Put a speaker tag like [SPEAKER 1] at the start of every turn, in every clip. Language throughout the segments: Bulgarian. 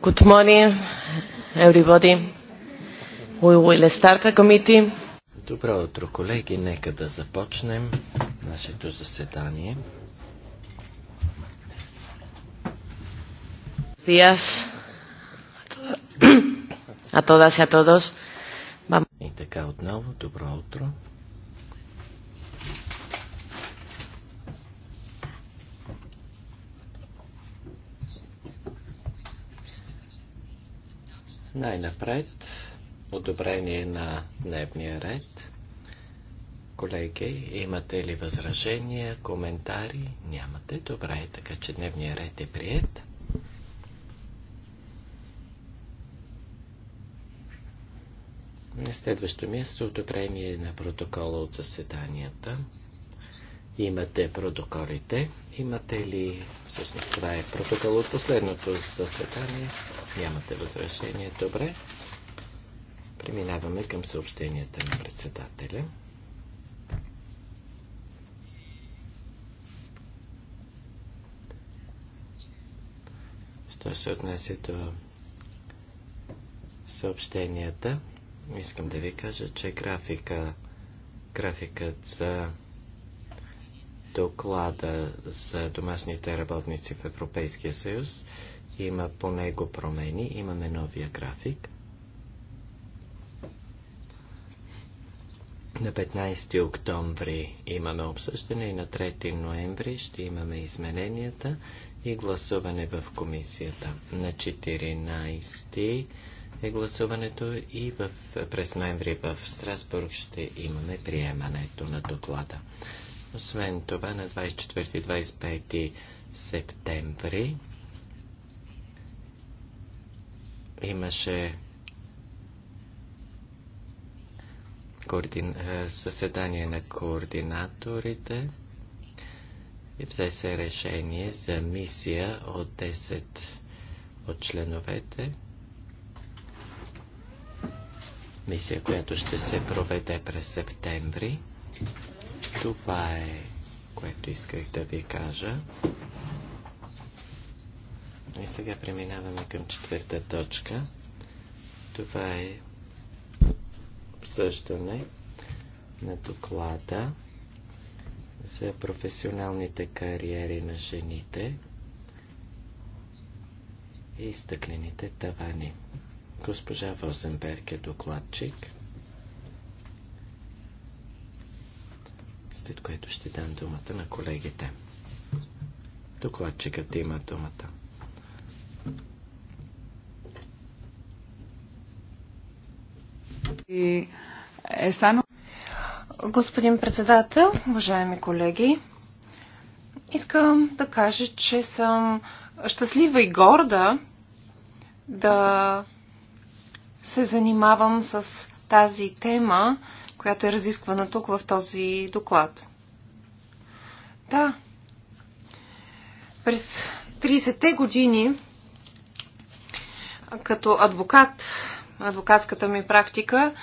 [SPEAKER 1] Good morning, everybody. We will start the committee.
[SPEAKER 2] Добро утро, колеги. Нека да започнем нашето заседание.
[SPEAKER 1] Días a todas y
[SPEAKER 2] a todos. И така отново, добро утро. Най-напред, одобрение на дневния ред. Колеги, имате ли възражения, коментари? Нямате. Добре, така че дневния ред е прият. На следващо място одобрение на протокола от заседанията. Имате протоколите. Имате ли, всъщност това е протокол от последното заседание. Нямате възражение. Добре. Преминаваме към съобщенията на председателя. Що се отнесе до съобщенията, искам да ви кажа, че графика, графикът за доклада за домашните работници в Европейския съюз. Има по него промени, имаме новия график. На 15 октомври имаме обсъждане и на 3 ноември ще имаме измененията и гласуване в комисията. На 14 е гласуването и в, през ноември в Страсбург ще имаме приемането на доклада. Освен това, на 24-25 септември имаше координ... съседание е, на координаторите и взе се решение за мисия от 10 от членовете. Мисия, която ще се проведе през септември. Това е, което исках да ви кажа. И сега преминаваме към четвърта точка. Това е обсъждане на доклада за професионалните кариери на жените и стъклените тавани. Госпожа Возенберг е докладчик. след което ще дам думата на колегите. Докладчикът има думата.
[SPEAKER 3] И е стану... Господин председател, уважаеми колеги, искам да кажа, че съм щастлива и горда да се занимавам с тази тема която е разисквана тук в този доклад. Да, през 30-те години като адвокат, адвокатската ми практика,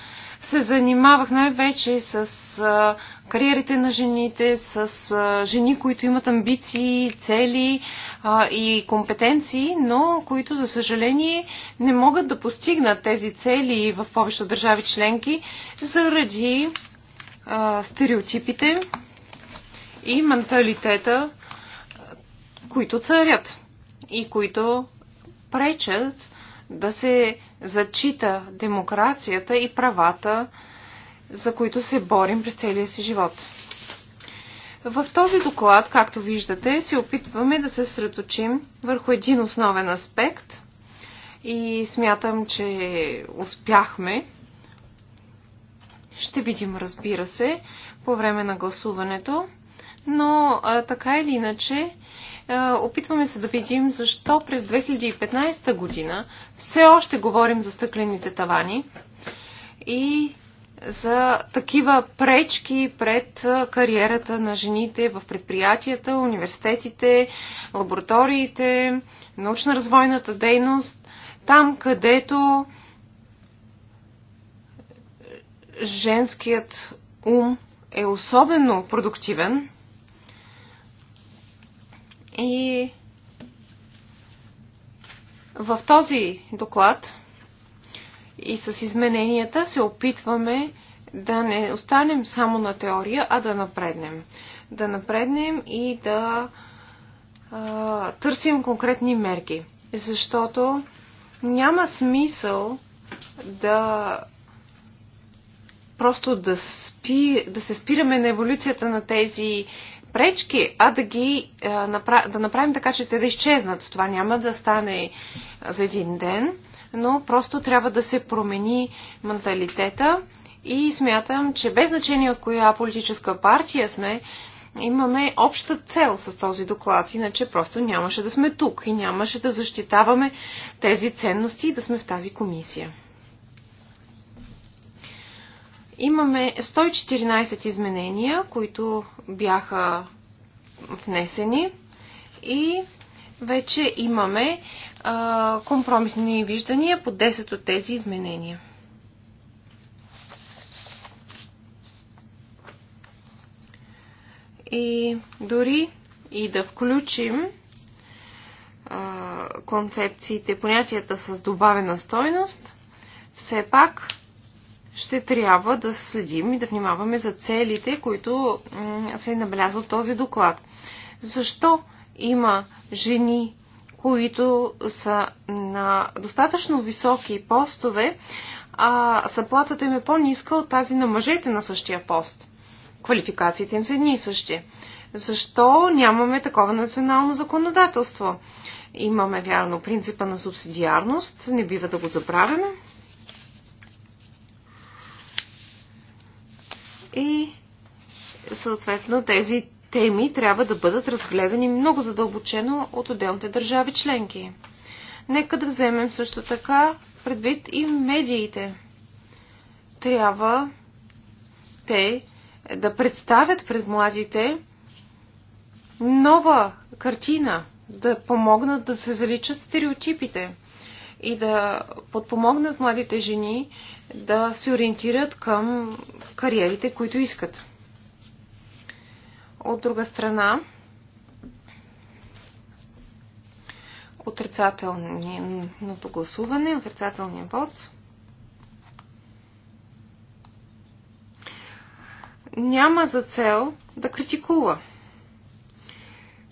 [SPEAKER 3] се занимавах най-вече с а, кариерите на жените, с а, жени, които имат амбиции, цели а, и компетенции, но които, за съжаление, не могат да постигнат тези цели в повечето държави членки заради а, стереотипите и менталитета, които царят и които пречат да се зачита демокрацията и правата, за които се борим през целия си живот. В този доклад, както виждате, се опитваме да се средочим върху един основен аспект и смятам, че успяхме. Ще видим, разбира се, по време на гласуването, но а, така или иначе е, опитваме се да видим защо през 2015 година все още говорим за стъклените тавани и за такива пречки пред е, кариерата на жените в предприятията, университетите, лабораториите, научно-развойната дейност, там където женският ум е особено продуктивен и в този доклад и с измененията се опитваме да не останем само на теория, а да напреднем. Да напреднем и да а, търсим конкретни мерки. Защото няма смисъл да просто да, спи, да се спираме на еволюцията на тези пречки, а да ги е, да направим така, че те да изчезнат. Това няма да стане за един ден, но просто трябва да се промени менталитета и смятам, че без значение от коя политическа партия сме, имаме обща цел с този доклад, иначе просто нямаше да сме тук и нямаше да защитаваме тези ценности и да сме в тази комисия. Имаме 114 изменения, които бяха внесени и вече имаме а, компромисни виждания по 10 от тези изменения. И дори и да включим а, концепциите, понятията с добавена стойност, все пак ще трябва да следим и да внимаваме за целите, които се е в този доклад. Защо има жени, които са на достатъчно високи постове, а заплатата им е по-ниска от тази на мъжете на същия пост? Квалификациите им са едни и същи. Защо нямаме такова национално законодателство? Имаме вярно принципа на субсидиарност, не бива да го забравяме. И съответно тези теми трябва да бъдат разгледани много задълбочено от отделните държави членки. Нека да вземем също така предвид и медиите. Трябва те да представят пред младите нова картина, да помогнат да се заличат стереотипите и да подпомогнат младите жени да се ориентират към кариерите, които искат. От друга страна, отрицателното гласуване, отрицателният вод. Няма за цел да критикува.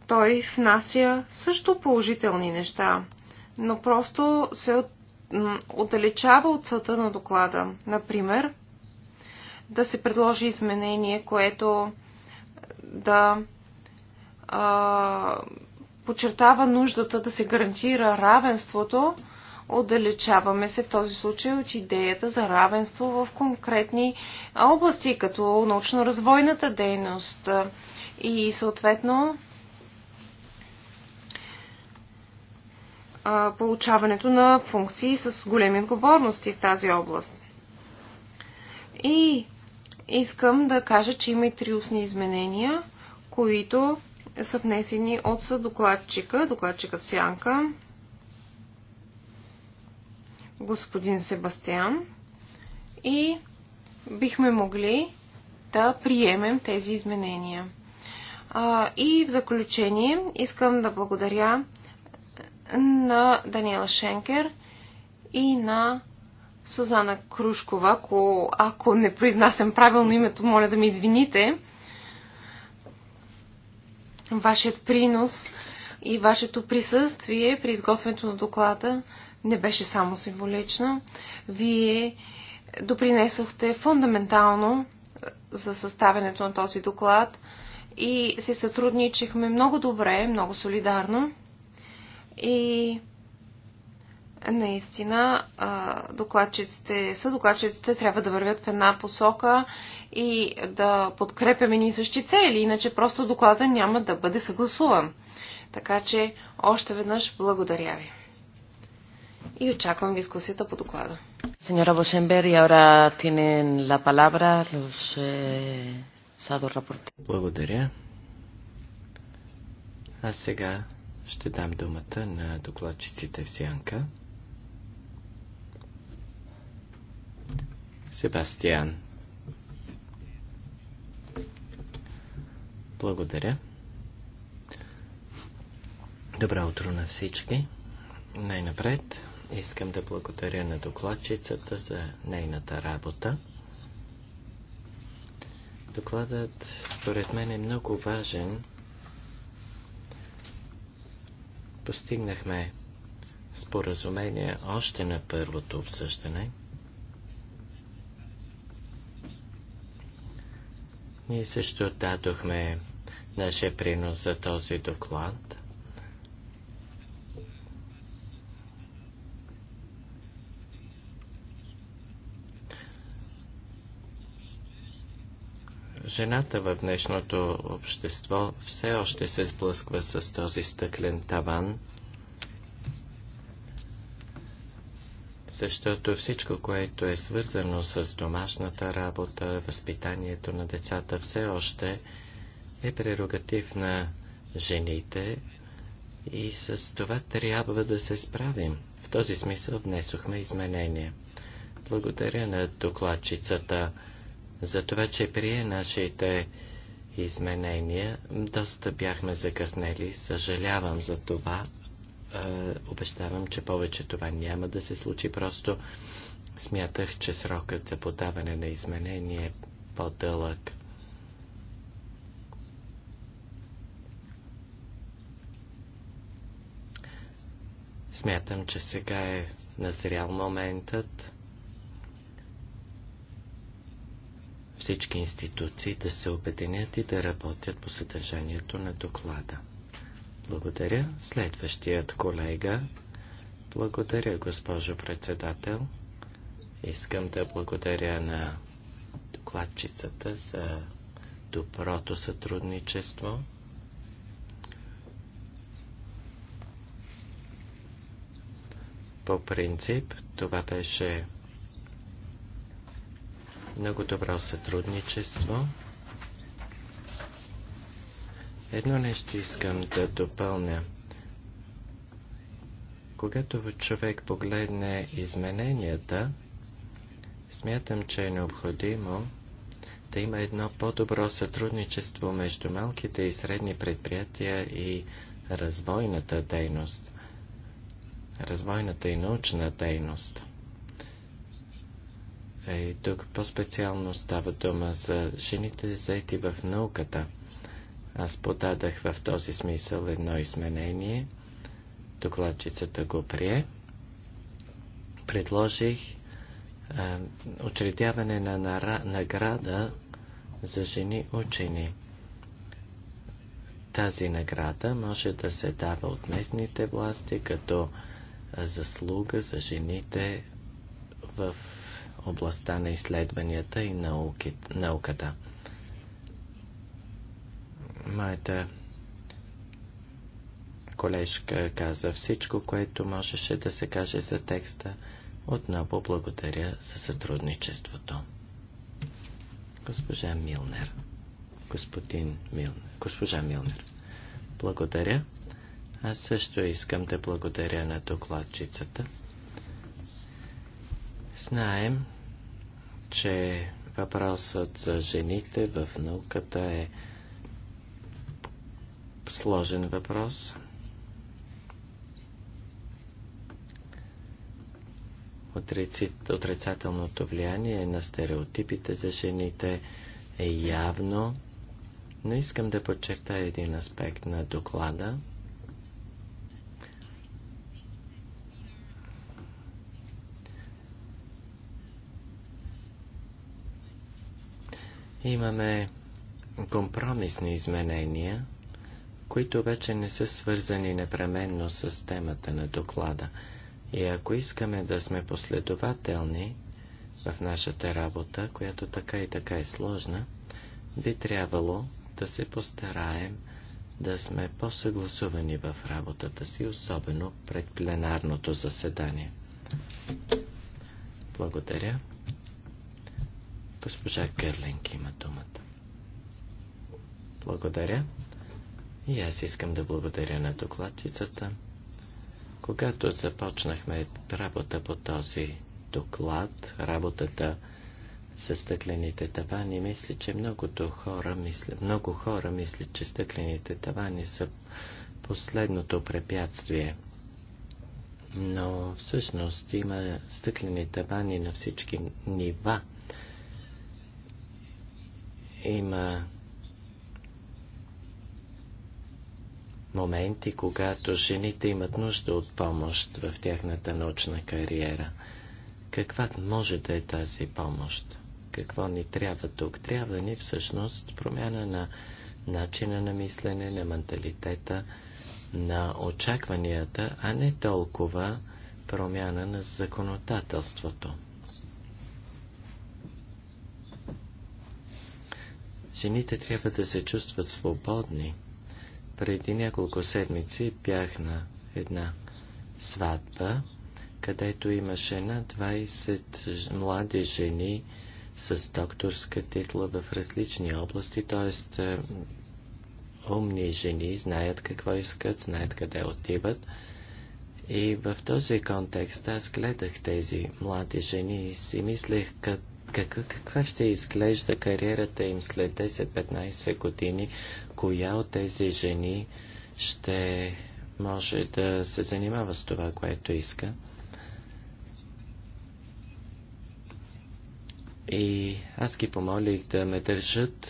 [SPEAKER 3] Той внася също положителни неща но просто се отдалечава от съда на доклада. Например, да се предложи изменение, което е, да а, подчертава нуждата да се гарантира равенството, отдалечаваме се в този случай от идеята за равенство в конкретни области, като научно-развойната дейност. И съответно получаването на функции с големи отговорности в тази област. И искам да кажа, че има и три устни изменения, които са внесени от съдокладчика, докладчика Сянка, господин Себастиан и бихме могли да приемем тези изменения. И в заключение искам да благодаря на Даниела Шенкер и на Сузана Крушкова. Ако, ако не произнасям правилно името, моля да ме извините. Вашият принос и вашето присъствие при изготвянето на доклада не беше само символично. Вие допринесохте фундаментално е, за съставянето на този доклад и се сътрудничихме много добре, много солидарно. И наистина докладчиците, докладчиците, трябва да вървят в една посока и да подкрепяме ни същи цели, иначе просто доклада няма да бъде съгласуван. Така че още веднъж благодаря ви. И очаквам дискусията по доклада.
[SPEAKER 1] Señora Bosenberg, y ahora tienen la palabra los eh,
[SPEAKER 2] Благодаря. А сега ще дам думата на докладчиците в Сянка. Себастиан. Благодаря. Добро утро на всички. Най-напред искам да благодаря на докладчицата за нейната работа. Докладът според мен е много важен Постигнахме споразумение още на първото обсъждане. Ние също дадохме нашия принос за този доклад. Жената в днешното общество все още се сблъсква с този стъклен таван, защото всичко, което е свързано с домашната работа, възпитанието на децата, все още е прерогатив на жените и с това трябва да се справим. В този смисъл внесохме изменения. Благодаря на докладчицата за това, че прие нашите изменения. Доста бяхме закъснели. Съжалявам за това. Е, обещавам, че повече това няма да се случи. Просто смятах, че срокът за подаване на изменения е по-дълъг. Смятам, че сега е назрял моментът всички институции да се обединят и да работят по съдържанието на доклада. Благодаря. Следващият колега. Благодаря, госпожо председател. Искам да благодаря на докладчицата за доброто сътрудничество. По принцип, това беше много добро сътрудничество. Едно нещо искам да допълня. Когато човек погледне измененията, смятам, че е необходимо да има едно по-добро сътрудничество между малките и средни предприятия и развойната дейност, развойната и научна дейност – и е, тук по-специално става дума за жените заети в науката. Аз подадах в този смисъл едно изменение. Докладчицата го прие. Предложих е, учредяване на награда за жени учени. Тази награда може да се дава от местните власти като заслуга за жените в областта на изследванията и науката. Моята колежка каза всичко, което можеше да се каже за текста. Отново благодаря за сътрудничеството. Госпожа Милнер. Господин Милнер. Госпожа Милнер. Благодаря. Аз също искам да благодаря на докладчицата. Знаем, че въпросът за жените в науката е сложен въпрос. Отрицателното влияние на стереотипите за жените е явно, но искам да подчертая един аспект на доклада – Имаме компромисни изменения, които вече не са свързани непременно с темата на доклада. И ако искаме да сме последователни в нашата работа, която така и така е сложна, би трябвало да се постараем да сме по-съгласувани в работата си, особено пред пленарното заседание. Благодаря. Госпожа Кърленки има думата. Благодаря. И аз искам да благодаря на докладчицата. Когато започнахме работа по този доклад, работата с стъклените тавани, мисля, че многото хора мисля, много хора мислят, че стъклените тавани са последното препятствие. Но всъщност има стъклени тавани на всички нива има моменти, когато жените имат нужда от помощ в тяхната научна кариера. Каква може да е тази помощ? Какво ни трябва тук? Трябва ни всъщност промяна на начина на мислене, на менталитета, на очакванията, а не толкова промяна на законодателството. Жените трябва да се чувстват свободни. Преди няколко седмици бях на една сватба, където имаше над 20 млади жени с докторска титла в различни области, т.е. Е, умни жени знаят какво искат, знаят къде отиват. И в този контекст аз гледах тези млади жени и си мислех, като как, каква ще изглежда кариерата им след 10-15 години? Коя от тези жени ще може да се занимава с това, което иска? И аз ги помолих да ме държат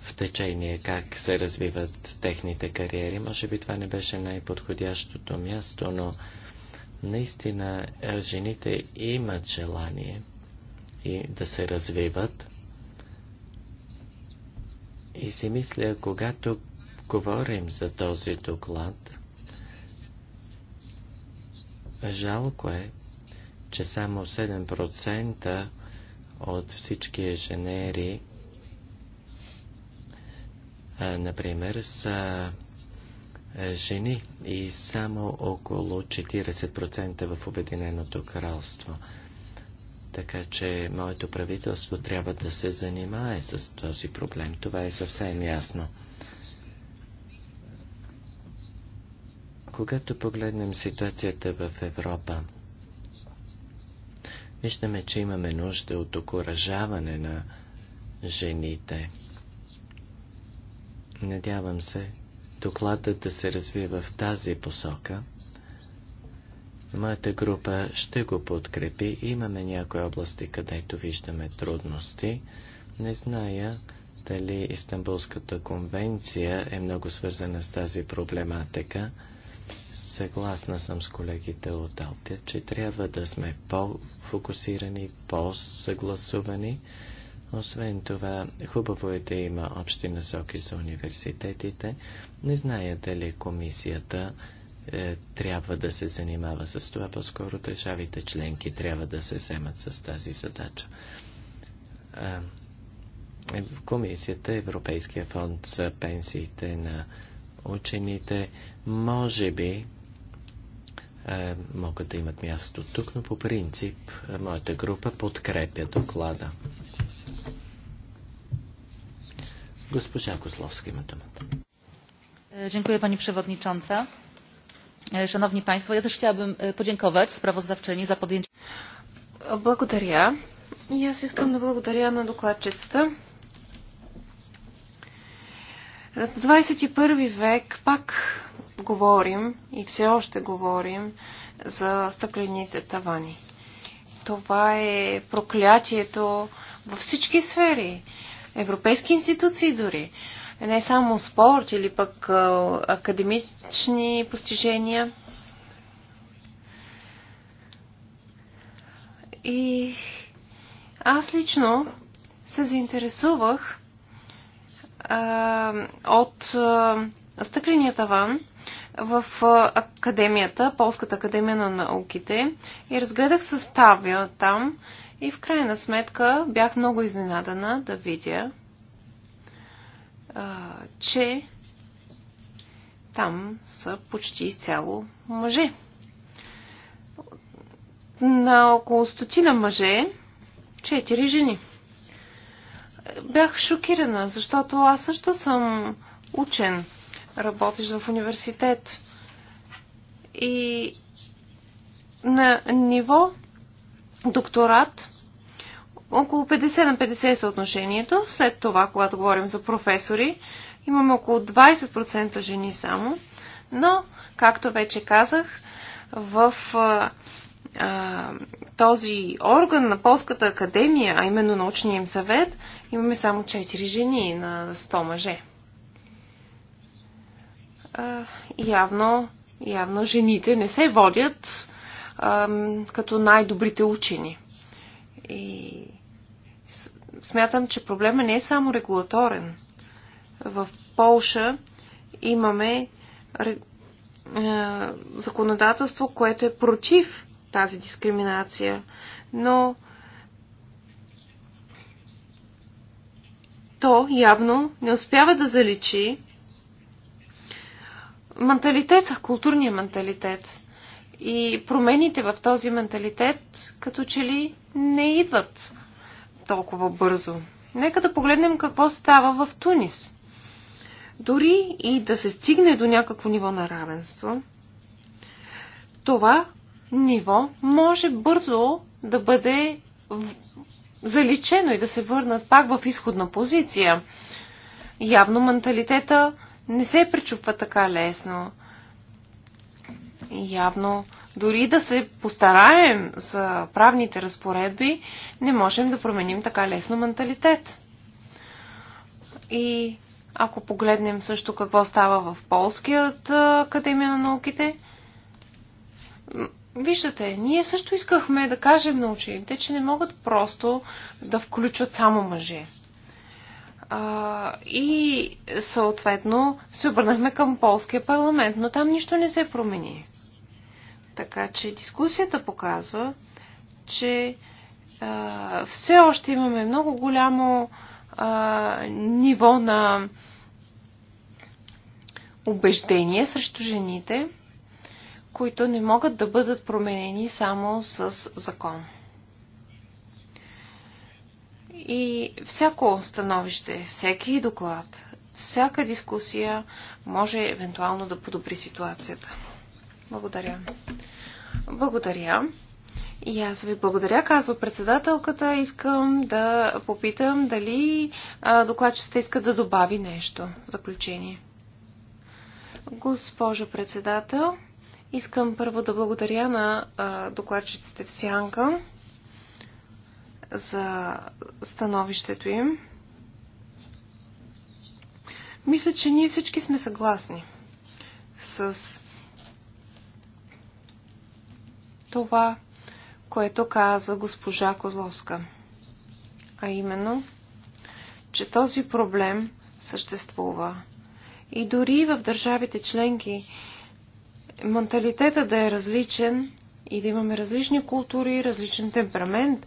[SPEAKER 2] в течение как се развиват техните кариери. Може би това не беше най-подходящото място, но Наистина, е, жените имат желание и да се развиват. И си мисля, когато говорим за този доклад, жалко е, че само 7% от всички женери, например, са е, жени и само около 40% в Обединеното кралство. Така че моето правителство трябва да се занимае с този проблем. Това е съвсем ясно. Когато погледнем ситуацията в Европа, виждаме, че имаме нужда от окоръжаване на жените. Надявам се, докладът да се развие в тази посока. Моята група ще го подкрепи. Имаме някои области, където виждаме трудности. Не зная дали Истанбулската конвенция е много свързана с тази проблематика. Съгласна съм с колегите от Алтия, че трябва да сме по-фокусирани, по-съгласувани. Освен това, хубаво е да има общи насоки за университетите. Не зная дали комисията е, трябва да се занимава с това, по-скоро държавите членки трябва да се вземат с тази задача. Е, комисията, Европейския фонд за пенсиите на учените, може би е, могат да имат място тук, но по принцип е, моята група подкрепя доклада. Госпожа Кословска има думата. Е,
[SPEAKER 3] Dziękuję Pani Przewodnicząca. Е, Szanowni Państwo, ja też chciałabym e, podziękować sprawozdawczyni za podjęcie. Благодаря. И аз искам да благодаря на докладчицата. Е, в 21 век пак говорим и все още говорим за стъклените тавани. Това е проклятието във всички сфери европейски институции дори. Не само спорт или пък академични постижения. И аз лично се заинтересувах а, от а, стъкления таван в академията, Полската академия на науките и разгледах съставя там и в крайна сметка бях много изненадана да видя, а, че там са почти изцяло мъже. На около стотина мъже, четири жени. Бях шокирана, защото аз също съм учен, работиш в университет. И на ниво докторат. Около 50 на 50 е съотношението. След това, когато говорим за професори, имаме около 20% жени само. Но, както вече казах, в а, а, този орган на Полската академия, а именно научния им съвет, имаме само 4 жени на 100 мъже. А, явно, явно жените не се водят като най-добрите учени. И смятам, че проблема не е само регулаторен. В Полша имаме законодателство, което е против тази дискриминация, но то явно не успява да заличи менталитета, културния менталитет. И промените в този менталитет като че ли не идват толкова бързо. Нека да погледнем какво става в Тунис. Дори и да се стигне до някакво ниво на равенство, това ниво може бързо да бъде заличено и да се върнат пак в изходна позиция. Явно менталитета не се пречупва така лесно. Явно, дори да се постараем за правните разпоредби, не можем да променим така лесно менталитет. И ако погледнем също какво става в Полският Академия на науките, виждате, ние също искахме да кажем на учените, че не могат просто да включват само мъже. А, и съответно се обърнахме към полския парламент, но там нищо не се промени. Така че дискусията показва, че а, все още имаме много голямо а, ниво на убеждение срещу жените, които не могат да бъдат променени само с закон. И всяко становище, всеки доклад, всяка дискусия може евентуално да подобри ситуацията. Благодаря. Благодаря. И аз ви благодаря, казва председателката. Искам да попитам дали докладчицата иска да добави нещо в заключение. Госпожо председател, искам първо да благодаря на докладчиците в Сянка за становището им. Мисля, че ние всички сме съгласни с това, което каза госпожа Козловска. А именно, че този проблем съществува. И дори в държавите членки менталитета да е различен и да имаме различни култури, различен темперамент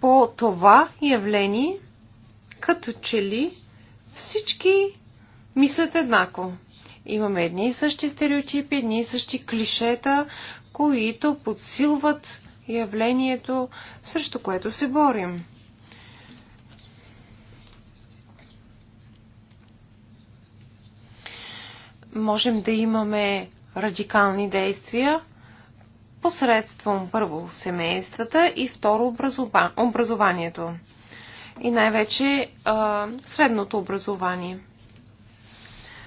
[SPEAKER 3] по това явление, като че ли всички мислят еднакво. Имаме едни и същи стереотипи, едни и същи клишета, които подсилват явлението, срещу което се борим. Можем да имаме радикални действия посредством първо семействата и второ образованието. И най-вече средното образование.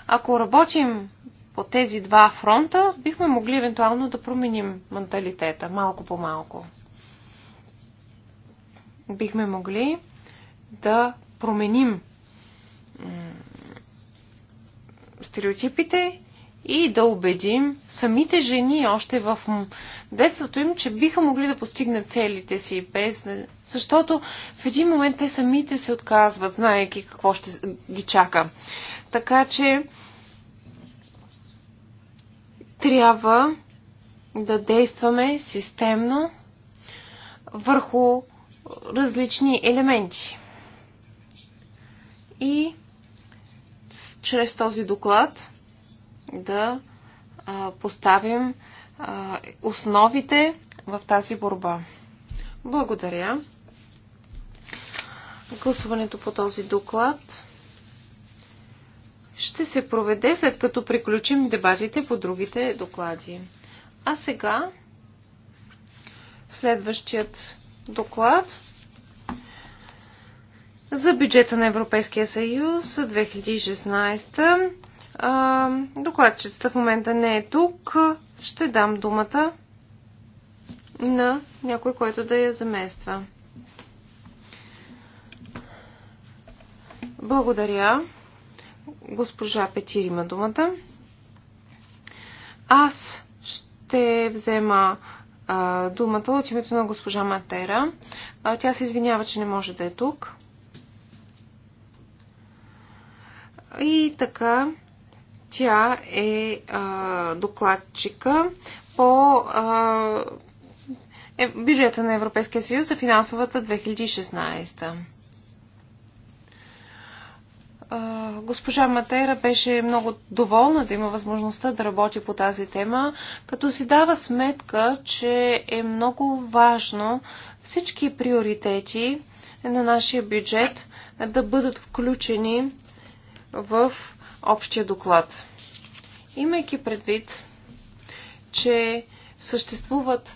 [SPEAKER 3] Ако работим по тези два фронта бихме могли евентуално да променим менталитета малко по малко. Бихме могли да променим стереотипите и да убедим самите жени още в детството им, че биха могли да постигнат целите си без... Защото в един момент те самите се отказват, знаеки какво ще ги чака. Така че трябва да действаме системно върху различни елементи. И чрез този доклад да поставим основите в тази борба. Благодаря. Гласуването по този доклад ще се проведе след като приключим дебатите по другите доклади. А сега следващият доклад за бюджета на Европейския съюз 2016. Докладчицата в момента не е тук. Ще дам думата на някой, който да я замества. Благодаря. Госпожа Петир има думата. Аз ще взема а, думата от името на госпожа Матера. А, тя се извинява, че не може да е тук. И така, тя е а, докладчика по а, е, бюджета на Европейския съюз за финансовата 2016 госпожа Матера беше много доволна да има възможността да работи по тази тема, като си дава сметка, че е много важно всички приоритети на нашия бюджет да бъдат включени в общия доклад. Имайки предвид, че съществуват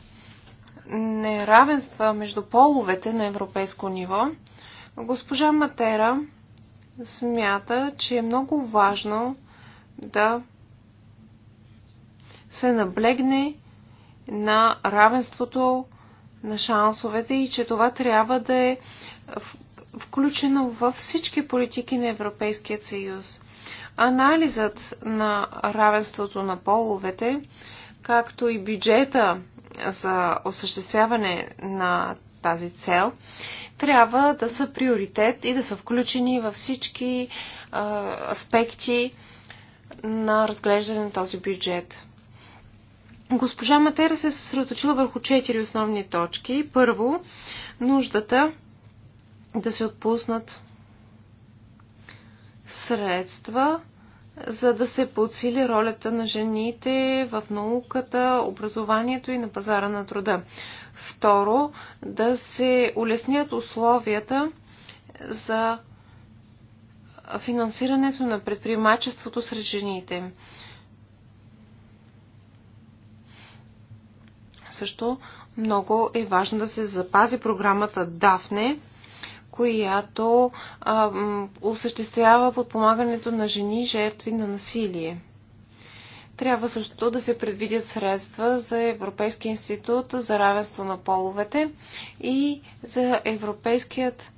[SPEAKER 3] неравенства между половете на европейско ниво, госпожа Матера смята, че е много важно да се наблегне на равенството на шансовете и че това трябва да е включено във всички политики на Европейския съюз. Анализът на равенството на половете, както и бюджета за осъществяване на тази цел, трябва да са приоритет и да са включени във всички а, аспекти на разглеждане на този бюджет. Госпожа Матера се е съсредоточила върху четири основни точки. Първо, нуждата да се отпуснат средства, за да се подсили ролята на жените в науката, образованието и на пазара на труда. Второ, да се улеснят условията за финансирането на предприемачеството сред жените. Също много е важно да се запази програмата DAFNE, която а, осъществява подпомагането на жени жертви на насилие. Трябва също да се предвидят средства за Европейския институт за равенство на половете и за Европейският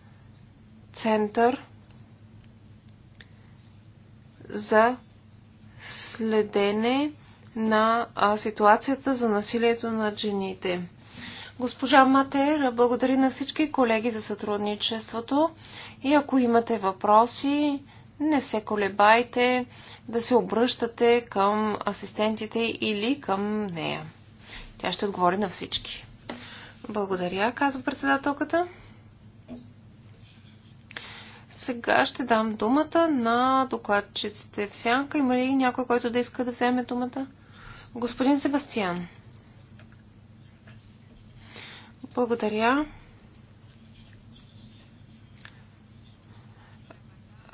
[SPEAKER 3] център за следене на ситуацията за насилието на жените. Госпожа Матер, благодари на всички колеги за сътрудничеството и ако имате въпроси, не се колебайте да се обръщате към асистентите или към нея. Тя ще отговори на всички. Благодаря, казва председателката. Сега ще дам думата на докладчиците в сянка. Има ли някой, който да иска да вземе думата? Господин Себастиан. Благодаря.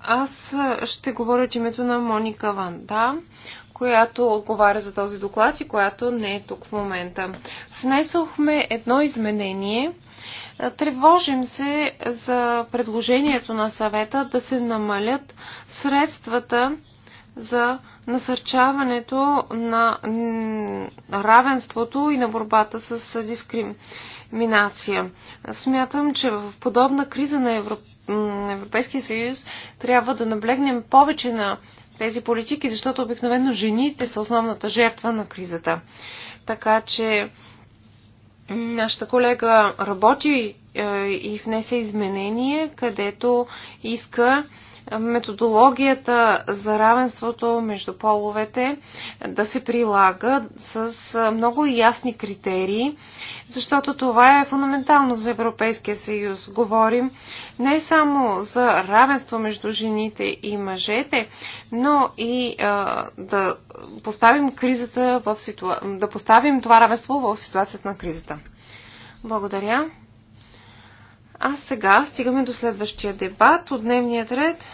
[SPEAKER 3] Аз ще говоря от името на Моника Ванда, която отговаря за този доклад и която не е тук в момента. Внесохме едно изменение. Тревожим се за предложението на съвета да се намалят средствата за насърчаването на равенството и на борбата с дискриминация. Смятам, че в подобна криза на Европа Европейския съюз трябва да наблегнем повече на тези политики, защото обикновено жените са основната жертва на кризата. Така че нашата колега работи е, и внесе изменение, където иска методологията за равенството между половете да се прилага с много ясни критерии, защото това е фундаментално за Европейския съюз. Говорим не само за равенство между жените и мъжете, но и а, да поставим кризата в ситуа... да поставим това равенство в ситуацията на кризата. Благодаря. А сега стигаме до следващия дебат от дневният ред.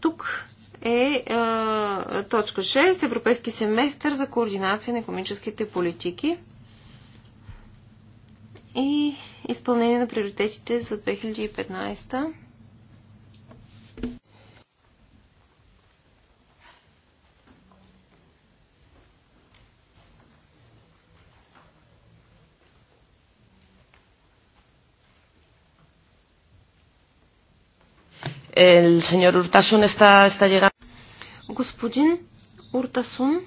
[SPEAKER 3] Тук е, е точка 6 Европейски семестър за координация на економическите политики и изпълнение на приоритетите за 2015.
[SPEAKER 1] El señor Urtasun está, está llegando. Господин Уртасун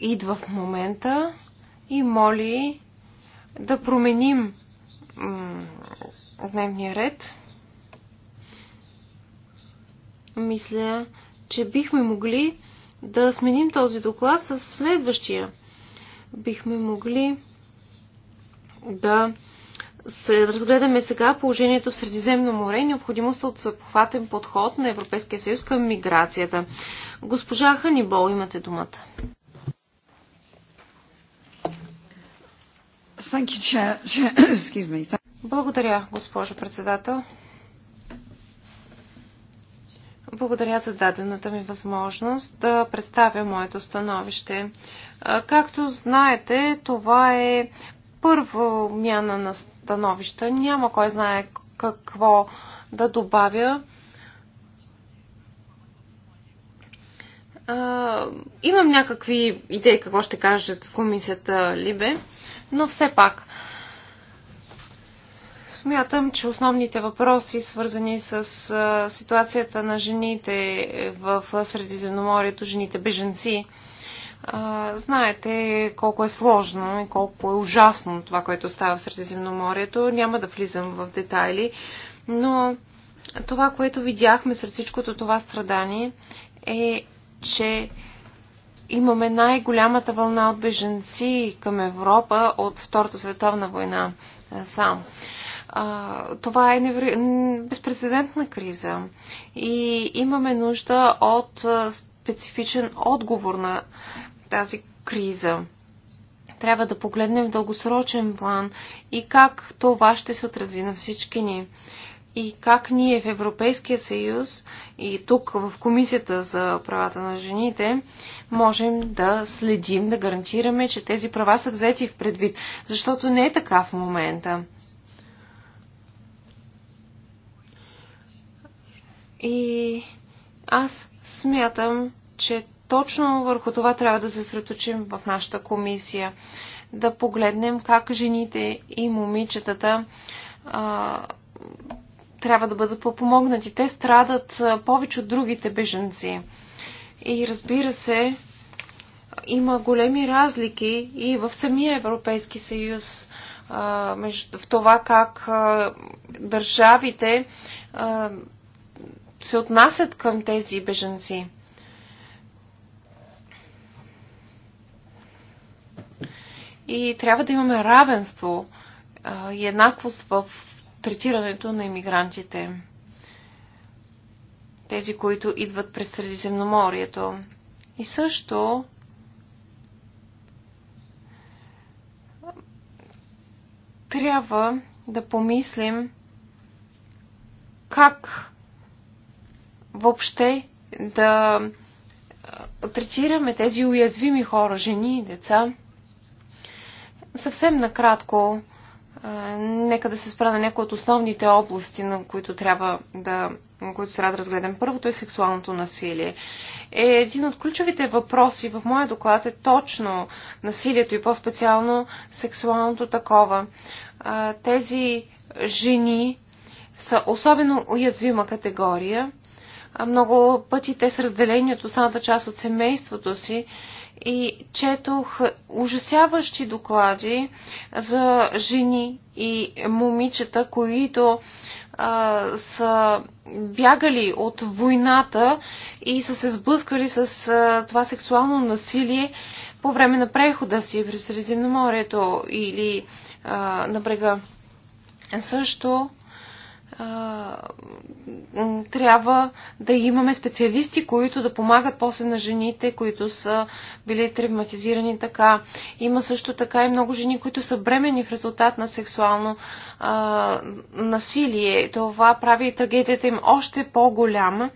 [SPEAKER 3] идва в момента и моли да променим дневния ред. Мисля, че бихме могли да сменим този доклад с следващия. Бихме могли да се разгледаме сега положението в Средиземно море и необходимостта от съпохватен подход на Европейския съюз към миграцията. Госпожа Ханибол, имате думата. Благодаря, госпожо председател. Благодаря за дадената ми възможност да представя моето становище. Както знаете, това е първа мяна на становища. Няма кой знае какво да добавя. А, имам някакви идеи какво ще кажат комисията Либе, но все пак смятам, че основните въпроси, свързани с ситуацията на жените в Средиземноморието, жените беженци, а, знаете колко е сложно и колко е ужасно това, което става в Средиземноморието. Няма да влизам в детайли, но това, което видяхме сред всичкото това страдание е, че имаме най-голямата вълна от беженци към Европа от Втората световна война сам. А, това е безпредседентна криза и имаме нужда от специфичен отговор на тази криза. Трябва да погледнем в дългосрочен план и как това ще се отрази на всички ни. И как ние в Европейския съюз и тук в Комисията за правата на жените можем да следим, да гарантираме, че тези права са взети в предвид, защото не е така в момента. И аз Смятам, че точно върху това трябва да се среточим в нашата комисия. Да погледнем как жените и момичетата а, трябва да бъдат подпомогнати. Те страдат повече от другите беженци. И разбира се, има големи разлики и в самия Европейски съюз в това как държавите се отнасят към тези бежанци. И трябва да имаме равенство и еднаквост в третирането на иммигрантите. Тези, които идват през Средиземноморието. И също трябва да помислим как въобще да третираме тези уязвими хора, жени и деца. Съвсем накратко, нека да се спра на някои от основните области, на които трябва да, на които трябва да разгледам. Първото е сексуалното насилие. Е, един от ключовите въпроси в моя доклад е точно насилието и по-специално сексуалното такова. Тези жени са особено уязвима категория много пъти те са разделени от останата част от семейството си и четох ужасяващи доклади за жени и момичета, които а, са бягали от войната и са се сблъсквали с а, това сексуално насилие по време на прехода си през Средиземноморието или а, на брега. Също трябва да имаме специалисти, които да помагат после на жените, които са били травматизирани така. Има също така и много жени, които са бремени в резултат на сексуално а, насилие. Това прави и трагедията им още по-голяма.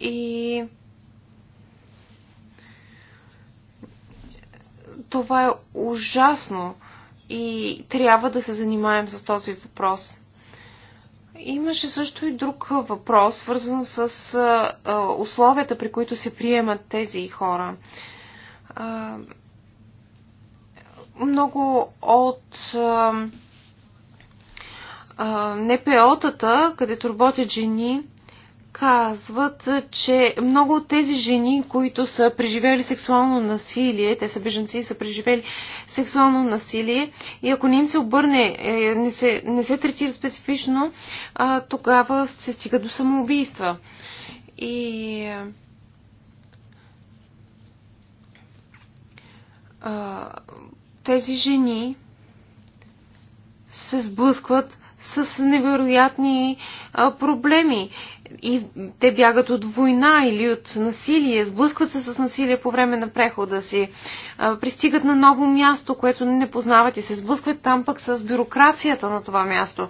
[SPEAKER 3] И това е ужасно и трябва да се занимаем с този въпрос. Имаше също и друг въпрос, свързан с условията, при които се приемат тези хора. Много от НПО-тата, където работят жени, казват, че много от тези жени, които са преживели сексуално насилие, те са беженци и са преживели сексуално насилие, и ако не им се обърне, е, не се, не се третира специфично, тогава се стига до самоубийства. И тези жени се сблъскват с невероятни а, проблеми и те бягат от война или от насилие, сблъскват се с насилие по време на прехода си, пристигат на ново място, което не познават и се сблъскват там пък с бюрокрацията на това място.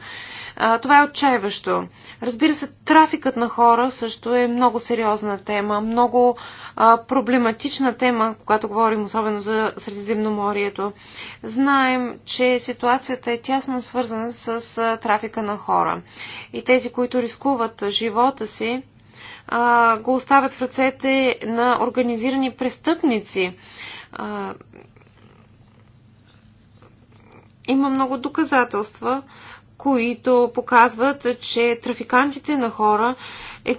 [SPEAKER 3] А, това е отчаяващо. Разбира се, трафикът на хора също е много сериозна тема, много а, проблематична тема, когато говорим особено за Средиземноморието. Знаем, че ситуацията е тясно свързана с а, трафика на хора. И тези, които рискуват живота си, а, го оставят в ръцете на организирани престъпници. А, има много доказателства които показват, че трафикантите на хора е,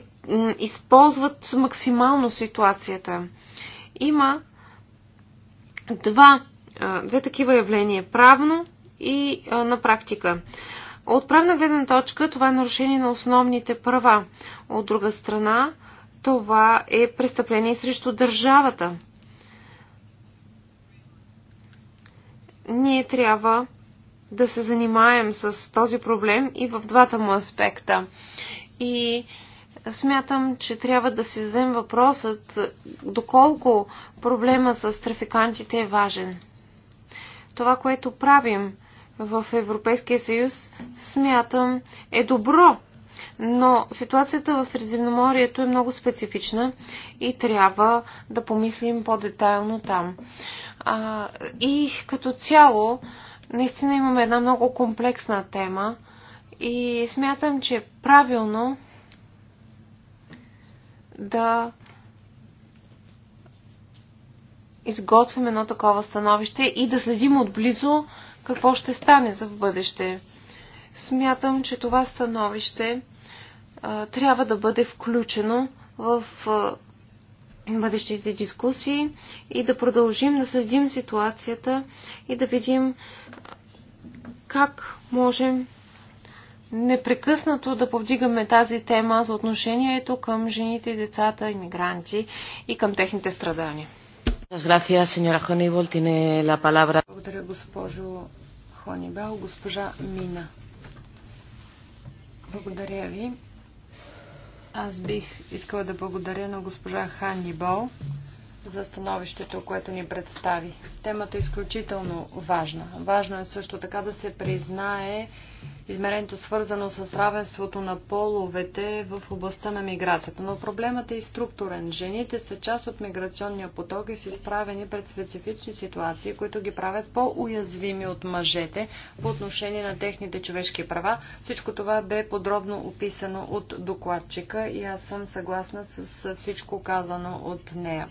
[SPEAKER 3] използват максимално ситуацията. Има два, две такива явления правно и на практика. От правна гледна точка това е нарушение на основните права. От друга страна, това е престъпление срещу държавата. Ние трябва да се занимаем с този проблем и в двата му аспекта. И смятам, че трябва да си зададем въпросът доколко проблема с трафикантите е важен. Това, което правим в Европейския съюз, смятам е добро, но ситуацията в Средиземноморието е много специфична и трябва да помислим по-детайлно там. А, и като цяло, Наистина имаме една много комплексна тема и смятам, че е правилно да изготвим едно такова становище и да следим отблизо какво ще стане за в бъдеще. Смятам, че това становище а, трябва да бъде включено в а, бъдещите дискусии и да продължим да следим ситуацията и да видим как можем непрекъснато да повдигаме тази тема за отношението към жените и децата, иммигранти и към техните страдания.
[SPEAKER 4] Благодаря, госпожо Хонибел. Госпожа Мина. Благодаря ви. Аз бих искала да благодаря на госпожа Бол, за становището, което ни представи. Темата е изключително важна. Важно е също така да се признае измерението свързано с равенството на половете в областта на миграцията. Но проблемът е и структурен. Жените са част от миграционния поток и са изправени пред специфични ситуации, които ги правят по-уязвими от мъжете по отношение на техните човешки права. Всичко това бе подробно описано от докладчика и аз съм съгласна с всичко казано от нея.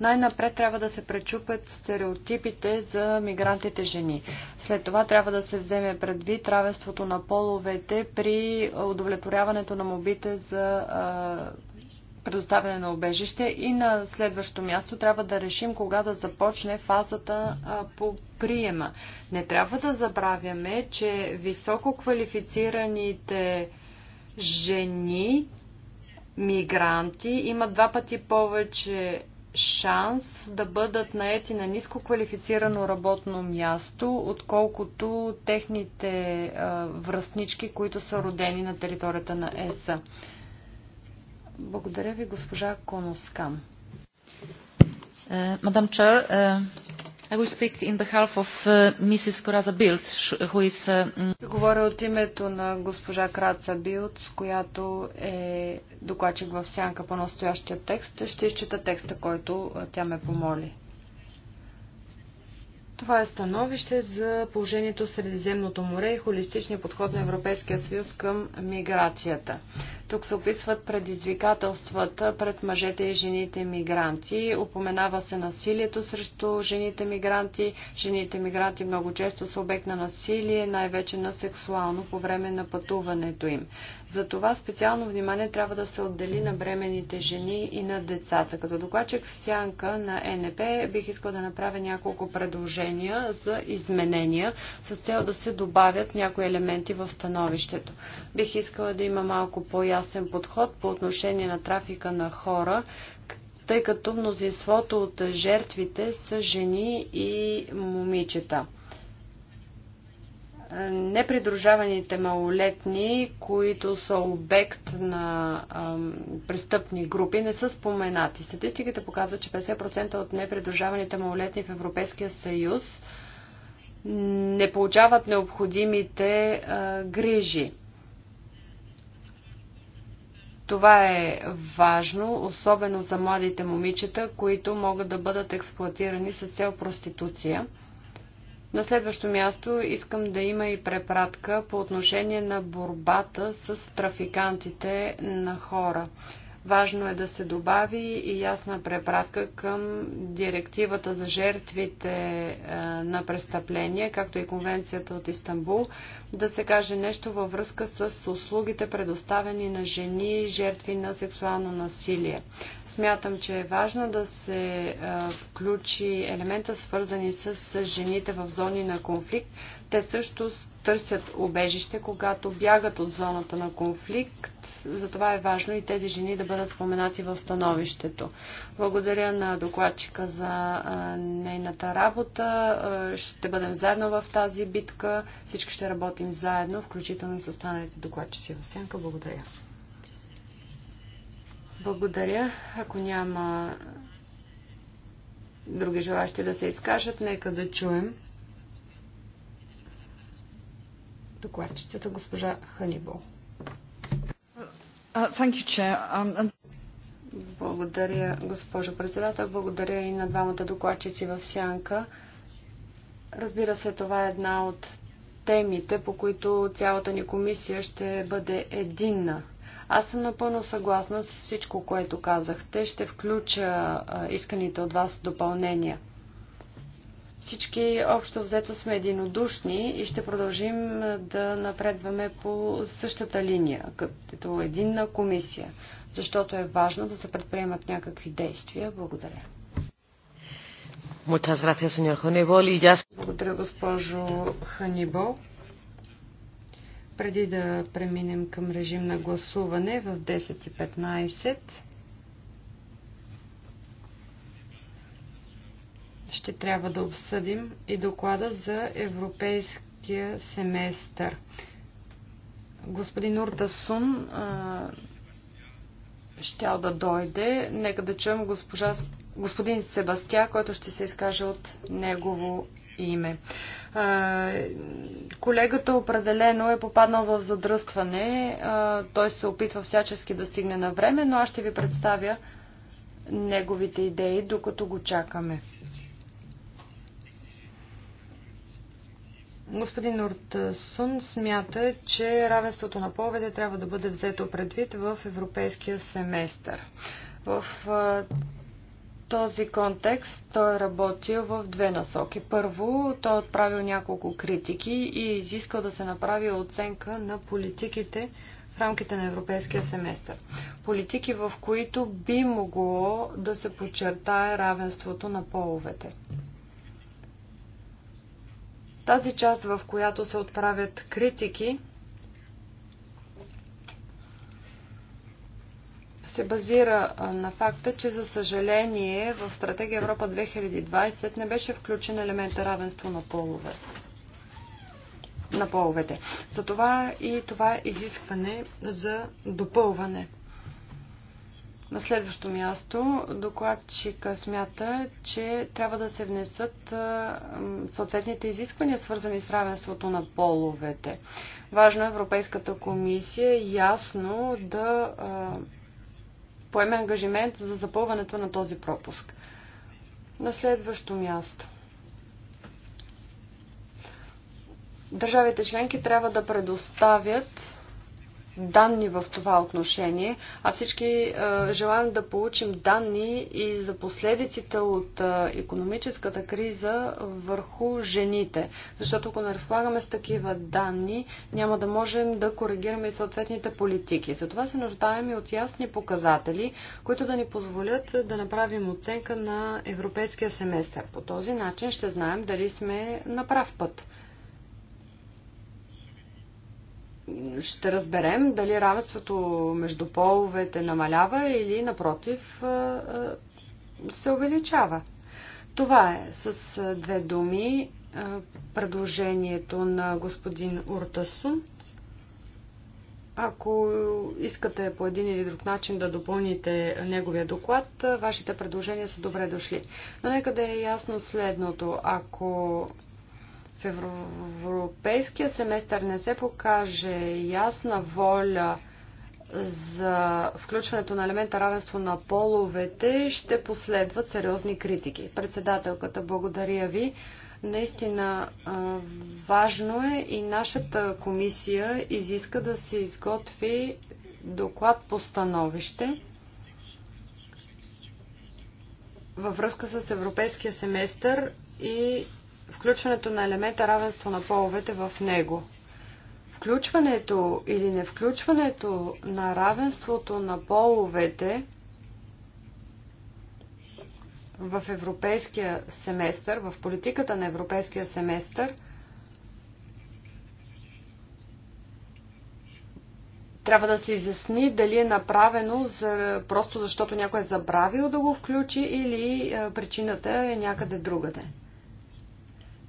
[SPEAKER 4] Най-напред трябва да се пречупят стереотипите за мигрантите жени. След това трябва да се вземе предвид равенството на половете при удовлетворяването на мобите за предоставяне на обежище и на следващо място трябва да решим кога да започне фазата по приема. Не трябва да забравяме, че високо квалифицираните жени мигранти имат два пъти повече шанс да бъдат наети на ниско квалифицирано работно място, отколкото техните връзнички, които са родени на територията на ЕСА. Благодаря ви, госпожа Коноскан. Е, мадам Чар, е, I will speak in behalf of uh, Mrs. Coraza Bild, who is... Uh... Mm. Говоря от името на госпожа Краца Билт, която е докладчик в сянка по настоящия текст. Ще изчита текста, който тя ме помоли. Това е становище за положението в Средиземното море и холистичния подход на Европейския съюз към миграцията. Тук се описват предизвикателствата пред мъжете и жените мигранти. Упоменава се насилието срещу жените мигранти. Жените мигранти много често са обект на насилие, най-вече на сексуално по време на пътуването им. За това специално внимание трябва да се отдели на бременните жени и на децата. Като докладчик в сянка на НП бих искал да направя няколко предложения за изменения с цел да се добавят някои елементи в
[SPEAKER 5] становището.
[SPEAKER 4] Бих искала да има малко по-ясно по-ясен подход по отношение на трафика на хора, тъй като мнозинството от жертвите са жени и момичета. Непридружаваните малолетни, които са обект на ам, престъпни групи, не са споменати. Статистиката показва, че 50% от непридружаваните малолетни в Европейския съюз не получават необходимите а, грижи. Това е важно, особено за младите момичета, които могат да бъдат експлуатирани с цел проституция. На следващо място искам да има и препратка по отношение на борбата с трафикантите на хора. Важно е да се добави и ясна препратка към директивата за жертвите е, на престъпления, както и конвенцията от Истанбул, да се каже нещо във връзка с услугите предоставени на жени, и жертви на сексуално насилие. Смятам, че е важно да се е, включи елемента свързани с жените в зони на конфликт, те също търсят убежище, когато бягат от зоната на конфликт. Затова е важно и тези жени да бъдат споменати в становището. Благодаря на докладчика за нейната работа. Ще бъдем заедно в тази битка. Всички ще работим заедно, включително и с останалите докладчици в сянка. Благодаря. Благодаря. Ако няма други желащи да се изкажат, нека да чуем докладчицата госпожа Ханибол. Um, Благодаря, госпожо председател. Благодаря и на двамата докладчици в Сянка. Разбира се, това е една от темите, по които цялата ни комисия ще бъде единна. Аз съм напълно съгласна с всичко, което казахте. Ще включа исканите от вас допълнения. Всички общо взето сме единодушни и ще продължим да напредваме по същата линия, като единна комисия, защото е важно да се предприемат някакви действия. Благодаря. Благодаря, госпожо Ханибол. Преди да преминем към режим на гласуване в 10.15, ще трябва да обсъдим и доклада за европейския семестър. Господин Уртасун щял да дойде. Нека да чуем госпожа, господин Себастя, който ще се изкаже от негово име. Колегата определено е попаднал в задръстване. Той се опитва всячески да стигне на време, но аз ще ви представя неговите идеи, докато го чакаме. Господин Нуртсун смята, че равенството на поведе трябва да бъде взето предвид в европейския семестър. В този контекст той е работил в две насоки. Първо, той е отправил няколко критики и е изискал да се направи оценка на политиките в рамките на европейския семестър. Политики, в които би могло да се подчертае равенството на половете. Тази част, в която се отправят критики, се базира на факта, че за съжаление в Стратегия Европа 2020 не беше включен елемента равенство на полове на половете. Затова и това изискване за допълване на следващо място докладчика смята, че трябва да се внесат съответните изисквания, свързани с равенството на половете. Важно е Европейската комисия ясно да поеме ангажимент за запълването на този пропуск. На следващо място. Държавите членки трябва да предоставят данни в това отношение, а всички е, желаем да получим данни и за последиците от економическата криза върху жените. Защото ако не разполагаме с такива данни, няма да можем да коригираме и съответните политики. Затова се нуждаем и от ясни показатели, които да ни позволят да направим оценка на европейския семестър. По този начин ще знаем дали сме на прав път ще разберем дали равенството между половете намалява или напротив се увеличава. Това е с две думи предложението на господин Уртасу. Ако искате по един или друг начин да допълните неговия доклад, вашите предложения са добре дошли. Но нека да е ясно следното. Ако европейския семестър не се покаже ясна воля за включването на елемента равенство на половете, ще последват сериозни критики. Председателката, благодаря ви. Наистина важно е и нашата комисия изиска да се изготви доклад по становище във връзка с европейския семестър и включването на елемента равенство на половете в него. Включването или не включването на равенството на половете в европейския семестър, в политиката на европейския семестър, трябва да се изясни дали е направено за, просто защото някой е забравил да го включи или е, причината е някъде другаде.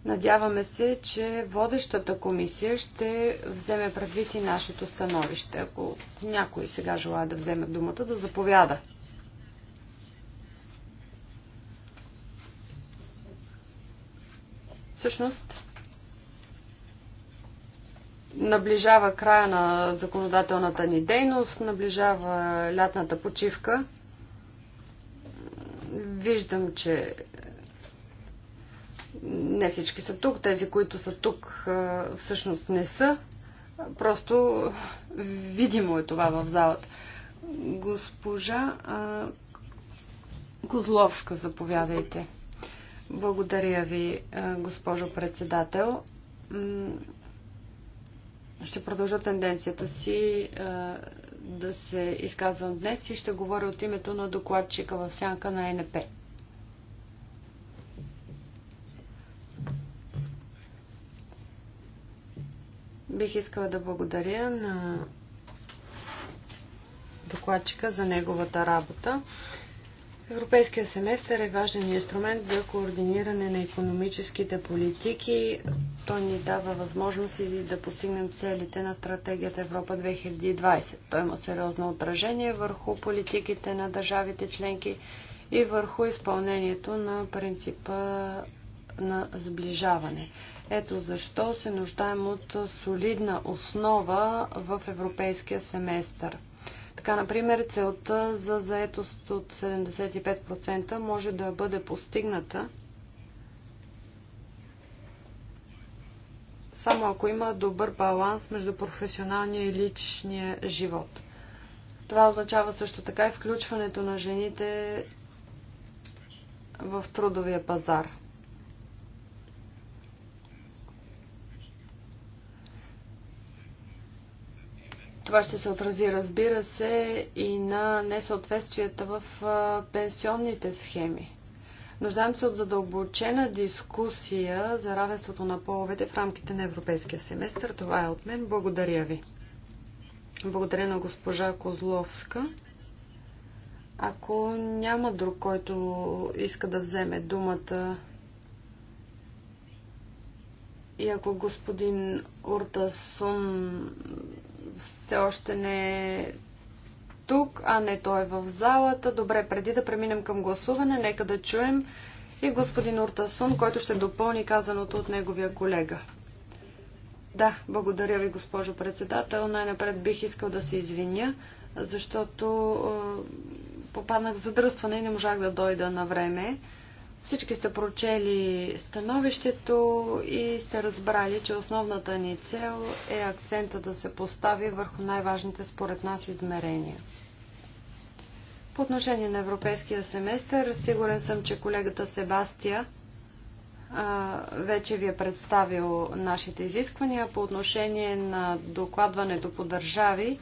[SPEAKER 4] Надяваме се, че водещата комисия ще вземе предвид и нашето становище. Ако някой сега желая да вземе думата, да заповяда. Всъщност, наближава края на законодателната ни дейност, наближава лятната почивка. Виждам, че не всички са тук. Тези, които са тук, всъщност не са. Просто видимо е това в залата. Госпожа Козловска, заповядайте. Благодаря ви, госпожо председател. Ще продължа тенденцията си да се изказвам днес и ще говоря от името на докладчика в сянка на НП. Бих искала да благодаря на докладчика за неговата работа. Европейския семестър е важен инструмент за координиране на економическите политики. Той ни дава възможност и да постигнем целите на стратегията Европа 2020. Той има сериозно отражение върху политиките на държавите членки и върху изпълнението на принципа на сближаване. Ето защо се нуждаем от солидна основа в европейския семестър. Така, например, целта за заетост от 75% може да бъде постигната само ако има добър баланс между професионалния и личния живот. Това означава също така и включването на жените в трудовия пазар. Това ще се отрази, разбира се, и на несъответствията в пенсионните схеми. Нуждаем се от задълбочена дискусия за равенството на половете в рамките на европейския семестър. Това е от мен. Благодаря ви. Благодаря на госпожа Козловска. Ако няма друг, който иска да вземе думата и ако господин Уртасун все още не е тук, а не той е в залата. Добре, преди да преминем към гласуване, нека да чуем и господин Уртасун, който ще допълни казаното от неговия колега. Да, благодаря ви, госпожо председател. Най-напред бих искал да се извиня, защото е, попаднах задръстване и не можах да дойда на време. Е, всички сте прочели становището и сте разбрали, че основната ни цел е акцента да се постави върху най-важните според нас измерения. По отношение на европейския семестър, сигурен съм, че колегата Себастия вече ви е представил нашите изисквания по отношение на докладването по държави.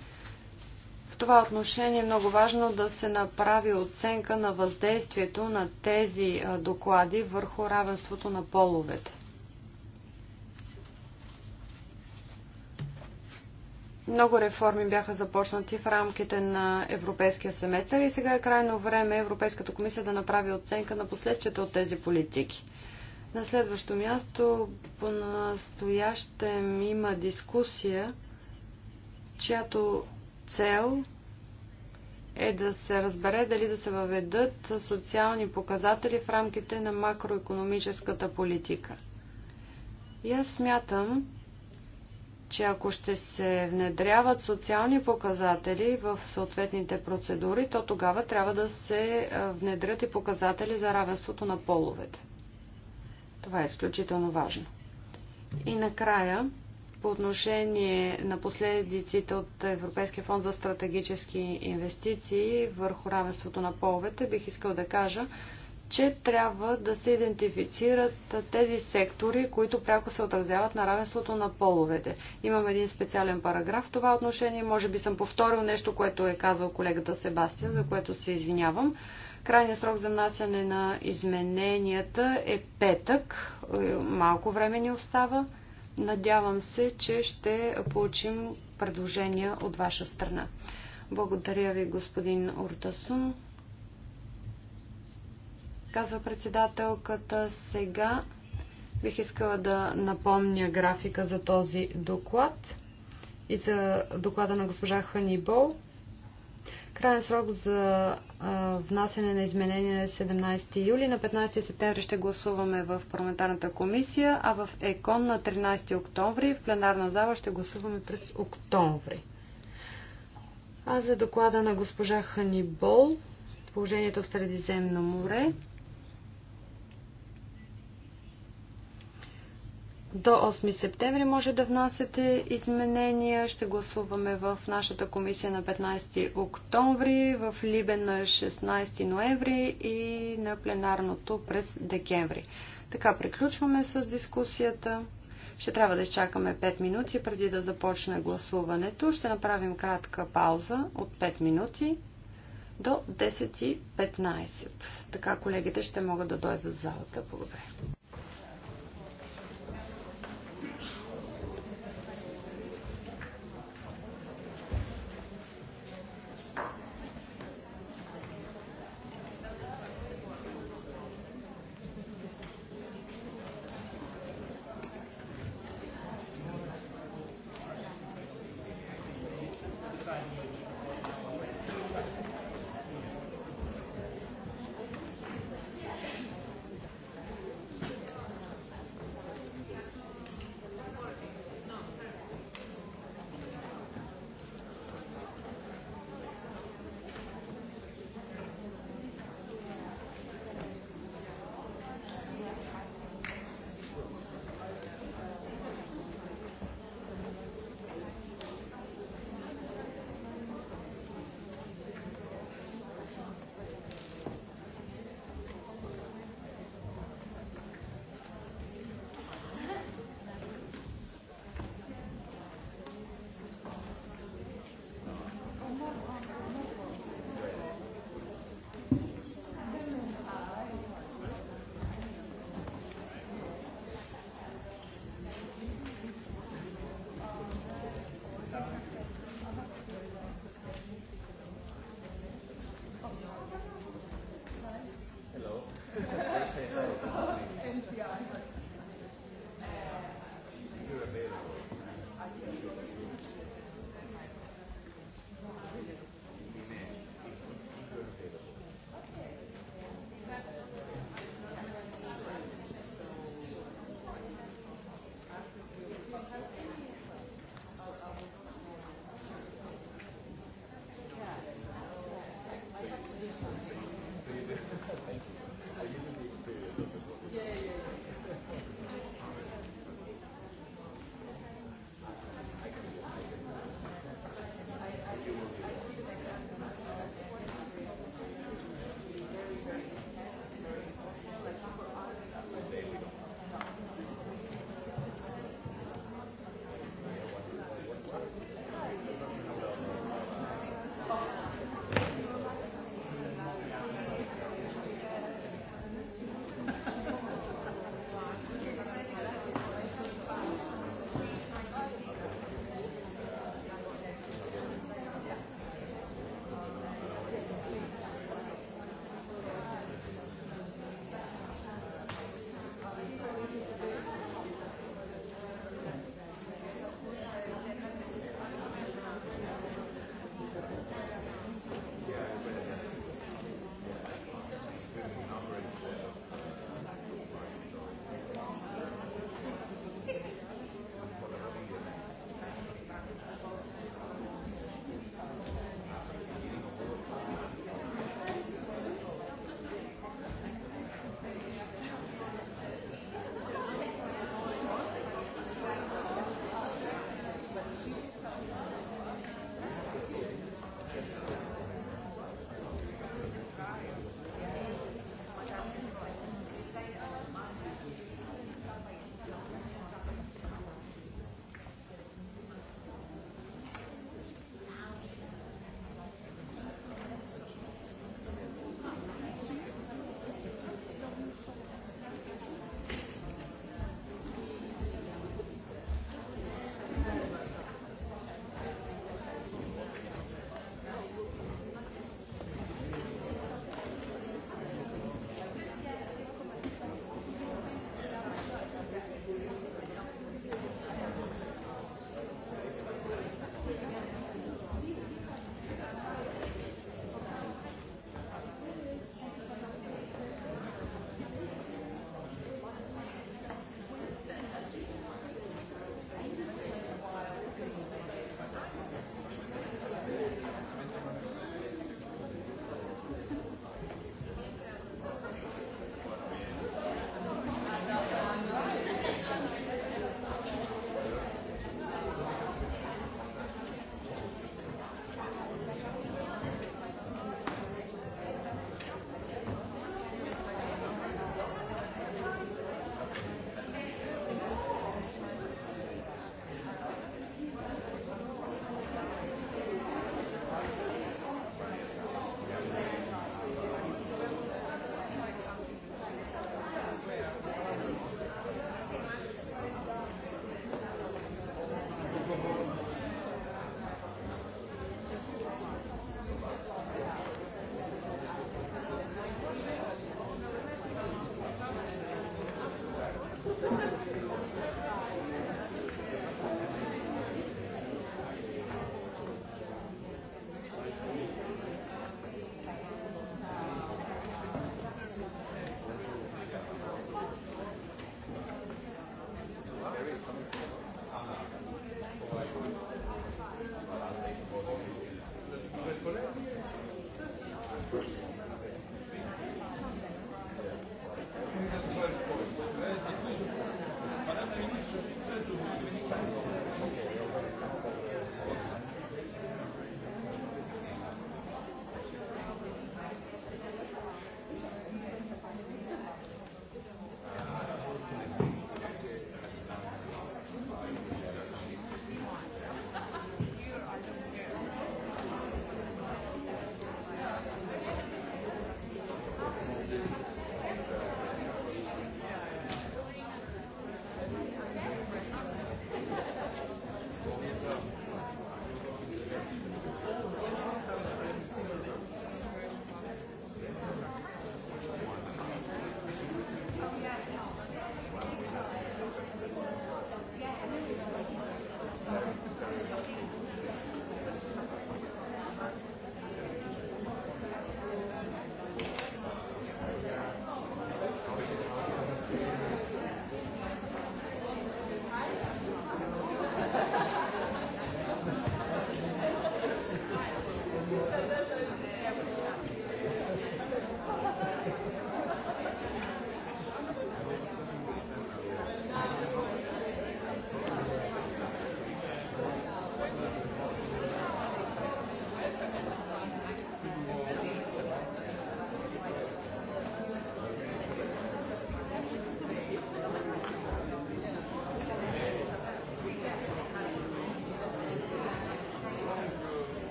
[SPEAKER 4] В това отношение е много важно да се направи оценка на въздействието на тези доклади върху равенството на половете. Много реформи бяха започнати в рамките на европейския семестър и сега е крайно време Европейската комисия да направи оценка на последствията от тези политики. На следващо място, по настоящем има дискусия, чиято цел е да се разбере дали да се въведат социални показатели в рамките на макроекономическата политика. И аз смятам, че ако ще се внедряват социални показатели в съответните процедури, то тогава трябва да се внедрят и показатели за равенството на половете. Това е изключително важно. И накрая, по отношение на последиците от Европейския фонд за стратегически инвестиции върху равенството на половете, бих искал да кажа, че трябва да се идентифицират тези сектори, които пряко се отразяват на равенството на половете. Имам един специален параграф в това отношение. Може би съм повторил нещо, което е казал колегата Себастия, за което се извинявам. Крайният срок за внасяне на измененията е петък. Е, малко време ни остава. Надявам се, че ще получим предложения от ваша страна. Благодаря ви, господин Уртасун. Казва председателката сега. Бих искала да напомня графика за този доклад и за доклада на госпожа Ханибол. Крайен срок за внасене на изменения е 17 юли. На 15 септември ще гласуваме в парламентарната комисия, а в ЕКОН на 13 октомври в пленарна зала ще гласуваме през октомври. А за доклада на госпожа Ханибол, положението в Средиземно море, До 8 септември може да внасяте изменения. Ще гласуваме в нашата комисия на 15 октомври, в Либен на 16 ноември и на пленарното през декември. Така приключваме с дискусията. Ще трябва да изчакаме 5 минути преди да започне гласуването. Ще направим кратка пауза от 5 минути до 10.15. Така колегите ще могат да дойдат в залата. Благодаря.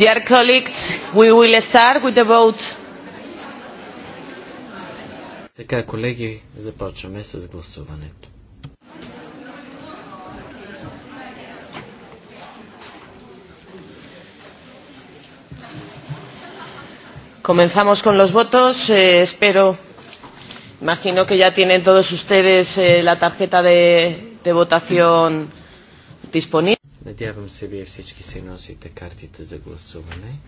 [SPEAKER 1] Dear colleagues, we will start with the vote.
[SPEAKER 2] Така, колеги, започваме с гласуването.
[SPEAKER 1] Comenzamos con los votos. Eh, espero, imagino que ya tienen todos ustedes eh, la tarjeta de, de votación disponible.
[SPEAKER 2] Надявам се, вие всички си носите картите за гласуване.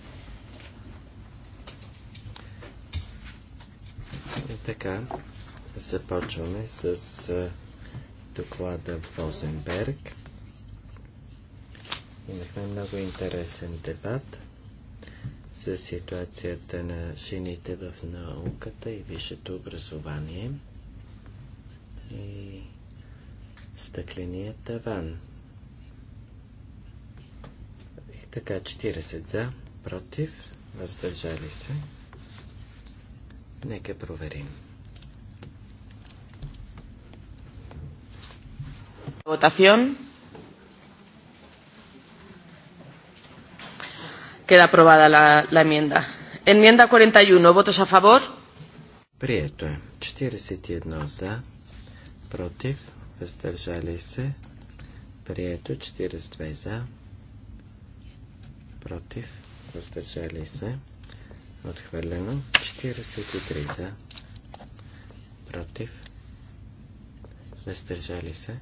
[SPEAKER 2] И така, започваме с доклада в Озенберг. Имахме много интересен дебат за ситуацията на жените в науката и висшето образование и стъкления таван. Така, 40 за, против, въздържали се. Нека проверим.
[SPEAKER 1] Votación. Queda aprobada la, la enmienda. Enmienda 41. ¿Votos a favor?
[SPEAKER 2] Прието е. 41 за, против, въздържали се. Прието 42 е. за, против, въздържали се, отхвърлено, 43 за, против, въздържали се.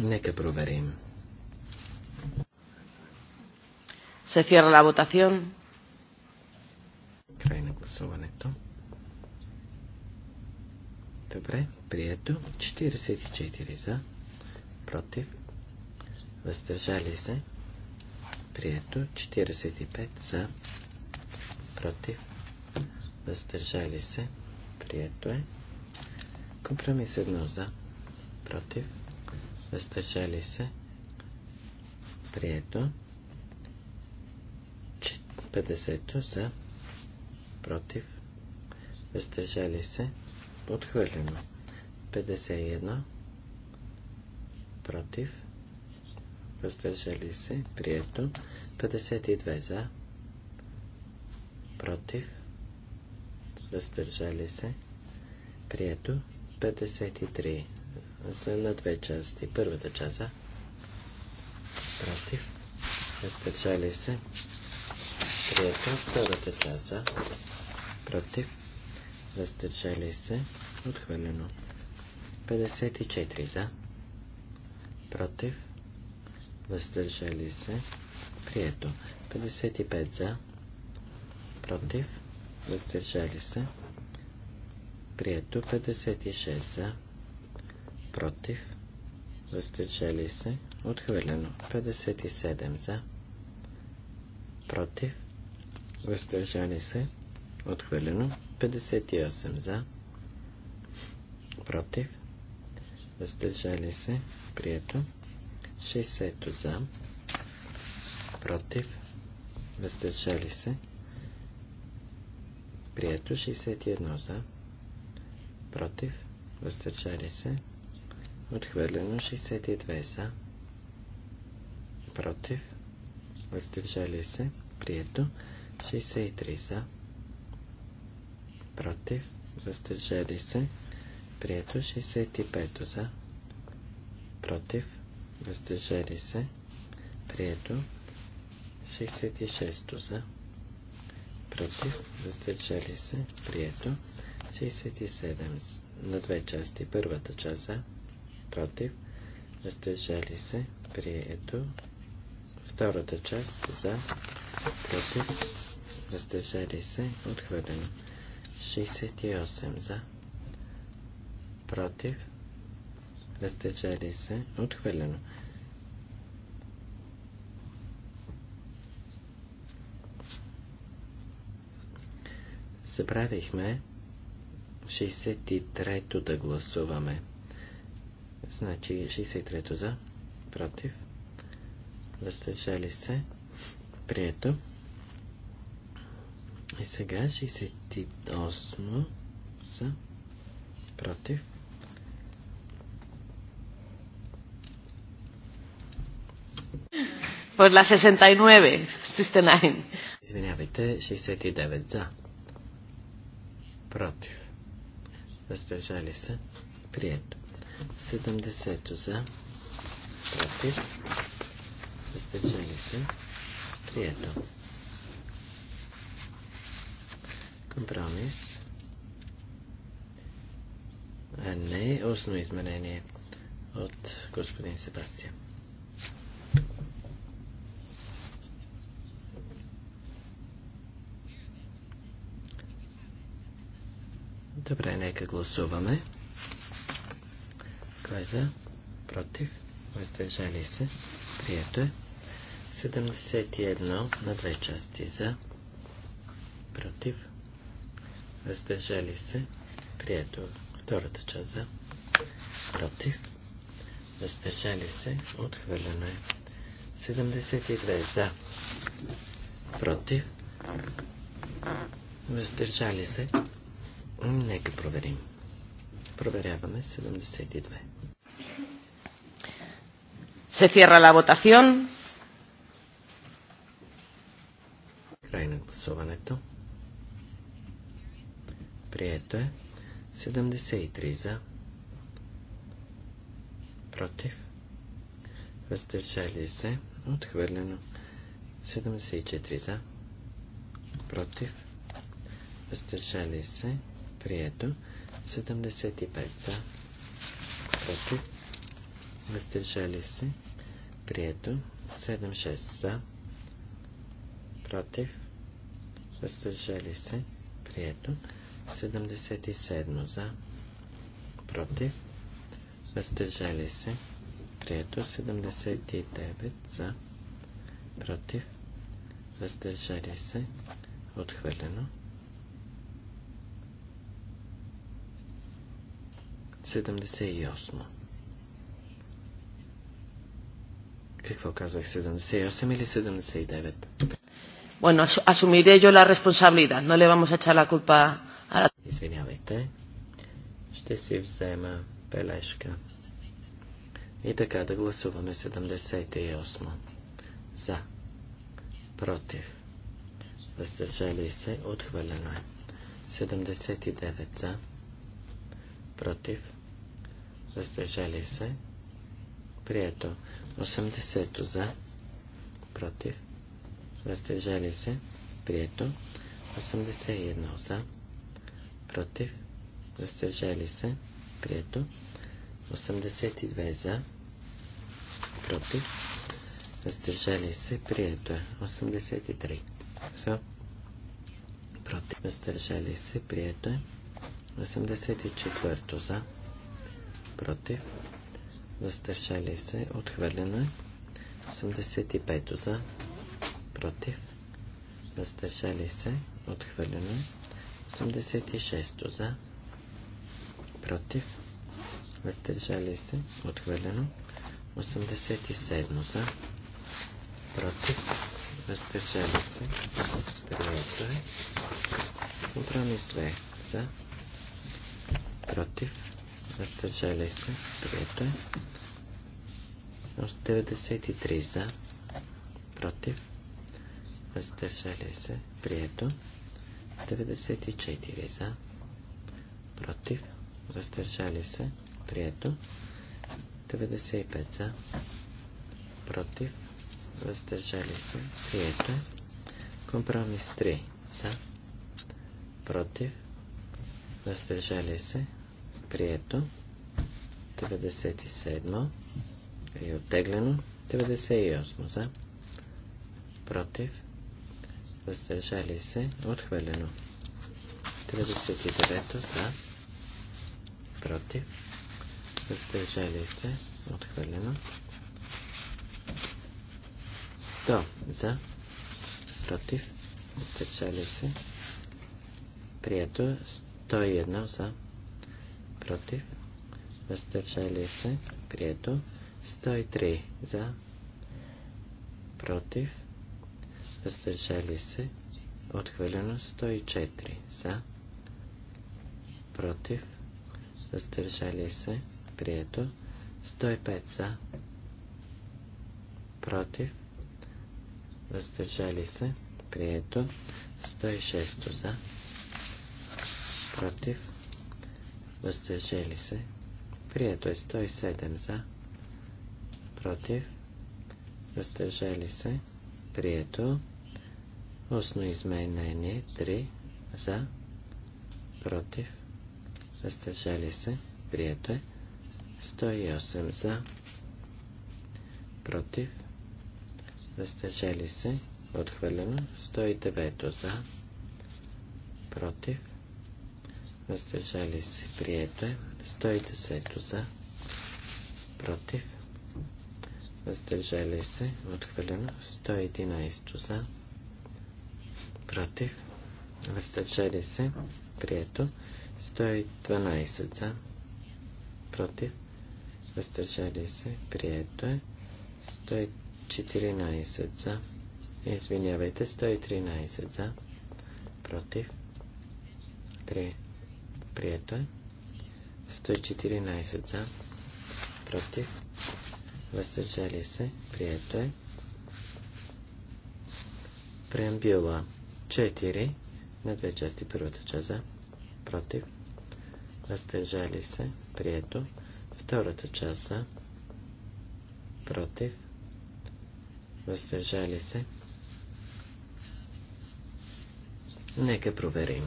[SPEAKER 2] Нека проверим.
[SPEAKER 1] Се cierra la votación.
[SPEAKER 2] Край на гласуването. Добре, прието. 44 за против, въздържали се, прието 45 за, против, въздържали се, прието е, компромис 1 за, против, въздържали се, прието 50 за, против, въздържали се, подхвърлено, 51 против, въздържали се, прието, 52 за, против, въздържали се, прието, 53 за на две части, първата част за, против, въздържали се, прието, втората част за, против, въздържали се, отхвърлено, 54 за, против, въздържали се, прието. 55 за, против, въздържали се, прието. 56 за, против, въздържали се, отхвърлено. 57 за, против, въздържали се, отхвърлено. 58 за, против, въздържали се, Прието. 60 за. Против. Въздържали се. Прието. 61 за. Против. Въздържали се. Отхвърлено. 62 за. Против. Въздържали се. Прието. 63 за. Против. Въздържали се. Прието. 65 за против, въздържали се, прието. 66 за, против, въздържали се, прието. 67 на две части, първата част за, против, въздържали се, прието. Втората част за, против, въздържали се, отхвърлено. 68 за, против, въздържали се, отхвърлено. Събравихме 63-то да гласуваме. Значи 63-то за, против, въздържали се, прието. И сега 68 за, против,
[SPEAKER 1] Por la 69. 69.
[SPEAKER 2] Извинявайте, 69 за. Против. Въздържали се. Прието. 70 за. Против. Въздържали се. Прието. Компромис. А не, основно изменение от господин Себастия. Добре, нека гласуваме. Кой е за? Против? Въздържали се? Прието е. 71 на две части за. Против? Въздържали се? Прието. Втората част за. Против? Въздържали се? Отхвърлено е. 72 за. Против? Въздържали се? Нека проверим. Проверяваме 72. Се
[SPEAKER 1] cierra la votación.
[SPEAKER 2] Край на гласуването. Прието е. 73 за. Против. Въздържали се. Отхвърлено. 74 за. Против. Въздържали се. Прието. 75 за. Против. Въздържали се. Прието. 76 за. Против. Въздържали се. Прието. 77 за. Против. Въздържали се. Прието. 79 за. Против. Въздържали се. Отхвърлено. 78. Какво казах, 78 или 79?
[SPEAKER 1] Bueno, as asumiré yo la responsabilidad. No le vamos a echar la culpa
[SPEAKER 2] a la... Извинявайте. Ще си взема бележка. И така да гласуваме 78. За. Против. Въздържали се. Отхвърлено е. 79 за. Против въздържали се, прието. 80 за, против, въздържали се, прието. 81 за, против, въздържали се, прието. 82 за, против, въздържали се, прието е. 83 за, против, въздържали се, прието е. 84 за, против, въздържали се, отхвърлено е. 85 за, против, въздържали се, отхвърлено е. 86 за, против, въздържали се, отхвърлено. 87 е. за, против, въздържали се, прието е. Компромис 2 за, против, Разтържали се, прието е. 93 за, против, въздържали се, прието. 94 за, против, въздържали се, прието. 95 за, против, въздържали се, прието. Е. Компромис 3 за, против, въздържали се, прието. 97 е оттеглено. 98 за. Против. Въздържали се. Отхвърлено. 99 за. Против. Въздържали се. Отхвърлено. 100 за. Против. Въздържали се. Прието. 101 за против, въздържали се, прието, 103 за, против, въздържали се, отхвърлено 104 за, против, въздържали се, прието, 105 за, против, въздържали се, прието, 106 за, против, въздържали се. Прието е 107 за, против, въздържали се. Прието. Устно изменение 3 за, против, въздържали се. Прието е 108 за, против, въздържали се. Отхвърлено 109 за, против, въздържали се, прието е. 110 за, против, въздържали се, отхвърлено. 111 за, против, въздържали се, прието. 112 за, против, въздържали се, прието е. 114 за, извинявайте, 113 за, против, 3 Прието е. 114 за. Против. Въздържали се. Прието е. Преамбюла 4 на две части. Първата част за. Против. Въздържали се. Прието. Втората част за. Против. Въздържали се. Нека проверим.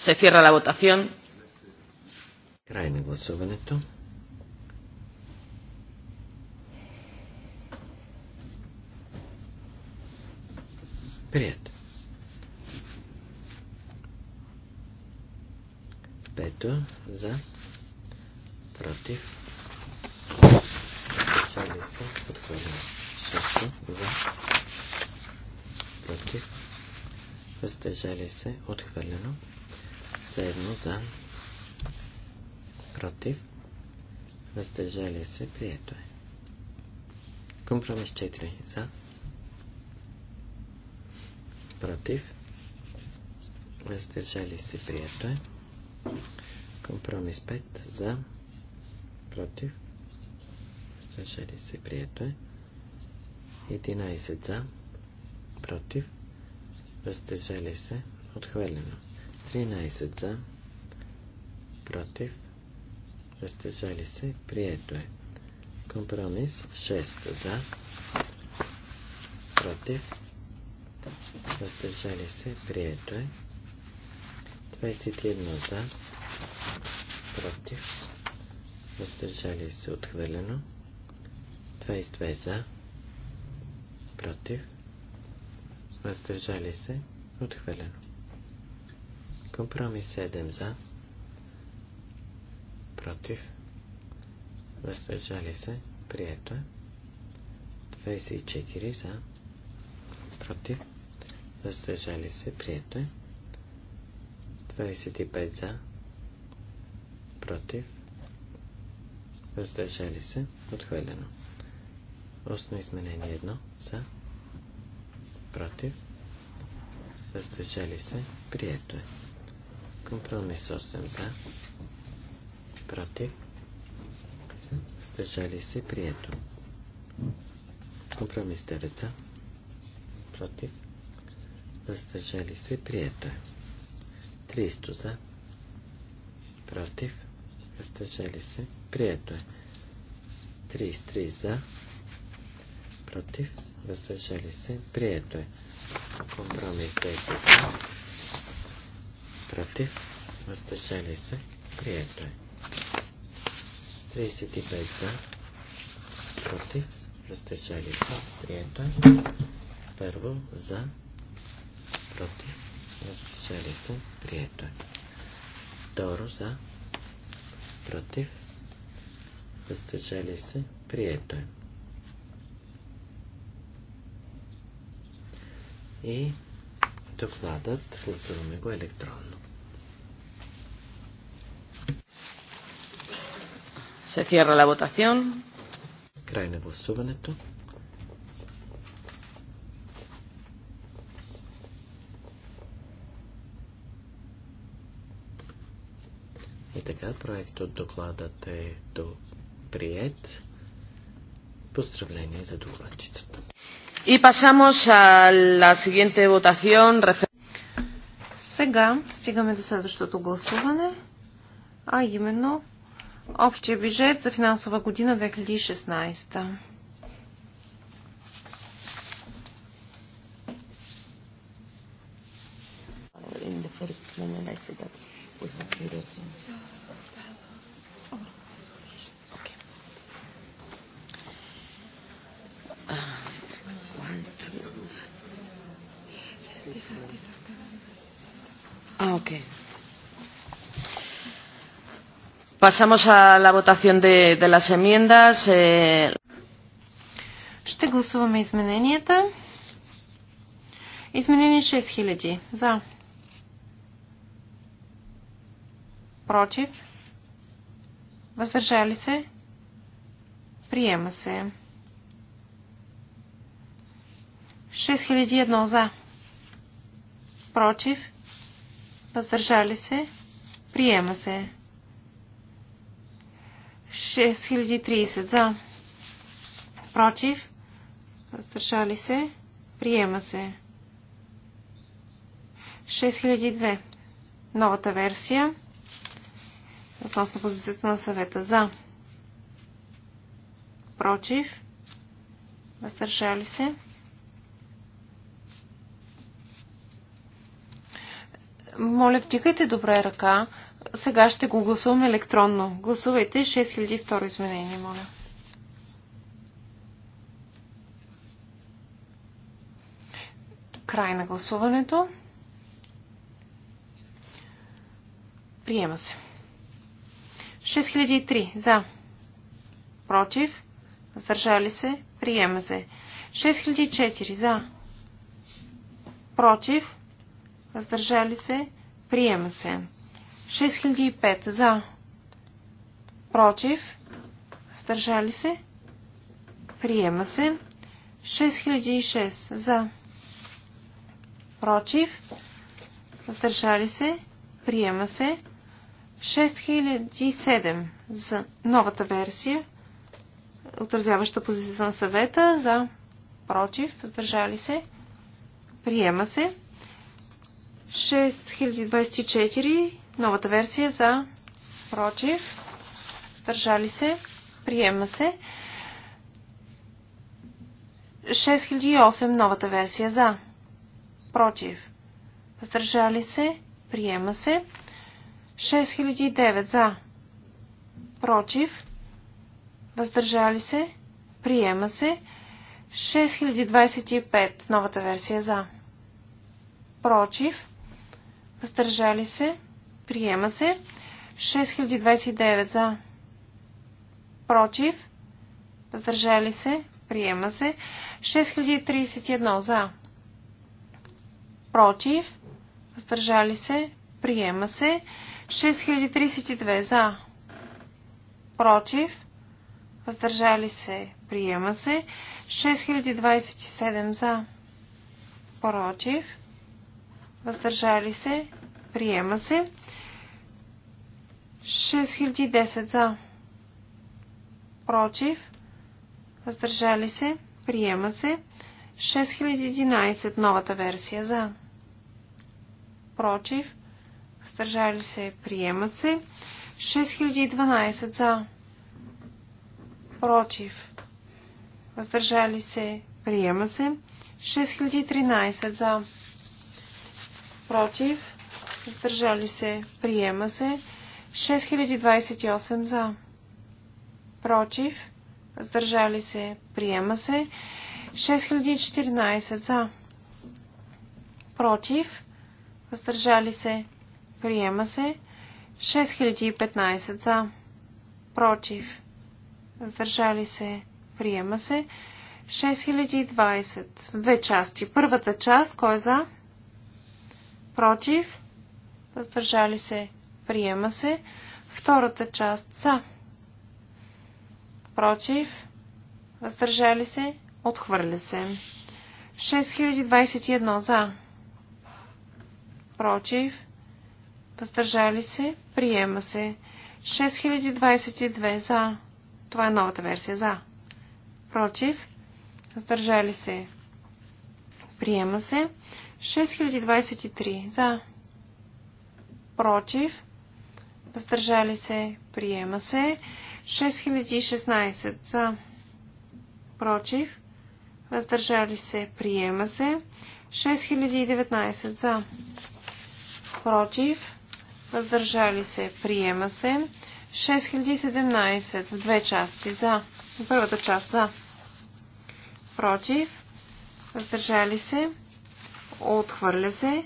[SPEAKER 1] Се cierra la votación.
[SPEAKER 2] Край на Пето за против. Сали се отхвърля. Шесто за против. Въздържали се Седно за. Против. Въздържали се. Прието е. Компромис 4 за. Против. Въздържали се. Прието е. Компромис 5 за. Против. Въздържали се. Прието е. 11 за. Против. Въздържали се. Отхвърлено. 13 за, против, въздържали се, прието е. Компромис 6 за, против, въздържали се, прието е. 21 за, против, въздържали се, отхвърлено. 22 за, против, въздържали се, отхвърлено. Компромис 7 за. Против. Въздържали се. Прието е. 24 за. Против. Въздържали се. Прието е. 25 за. Против. Въздържали се. Отхвърлено. Осно изменение 1 за. Против. Въздържали се. Прието е. Компромис 8 за. Против. Стържали се. Прието. Компромис 9 за. Против. Въздържали се. Прието е. 300 за. Против. Въздържали се. Прието е. 33 за. Против. Въздържали се. Прието е. Компромис 10 за против, въздържали се, прието е. 35 за, против, въздържали се, прието е. Първо за, против, въздържали се, прието е. Второ за, против, въздържали се, прието е. И докладът гласуваме го електронно.
[SPEAKER 1] Се cierra la votación.
[SPEAKER 2] Край на гласуването. И така, проектът докладът е до прият. Поздравление за докладчицата.
[SPEAKER 1] И пасамос а ла siguiente votación.
[SPEAKER 3] Сега стигаме до следващото гласуване, а именно общия бюджет за финансова година 2016.
[SPEAKER 1] Pasamos a la votación de, de las enmiendas. Eh... Ще гласуваме
[SPEAKER 3] измененията. Изменение 6000. За. Против. Въздържали се. Приема се. 6001 за. Против. Въздържали се. Приема се. 6030 за. Против. Въздържали се. Приема се. 6002. Новата версия. Относно позицията на съвета за. Против. Въздържали се. Моля, втикайте добре ръка, сега ще го гласуваме електронно. Гласувайте 6002 изменение, моля. Край на гласуването. Приема се. 6003 за. Против. Въздържали се. Приема се. 6004 за. Против. Въздържали се. Приема се. 6005 за, против, въздържали се, приема се. 6006 за, против, въздържали се, приема се. 6007 за новата версия, отразяваща позицията на съвета, за, против, въздържали се, приема се. 6024 Новата версия за против. Държали се. Приема се. 6008 новата версия за. Против. Въздържали се. Приема се. 6009 за. Против. Въздържали се. Приема се. 6025 новата версия за. Против. Въздържали се. Приема се. 6029 за. Против. Въздържали се. Приема се. 6031 за. Против. Въздържали се. Приема се. 6032 за. Против. Въздържали се. Приема се. 6027 за. Против. Въздържали се. Приема се. 6010 за. Против. Въздържали се. Приема се. 6011 новата версия за. Против. Въздържали се. Приема се. 6012 за. Против. Въздържали се. Приема се. 6013 за. Против. Въздържали се. Приема се. 6028 за. Против. Въздържали се. Приема се. 6014 за. Против. Въздържали се. Приема се. 6015 за. Против. Въздържали се. Приема се. 6020. Две части. Първата част, кой е за? Против. Въздържали се. Приема се. Втората част са. Против. Въздържали се. Отхвърля се. 6021 за. Против. Въздържали се. Приема се. 6022 за. Това е новата версия. За. Против. Въздържали се. Приема се. 6023 за. Против въздържали се, приема се. 6016 за, против, въздържали се, приема се. 6019 за, против, въздържали се, приема се. 6017 в две части за, първата част за, против, въздържали се, отхвърля се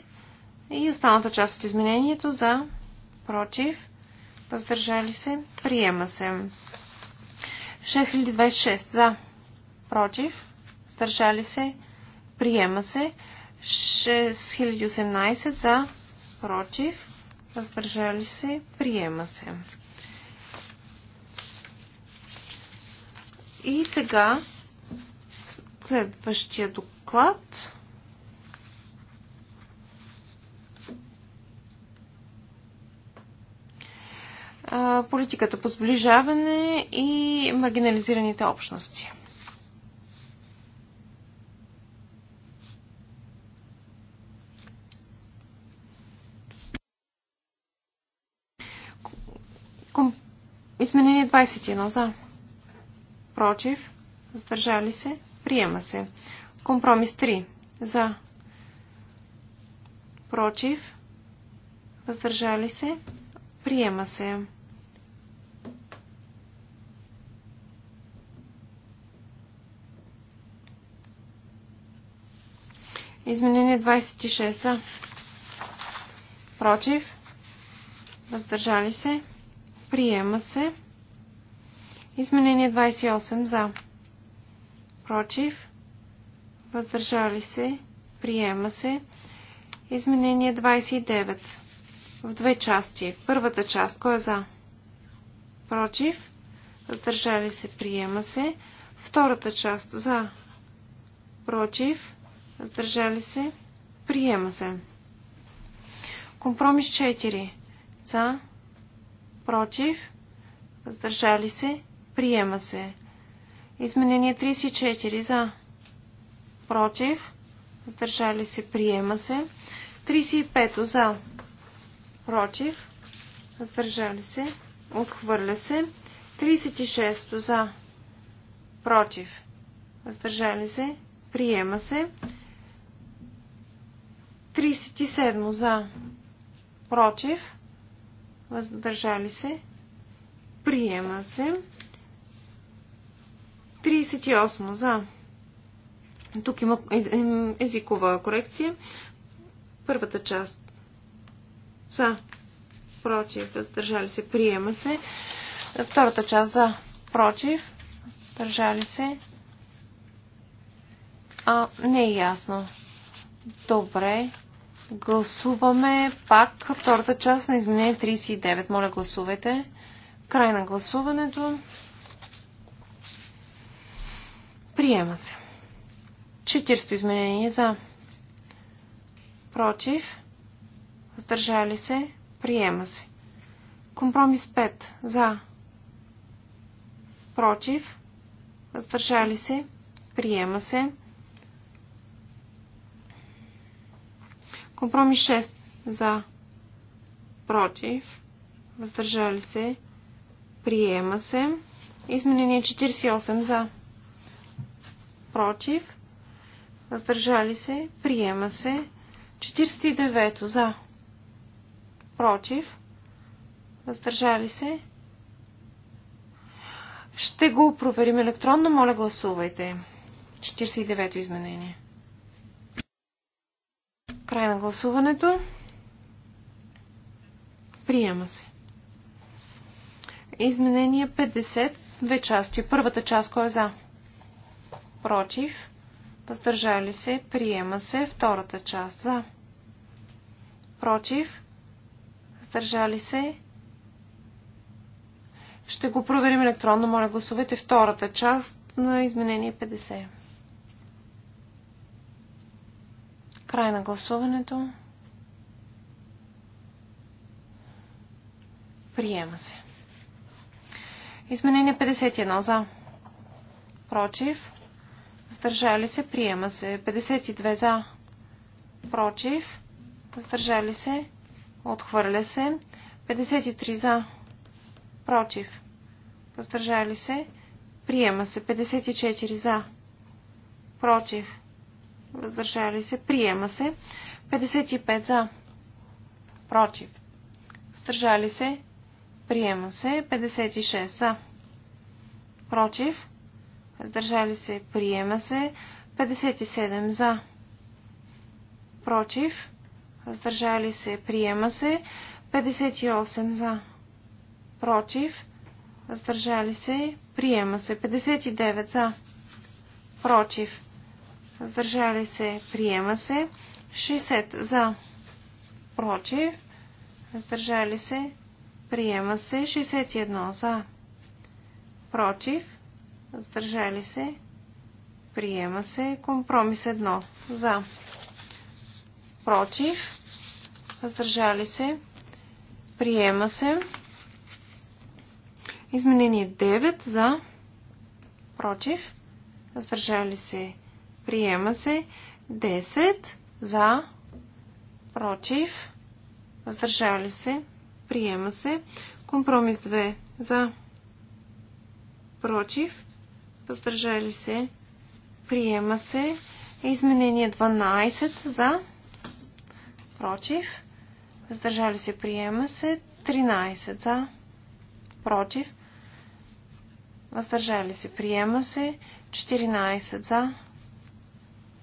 [SPEAKER 3] и останалата част от изменението за, против, въздържали се, приема се. 6026 за, против, въздържали се, приема се. 6018 за, против, въздържали се, приема се. И сега следващия доклад. политиката по сближаване и маргинализираните общности. Изменение 21 за. Против. Въздържали се. Приема се. Компромис 3 за. Против. Въздържали се. Приема се. Изменение 26 -а. Против. Въздържали се. Приема се. Изменение 28 за. Против. Въздържали се. Приема се. Изменение 29. В две части. Първата част. Кой е за? Против. Въздържали се. Приема се. Втората част. За. Против. Въздържали се. Приема се. Компромис 4. За. Против. Въздържали се. Приема се. Изменение 34. За. Против. Въздържали се. Приема се. 35. За. Против. Въздържали се. Отхвърля се. 36. За. Против. Въздържали се. Приема се. 37 за, против, въздържали се, приема се. 38 за. Тук има езикова корекция. Първата част за, против, въздържали се, приема се. Втората част за, против, въздържали се. А, не е ясно. Добре. Гласуваме пак втората част на изменение 39. Моля, гласувайте. Край на гласуването. Приема се. 40 изменение за. Против. Въздържали се. Приема се. Компромис 5. За. Против. Въздържали се. Приема се. Компромис 6 за, против, въздържали се, приема се. Изменение 48 за, против, въздържали се, приема се. 49 за, против, въздържали се. Ще го проверим електронно, моля гласувайте. 49 изменение. Край на гласуването. Приема се. Изменение 50. Две части. Първата част кой е за? Против. Въздържали се. Приема се. Втората част за. Против. Въздържали се. Ще го проверим електронно. Моля, гласувайте втората част на изменение 50. Край на гласуването. Приема се. Изменение 51 за. Против. Въздържали се. Приема се. 52 за. Против. Въздържали се. Отхвърля се. 53 за. Против. Въздържали се. Приема се. 54 за. Против въздържали се, приема се. 55 за, против, въздържали се, приема се. 56 за, против, въздържали се, приема се. 57 за, против, въздържали се, приема се. 58 за, против, въздържали се, приема се. 59 за, против, въздържали се, приема се. 60 за, против, въздържали се, приема се. 61 за, против, въздържали се, приема се. Компромис 1 за, против, въздържали се, приема се. Изменение 9 за, против, въздържали се, Приема се 10 за, против, въздържали се, приема се. Компромис 2 за, против, въздържали се, приема се. Изменение 12 за, против, въздържали се, приема се. 13 за, против, въздържали се, приема се. 14 за,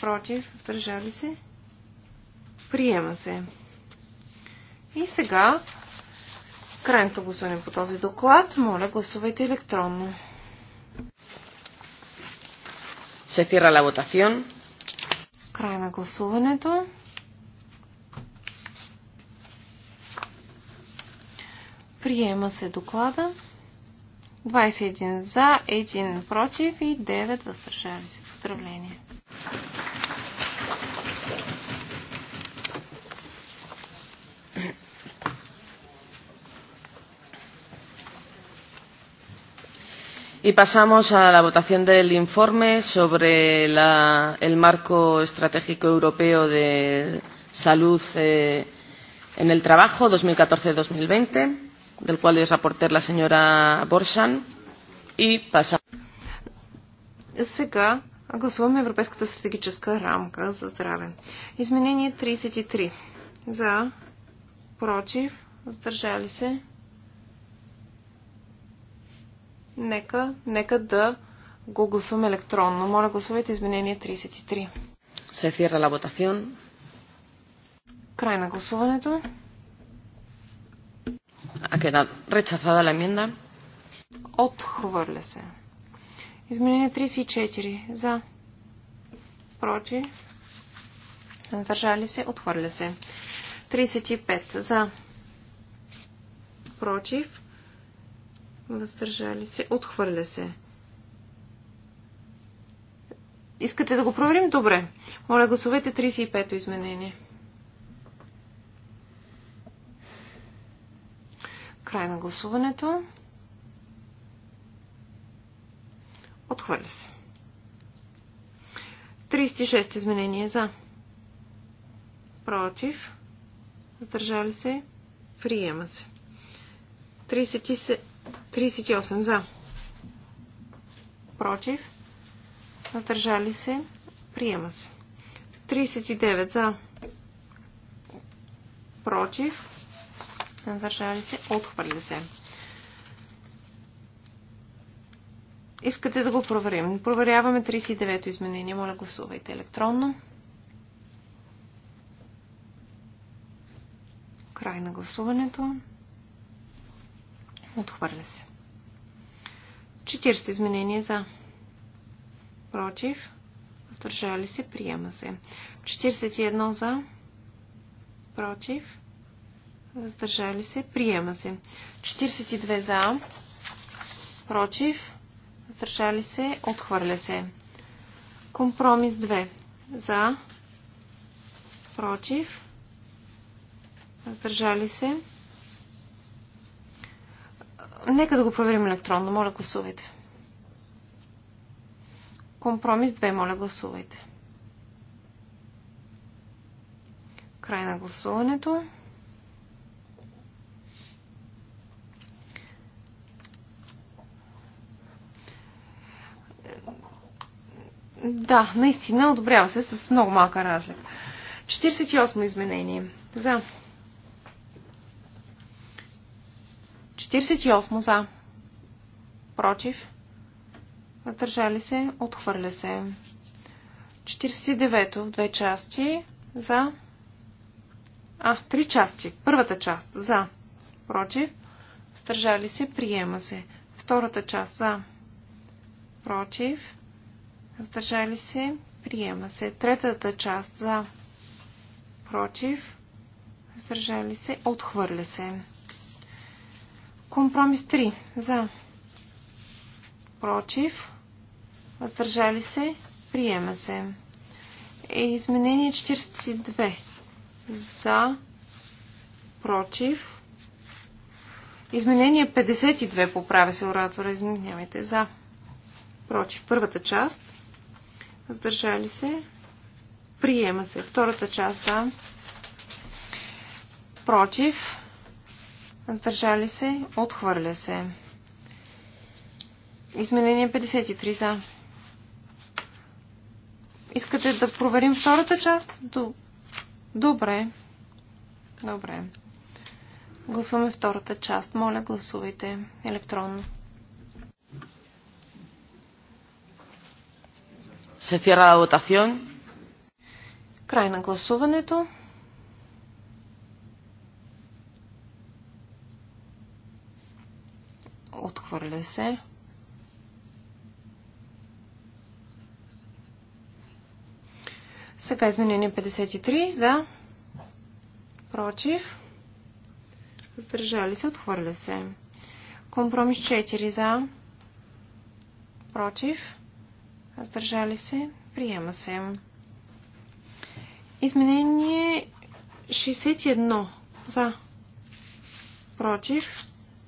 [SPEAKER 3] против, въздържали се, приема се. И сега крайното гласуване по този доклад. Моля, гласувайте електронно.
[SPEAKER 1] Се цира ла вотацион.
[SPEAKER 3] Край на гласуването. Приема се доклада. 21 за, 1 против и 9 въздържали се. Поздравления!
[SPEAKER 1] Y pasamos a la votación del informe sobre la, el marco estratégico europeo de salud eh, en el trabajo 2014-2020, del cual es reporter la señora Borsan. Y pasamos.
[SPEAKER 3] гласуваме Европейската стратегическа рамка за здраве. Изменение 33. За, против, въздържали се, Нека, нека да го гласуваме електронно. Моля, гласувайте изменение
[SPEAKER 1] 33. Се фира la votación. Край на гласуването. Ha quedado rechazada la enmienda.
[SPEAKER 3] Отхвърля се. Изменение 34. За. Против. Задържали се. Отхвърля се. 35. За. Против въздържали се, отхвърля се. Искате да го проверим? Добре. Моля, гласовете 35-то изменение. Край на гласуването. Отхвърля се. 36 изменение за. Против. Въздържали се. Приема се. 37, 38 за. Против. Въздържали се. Приема се. 39 за. Против. Въздържали се. Отхвърли се. Искате да го проверим. Проверяваме 39-то изменение. Моля, гласувайте електронно. Край на гласуването. Отхвърля се. 40 изменение за. Против. Въздържали се. Приема се. 41 за. Против. Въздържали се. Приема се. 42 за. Против. Въздържали се. Отхвърля се. Компромис 2. За. Против. Въздържали се. Нека да го проверим електронно. Моля, гласувайте. Компромис 2. Моля, гласувайте. Край на гласуването. Да, наистина одобрява се с много малка разлика. 48 изменение. За. 48 за. Против. Въздържали се. Отхвърля се. 49 в две части. За. А, три части. Първата част. За. Против. Въздържали се. Приема се. Втората част. За. Против. Въздържали се. Приема се. Третата част. За. Против. Въздържали се. Отхвърля се. Компромис 3. За. Против. Въздържали се. Приема се. Е изменение 42. За. Против. Изменение 52. Поправя се оратора. Извинявайте. За. Против. Първата част. Въздържали се. Приема се. Втората част. За. Против Въздържали се. Отхвърля се. Изменение 53 за. Искате да проверим втората част? Добре. Добре. Гласуваме втората част. Моля, гласувайте електронно.
[SPEAKER 1] Се фира Край на гласуването.
[SPEAKER 3] Отхвърля се. Сега изменение 53 за против. Сдържали се, отхвърля се. Компромис 4 за против. Сдържали се, приема се. Изменение 61 за против.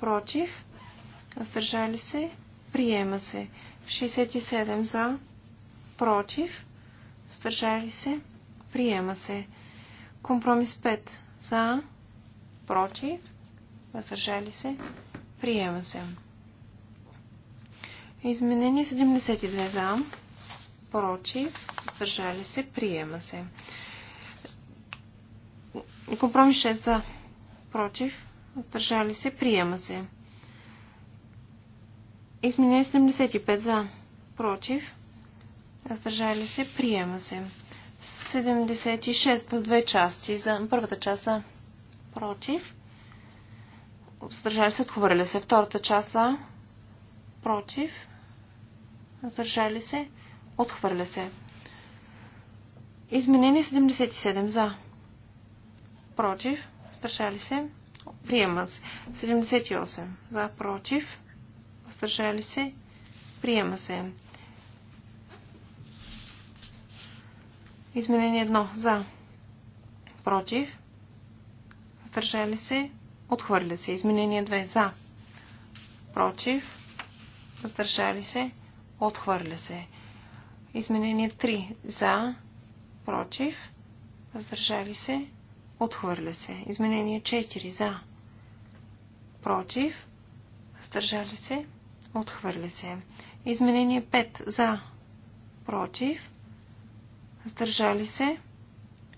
[SPEAKER 3] против, въздържали се, приема се. 67 за, против, въздържали се, приема се. Компромис 5 за, против, въздържали се, приема се. Изменение 72 за, против, въздържали се, приема се. Компромис 6 за, против, въздържали се, приема се. Изменение 75 за, против, въздържали се, приема се. 76 в две части за първата част са против, въздържали се, отхвърля се. Втората част са, против, въздържали се, отхвърля се. Изменение 77 за, против, въздържали се, Приема се. 78. За, против. Въздържали се. Приема се. Изменение 1. За. Против. Въздържали се. Отхвърля се. Изменение 2. За. Против. Въздържали се. Отхвърля се. Изменение 3. За. Против. Въздържали се. Отхвърля се. Изменение 4. За против, въздържали се, отхвърля се. Изменение 5 за, против, въздържали се,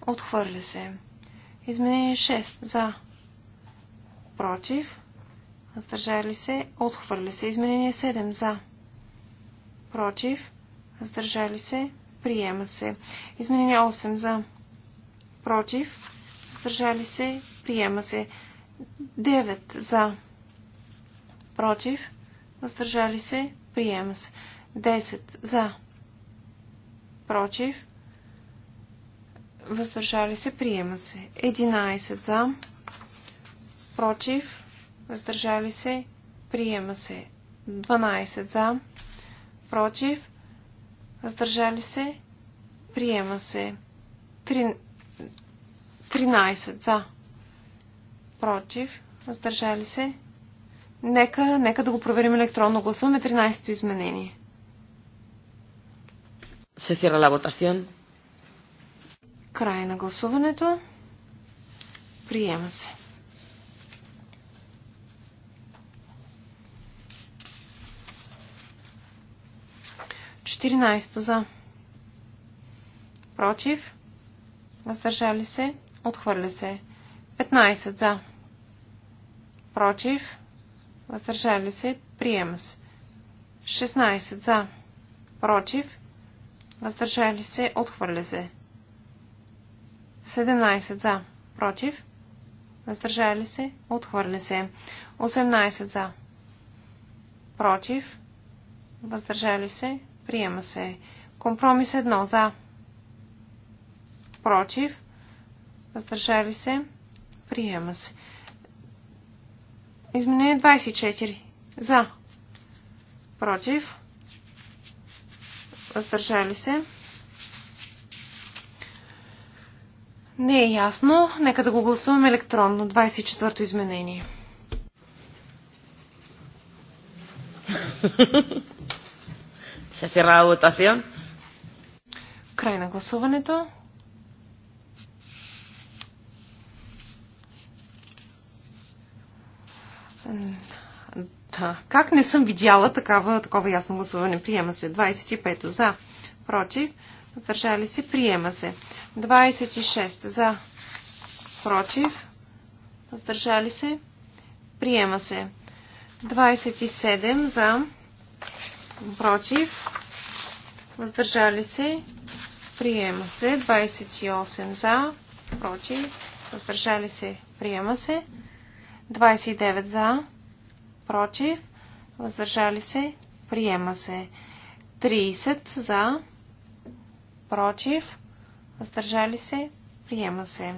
[SPEAKER 3] отхвърля се. Изменение 6 за, против, въздържали се, отхвърля се. Изменение 7 за, против, въздържали се, приема се. Изменение 8 за, против, въздържали се, приема се. 9 за, против, въздържали се, приема се. 10 за, против, въздържали се, приема се. 11 за, против, въздържали се, приема се. 12 за, против, въздържали се, приема се. 13 за, против, въздържали се. Нека, нека да го проверим електронно. Гласуваме 13-то изменение.
[SPEAKER 1] Се cierra la votación.
[SPEAKER 3] Край на гласуването. Приема се. Четиринайсто за. Против. Въздържали се. Отхвърля се. 15 за против, въздържали се, приема се. 16 за, против, въздържали се, отхвърля се. 17 за, против, въздържали се, отхвърля се. 18 за, против, въздържали се, приема се. Компромис 1 за, против, въздържали се, приема се. Изменение 24. За. Против. Въздържали се. Не е ясно. Нека да го гласуваме електронно. 24-то изменение.
[SPEAKER 1] Се фира
[SPEAKER 3] Край на гласуването. Как не съм видяла такава, такова ясно гласуване? Приема се. 25 за. Против. Въздържали се. Приема се. 26 за. Против. Въздържали се. Приема се. 27 за. Против. Въздържали се. Приема се. 28 за. Против. Въздържали се. Приема се. 29 за против, въздържали се, приема се. 30 за, против, въздържали се, приема се.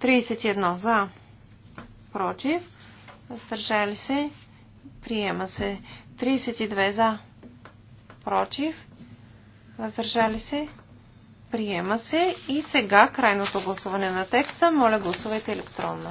[SPEAKER 3] 31 за, против, въздържали се, приема се. 32 за, против, въздържали се, приема се. И сега крайното гласуване на текста. Моля гласувайте електронно.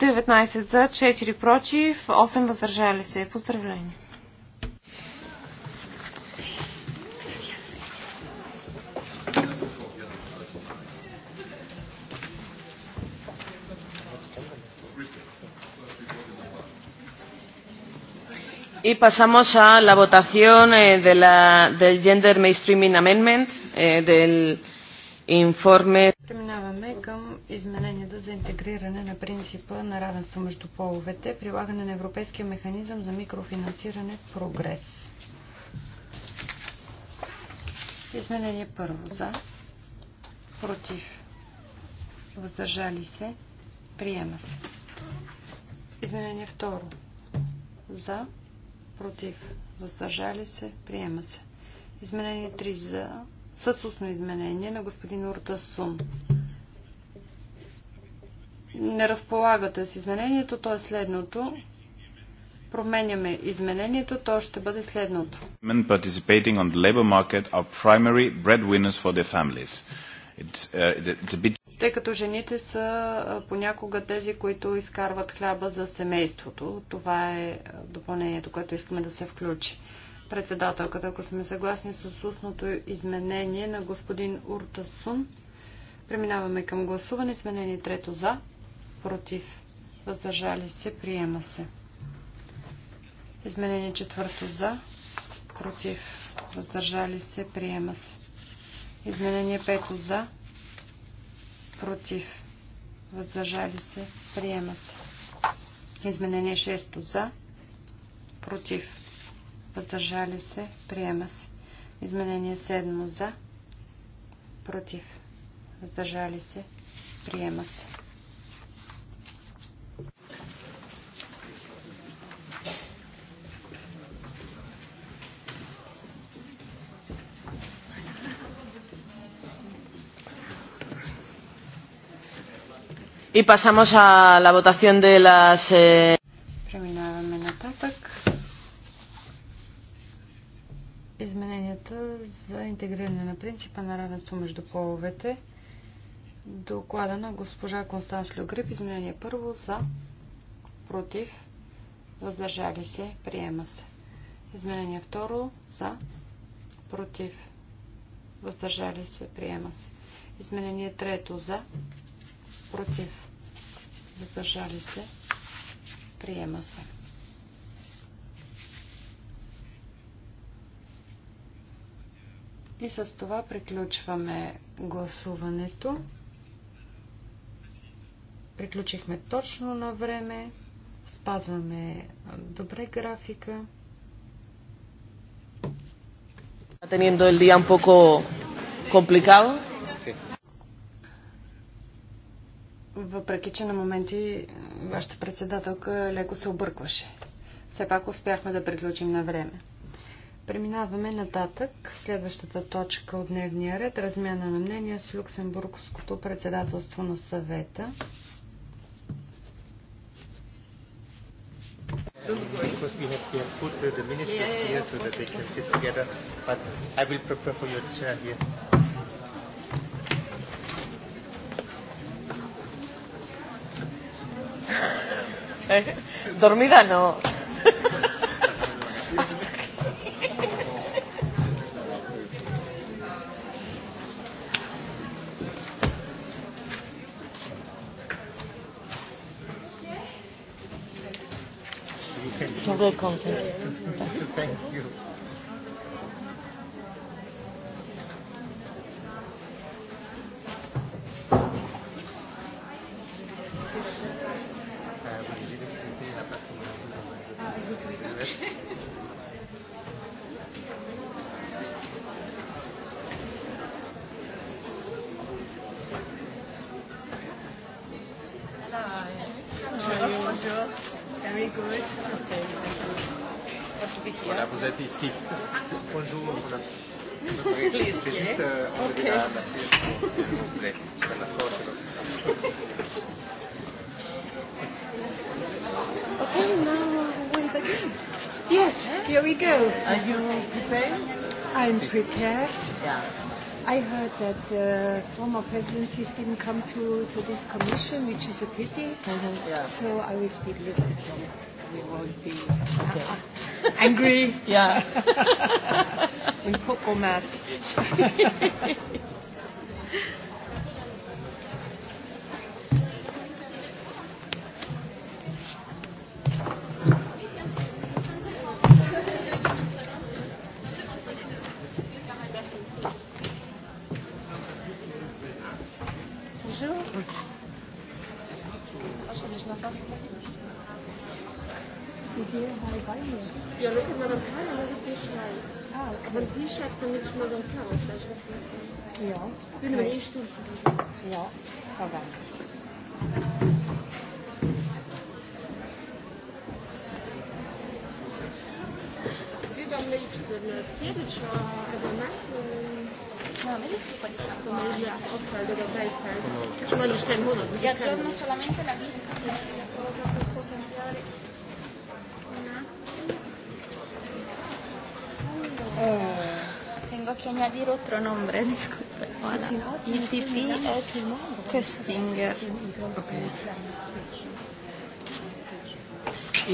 [SPEAKER 3] 19 за, 4 против, 8 въздържали се. Поздравления!
[SPEAKER 1] Y pasamos a la votación eh, de la, del Gender Mainstreaming Amendment, eh, del informe
[SPEAKER 4] измененията за интегриране на принципа на равенство между половете, прилагане на Европейския механизъм за микрофинансиране прогрес. Изменение първо за, против, въздържали се, приема се. Изменение второ за, против, въздържали се, приема се. Изменение 3 за, Съсусно изменение на господин Урта Сум не разполагате с изменението, то е следното. Променяме изменението, то ще бъде следното.
[SPEAKER 5] participating on the labor market are primary breadwinners for their families. It's, uh, it's a bit...
[SPEAKER 4] Тъй като жените са понякога тези, които изкарват хляба за семейството. Това е допълнението, което искаме да се включи. Председателката, ако сме съгласни с устното изменение на господин Уртасун, преминаваме към гласуване. Изменение трето за против, въздържали се, приема се. Изменение четвърто за, против, въздържали се, приема се. Изменение пето за, против, въздържали се, приема се. Изменение шесто за, против, въздържали се, приема се. Изменение седмо за, против, въздържали се,
[SPEAKER 5] приема се.
[SPEAKER 1] Y pasamos a la votación de las. Eh,
[SPEAKER 4] Преминаваме нататък. Измененията за интегриране на принципа на равенство между половете. Доклада на госпожа Констанс Люгрип. Изменение първо за, против, въздържали се, приема се. Изменение второ за, против, въздържали се, приема се. Изменение трето за, против, въздържали се, приема се. И с това приключваме гласуването. Приключихме точно на време, спазваме добре графика.
[SPEAKER 1] Teniendo el día un poco complicado.
[SPEAKER 4] Въпреки, че на моменти вашата председателка леко се объркваше. Все пак успяхме да приключим на време. Преминаваме нататък. Следващата точка от дневния ред размяна на мнения с Люксембургското председателство на съвета.
[SPEAKER 5] Because we have, we have put the ministers yeah, yeah, here so that they can sit together. But I will prepare for your chair here.
[SPEAKER 1] Dormida no.
[SPEAKER 5] Thank you. we go. Are you prepared? I'm prepared. Yeah. I heard that uh, former presidencies didn't come to, to this commission, which is a pity. Mm-hmm. Yeah. So I will speak a little bit longer. We won't be okay. angry. yeah. Un poco más. Köstinger. Okay.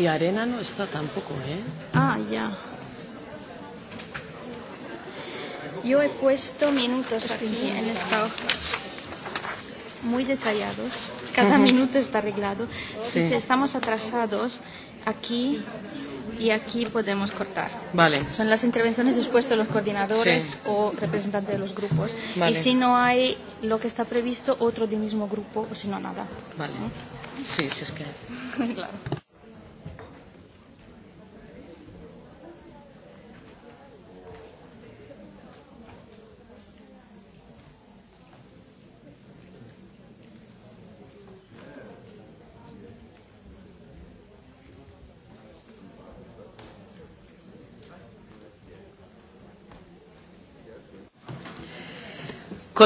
[SPEAKER 1] Y Arena no está tampoco, ¿eh? Ah,
[SPEAKER 4] ya. Yo he puesto minutos aquí en esta hoja, muy detallados. Cada uh -huh. minuto está arreglado. Sí. Si estamos atrasados, aquí y aquí podemos cortar. Vale. Son las
[SPEAKER 3] intervenciones después de los coordinadores sí. o representantes de los grupos. Vale. Y si no hay lo
[SPEAKER 1] que
[SPEAKER 4] está previsto, otro del mismo grupo, o si no, nada.
[SPEAKER 1] Vale. Sí, si es que. claro.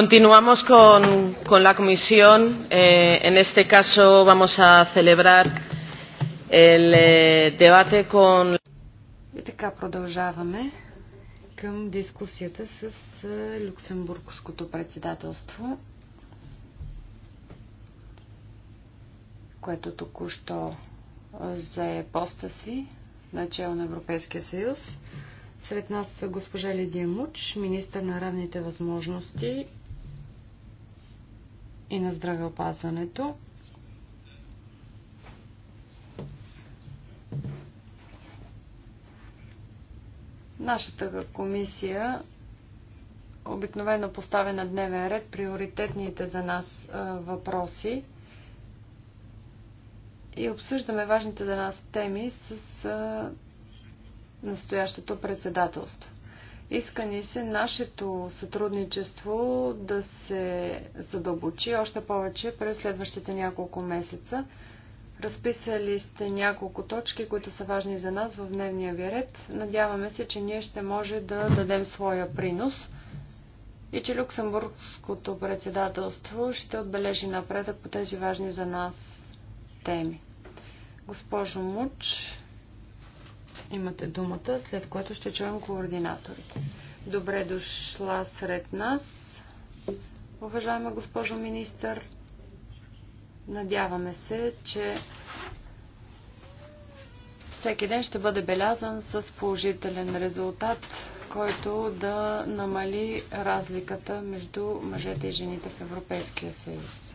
[SPEAKER 1] Continuamos con, con la comisión. Eh, en este caso vamos a celebrar
[SPEAKER 4] el eh, debate con. И така продължаваме към дискусията с е, Люксембургското председателство, което току-що е, зае поста си начало на Европейския съюз. Сред нас са госпожа Лидия Муч, министър на равните възможности и на здравеопазването. Нашата комисия обикновено поставя на дневен ред приоритетните за нас въпроси и обсъждаме важните за нас теми с настоящото председателство. Иска ни се нашето сътрудничество да се задълбочи още повече през следващите няколко месеца. Разписали сте няколко точки, които са важни за нас в дневния ви ред. Надяваме се, че ние ще може да дадем своя принос и че Люксембургското председателство ще отбележи напредък по тези важни за нас теми. Госпожо Муч, Имате думата, след което ще чуем координаторите. Добре дошла сред нас, уважаема госпожо министър. Надяваме се, че всеки ден ще бъде белязан с положителен резултат, който да намали разликата между мъжете и жените в Европейския съюз.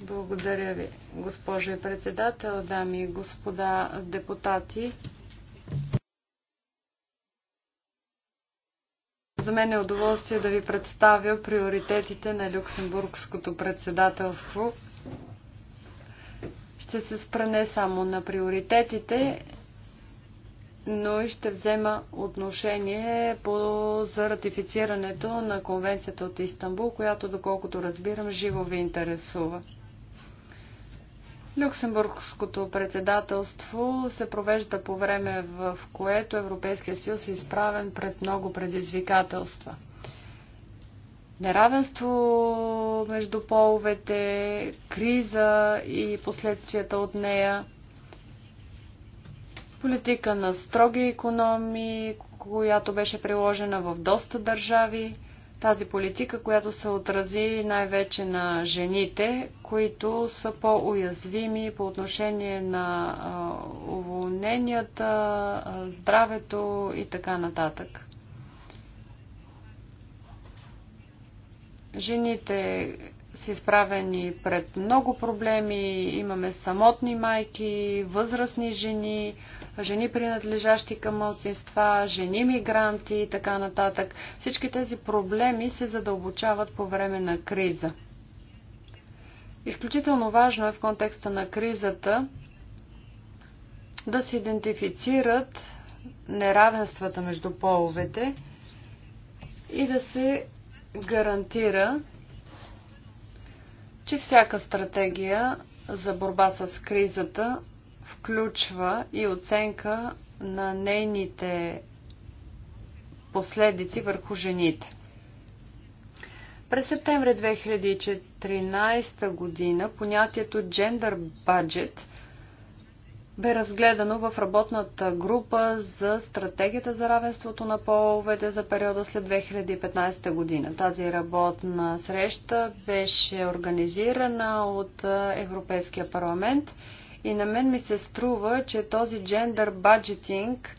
[SPEAKER 4] Благодаря ви, госпожо и председател, дами и господа депутати. За мен е удоволствие да ви представя приоритетите на Люксембургското председателство. Ще се спра не само на приоритетите, но и ще взема отношение по, за ратифицирането на конвенцията от Истанбул, която, доколкото разбирам, живо ви интересува. Люксембургското председателство се провежда по време, в което Европейския съюз е изправен пред много предизвикателства. Неравенство между половете, криза и последствията от нея, политика на строги економии, която беше приложена в доста държави – тази политика, която се отрази най-вече на жените, които са по-уязвими по отношение на уволненията, здравето и така нататък. Жените са изправени пред много проблеми. Имаме самотни майки, възрастни жени, жени принадлежащи към мълцинства, жени мигранти и така нататък. Всички тези проблеми се задълбочават по време на криза. Изключително важно е в контекста на кризата да се идентифицират неравенствата между половете и да се гарантира, че всяка стратегия за борба с кризата включва и оценка на нейните последици върху жените. През септември 2014 година понятието Gender Budget бе разгледано в работната група за стратегията за равенството на половете за периода след 2015 година. Тази работна среща беше организирана от Европейския парламент и на мен ми се струва, че този джендър баджетинг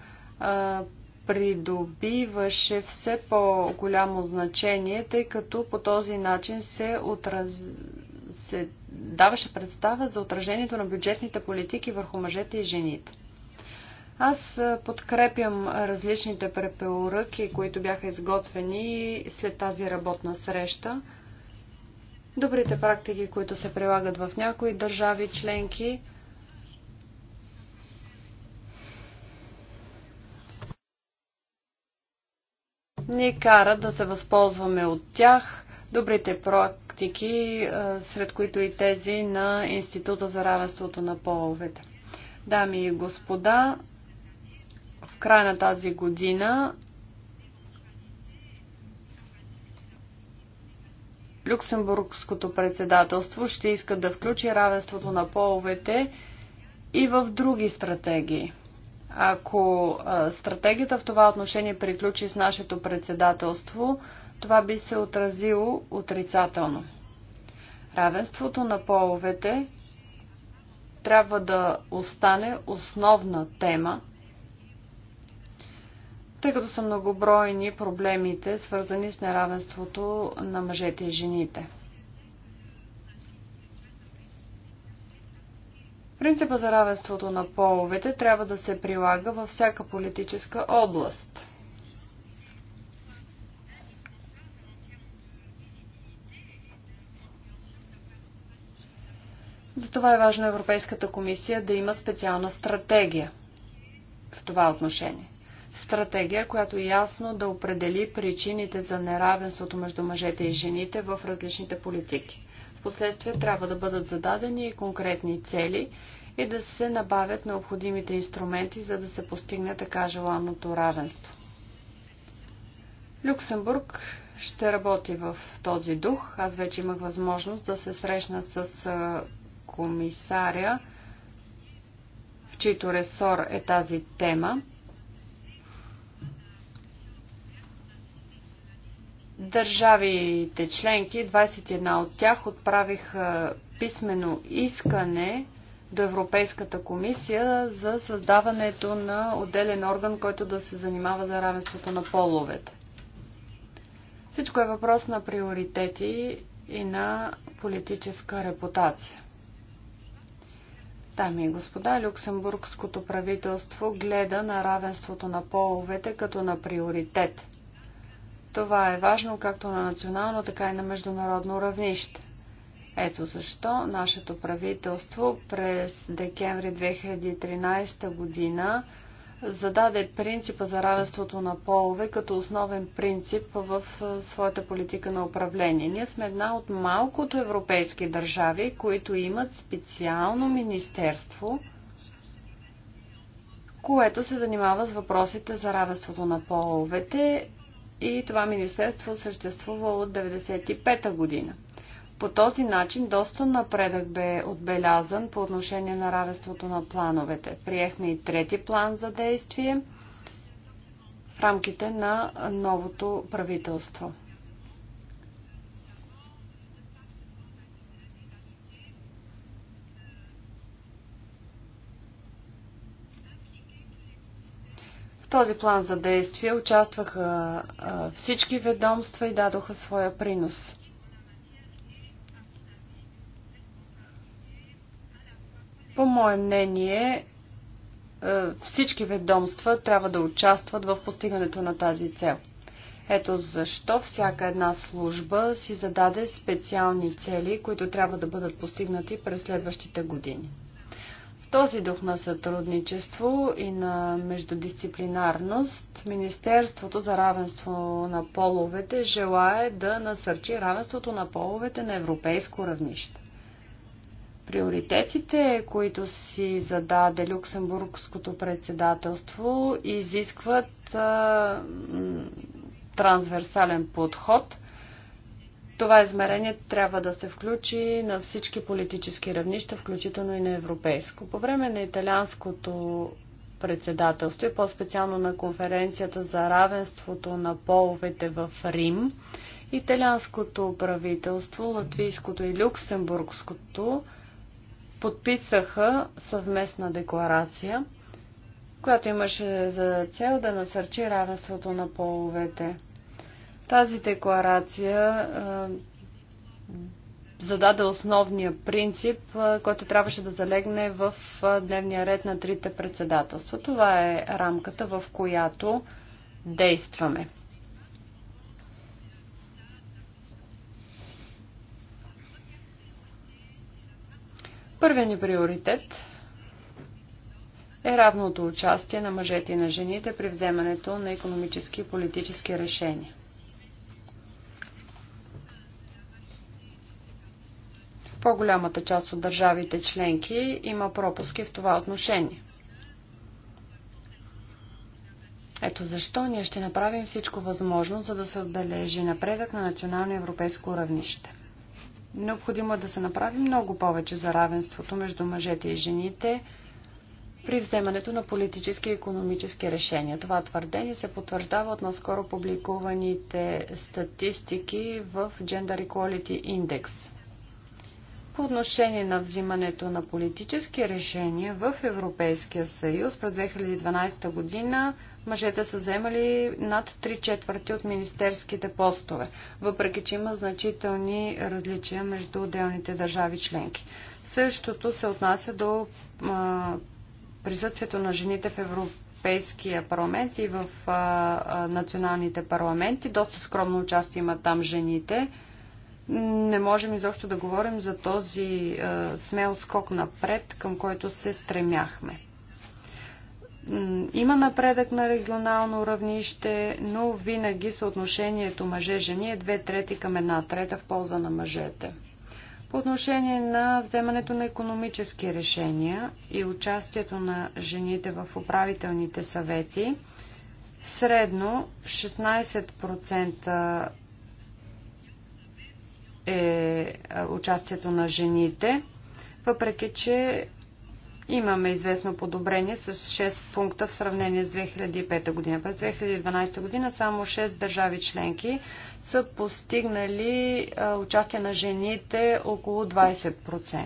[SPEAKER 4] придобиваше все по-голямо значение, тъй като по този начин се, отраз... се даваше представа за отражението на бюджетните политики върху мъжете и жените. Аз подкрепям различните препоръки, които бяха изготвени след тази работна среща. Добрите практики, които се прилагат в някои държави членки, ни кара да се възползваме от тях, добрите практики, сред които и тези на Института за равенството на половете. Дами и господа, в края на тази година Люксембургското председателство ще иска да включи равенството на половете и в други стратегии. Ако стратегията в това отношение приключи с нашето председателство, това би се отразило отрицателно. Равенството на половете трябва да остане основна тема, тъй като са многобройни проблемите, свързани с неравенството на мъжете и жените. Принципа за равенството на половете трябва да се прилага във всяка политическа област. Затова е важно Европейската комисия да има специална стратегия в това отношение. Стратегия, която ясно да определи причините за неравенството между мъжете и жените в различните политики. В последствие трябва да бъдат зададени и конкретни цели и да се набавят необходимите инструменти, за да се постигне така желаното равенство. Люксембург ще работи в този дух. Аз вече имах възможност да се срещна с комисаря, в чийто ресор е тази тема. Държавите членки, 21 от тях, отправиха писмено искане до Европейската комисия за създаването на отделен орган, който да се занимава за равенството на половете. Всичко е въпрос на приоритети и на политическа репутация. Дами и господа, люксембургското правителство гледа на равенството на половете като на приоритет – това е важно както на национално, така и на международно равнище. Ето защо нашето правителство през декември 2013 година зададе принципа за равенството на полове като основен принцип в своята политика на управление. Ние сме една от малкото европейски държави, които имат специално министерство, което се занимава с въпросите за равенството на половете и това министерство съществува от 1995 година. По този начин доста напредък бе отбелязан по отношение на равенството на плановете. Приехме и трети план за действие в рамките на новото правителство. този план за действие участваха всички ведомства и дадоха своя принос. По мое мнение, всички ведомства трябва да участват в постигането на тази цел. Ето защо всяка една служба си зададе специални цели, които трябва да бъдат постигнати през следващите години този дух на сътрудничество и на междудисциплинарност Министерството за равенство на половете желае да насърчи равенството на половете на европейско равнище. Приоритетите, които си зададе Люксембургското председателство, изискват а, трансверсален подход – това измерение трябва да се включи на всички политически равнища, включително и на европейско. По време на италианското председателство и по-специално на конференцията за равенството на половете в Рим, италианското правителство, латвийското и люксембургското подписаха съвместна декларация, която имаше за цел да насърчи равенството на половете. Тази декларация зададе основния принцип, който трябваше да залегне в дневния ред на трите председателства. Това е рамката, в която действаме. Първият ни приоритет е равното участие на мъжете и на жените при вземането на економически и политически решения. По-голямата част от държавите членки има пропуски в това отношение. Ето защо ние ще направим всичко възможно, за да се отбележи напредък на национално европейско равнище. Необходимо е да се направи много повече за равенството между мъжете и жените при вземането на политически и економически решения. Това твърдение се потвърждава от наскоро публикуваните статистики в Gender Equality Index по отношение на взимането на политически решения в Европейския съюз през 2012 година мъжете са вземали над 3 четвърти от министерските постове, въпреки че има значителни различия между отделните държави членки. Същото се отнася до а, присъствието на жените в Европейския парламент и в а, а, националните парламенти. Доста скромно участие имат там жените – не можем изобщо да говорим за този е, смел скок напред, към който се стремяхме. Има напредък на регионално равнище, но винаги съотношението мъже-жени е две трети към една трета в полза на мъжете. По отношение на вземането на економически решения и участието на жените в управителните съвети, средно 16% е, е участието на жените, въпреки че имаме известно подобрение с 6 пункта в сравнение с 2005 година. През 2012 година само 6 държави членки са постигнали е, участие на жените около 20%.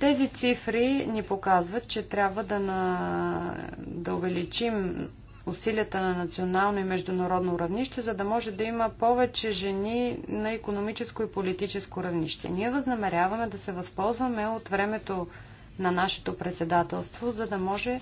[SPEAKER 4] Тези цифри ни показват, че трябва да, на... да увеличим усилията на национално и международно равнище, за да може да има повече жени на економическо и политическо равнище. Ние възнамеряваме да се възползваме от времето на нашето председателство, за да може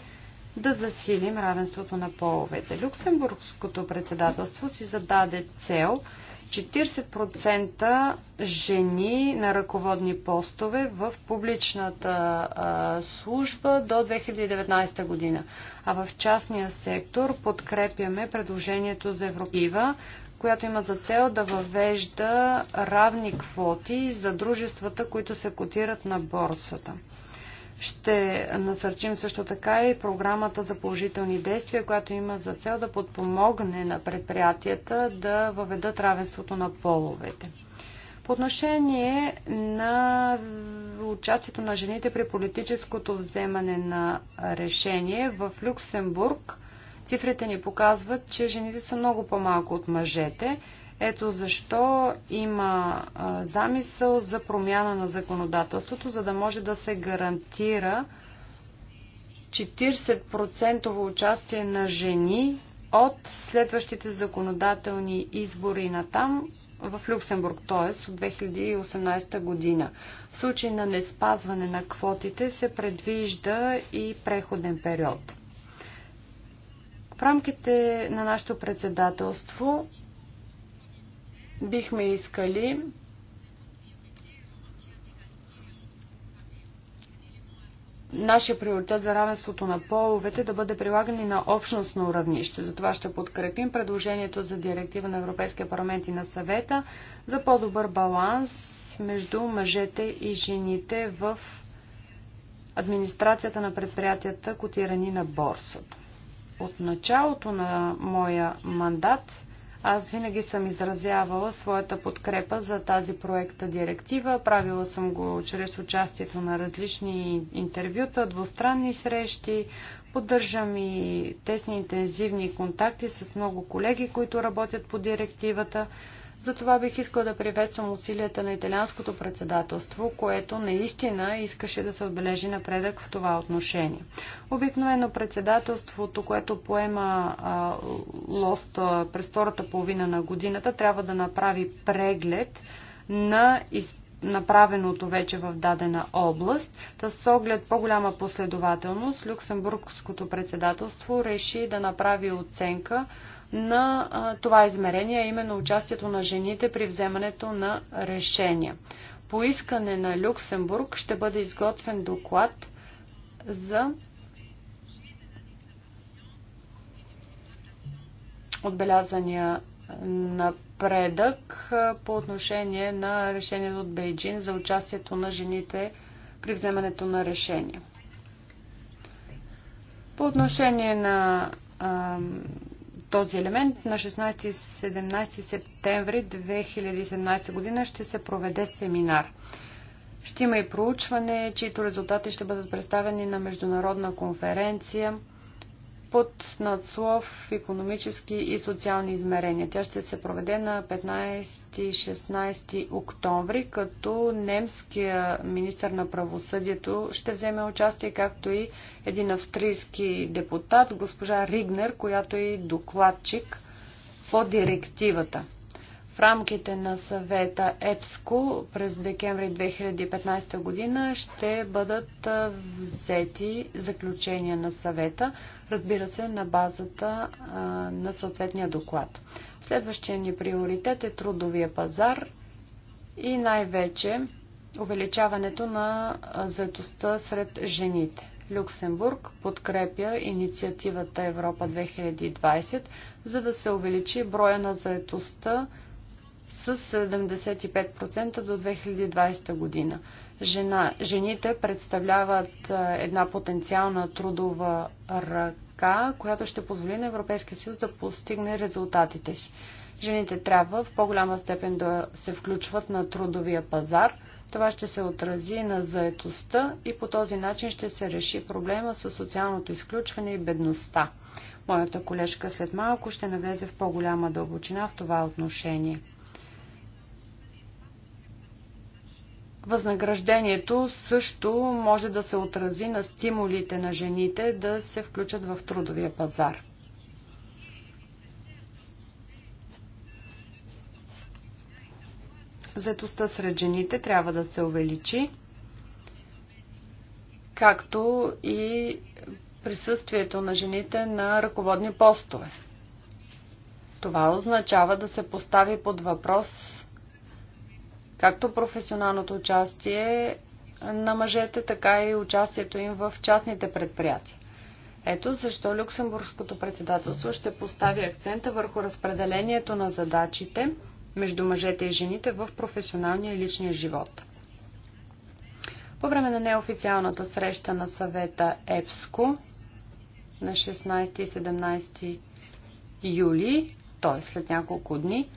[SPEAKER 4] да засилим равенството на половете. Люксембургското председателство си зададе цел – 40% жени на ръководни постове в публичната а, служба до 2019 година. А в частния сектор подкрепяме предложението за Европива, която има за цел да въвежда равни квоти за дружествата, които се котират на борсата. Ще насърчим също така и програмата за положителни действия, която има за цел да подпомогне на предприятията да въведат равенството на половете. По отношение на участието на жените при политическото вземане на решение в Люксембург, цифрите ни показват, че жените са много по-малко от мъжете. Ето защо има замисъл за промяна на законодателството, за да може да се гарантира 40% участие на жени от следващите законодателни избори на там в Люксембург, т.е. от 2018 година. В случай на неспазване на квотите се предвижда и преходен период. В рамките на нашето председателство бихме искали нашия приоритет за равенството на половете да бъде прилаган и на общностно равнище. Затова ще подкрепим предложението за директива на Европейския парламент и на съвета за по-добър баланс между мъжете и жените в администрацията на предприятията, котирани на борсата. От началото на моя мандат аз винаги съм изразявала своята подкрепа за тази проекта директива. Правила съм го чрез участието на различни интервюта, двустранни срещи. Поддържам и тесни интензивни контакти с много колеги, които работят по директивата. Затова бих искал да приветствам усилията на италианското председателство, което наистина искаше да се отбележи напредък в това отношение. Обикновено председателството, което поема а, лост а, през втората половина на годината, трябва да направи преглед на из... направеното вече в дадена област. Та с оглед по-голяма последователност, Люксембургското председателство реши да направи оценка на това измерение, именно участието на жените при вземането на решения. По искане на Люксембург ще бъде изготвен доклад за отбелязания напредък по отношение на решението от Бейджин за участието на жените при вземането на решения. По отношение на този елемент на 16 и 17 септември 2017 година ще се проведе семинар. Ще има и проучване, чието резултати ще бъдат представени на международна конференция – под надслов економически и социални измерения. Тя ще се проведе на 15-16 октомври, като немския министр на правосъдието ще вземе участие, както и един австрийски депутат, госпожа Ригнер, която е и докладчик по директивата. В рамките на съвета ЕПСКО през декември 2015 година ще бъдат взети заключения на съвета, разбира се, на базата на съответния доклад. Следващия ни приоритет е трудовия пазар и най-вече увеличаването на заетостта сред жените. Люксембург подкрепя инициативата Европа 2020, за да се увеличи броя на заетостта с 75% до 2020 година. Жена, жените представляват една потенциална трудова ръка, която ще позволи на Европейския съюз да постигне резултатите си. Жените трябва в по-голяма степен да се включват на трудовия пазар. Това ще се отрази на заетостта и по този начин ще се реши проблема с социалното изключване и бедността. Моята колежка след малко ще навлезе в по-голяма дълбочина в това отношение. Възнаграждението също може да се отрази на стимулите на жените да се включат в трудовия пазар. Заетостта сред жените трябва да се увеличи, както и присъствието на жените на ръководни постове. Това означава да се постави под въпрос както професионалното участие на мъжете, така и участието им в частните предприятия. Ето защо Люксембургското председателство ще постави акцента върху разпределението на задачите между мъжете и жените в професионалния и личния живот. По време на неофициалната среща на съвета ЕПСКО на 16 и 17 юли, т.е. след няколко дни,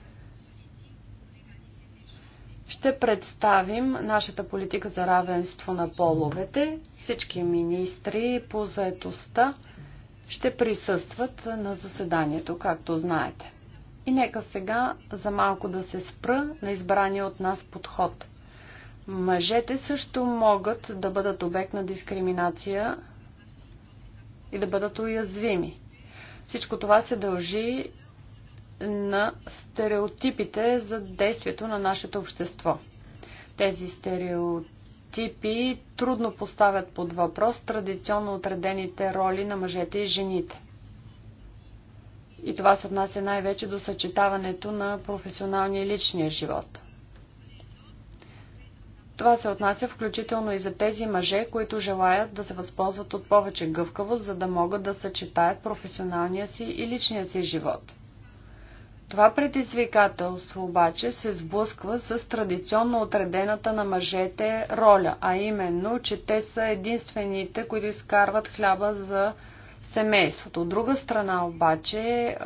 [SPEAKER 4] ще представим нашата политика за равенство на половете. Всички министри по заетостта ще присъстват на заседанието, както знаете. И нека сега за малко да се спра на избрания от нас подход. Мъжете също могат да бъдат обект на дискриминация и да бъдат уязвими. Всичко това се дължи на стереотипите за действието на нашето общество. Тези стереотипи трудно поставят под въпрос традиционно отредените роли на мъжете и жените. И това се отнася най-вече до съчетаването на професионалния и личния живот. Това се отнася включително и за тези мъже, които желаят да се възползват от повече гъвкавост, за да могат да съчетаят професионалния си и личния си живот – това предизвикателство обаче се сблъсква с традиционно отредената на мъжете роля, а именно, че те са единствените, които изкарват хляба за семейството. От друга страна обаче,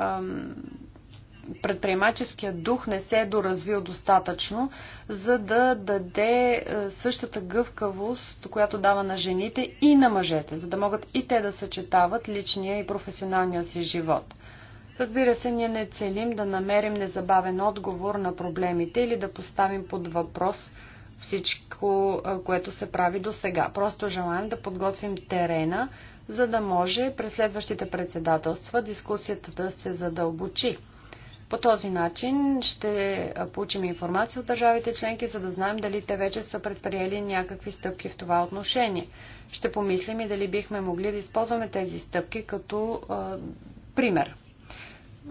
[SPEAKER 4] предприемаческият дух не се е доразвил достатъчно, за да даде е, същата гъвкавост, която дава на жените и на мъжете, за да могат и те да съчетават личния и професионалния си живот. Разбира се, ние не целим да намерим незабавен отговор на проблемите или да поставим под въпрос всичко, което се прави до сега. Просто желаем да подготвим терена, за да може през следващите председателства дискусията да се задълбочи. По този начин ще получим информация от държавите членки, за да знаем дали те вече са предприели някакви стъпки в това отношение. Ще помислим и дали бихме могли да използваме тези стъпки като а, пример.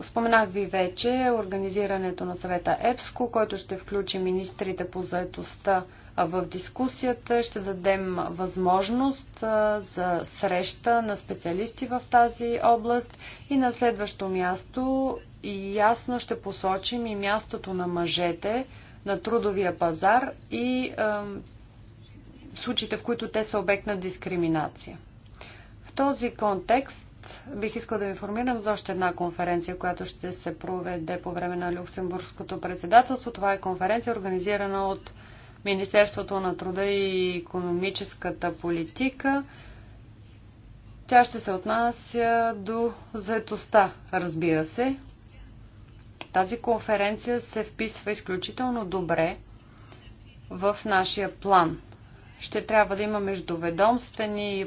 [SPEAKER 4] Споменах ви вече организирането на съвета ЕПСКО, който ще включи министрите по заедостта в дискусията. Ще дадем възможност за среща на специалисти в тази област и на следващо място ясно ще посочим и мястото на мъжете на трудовия пазар и случаите, в които те са обект на дискриминация. В този контекст бих искал да ви информирам за още една конференция, която ще се проведе по време на Люксембургското председателство. Това е конференция, организирана от Министерството на труда и економическата политика. Тя ще се отнася до заетостта, разбира се. Тази конференция се вписва изключително добре в нашия план. Ще трябва да има междуведомствени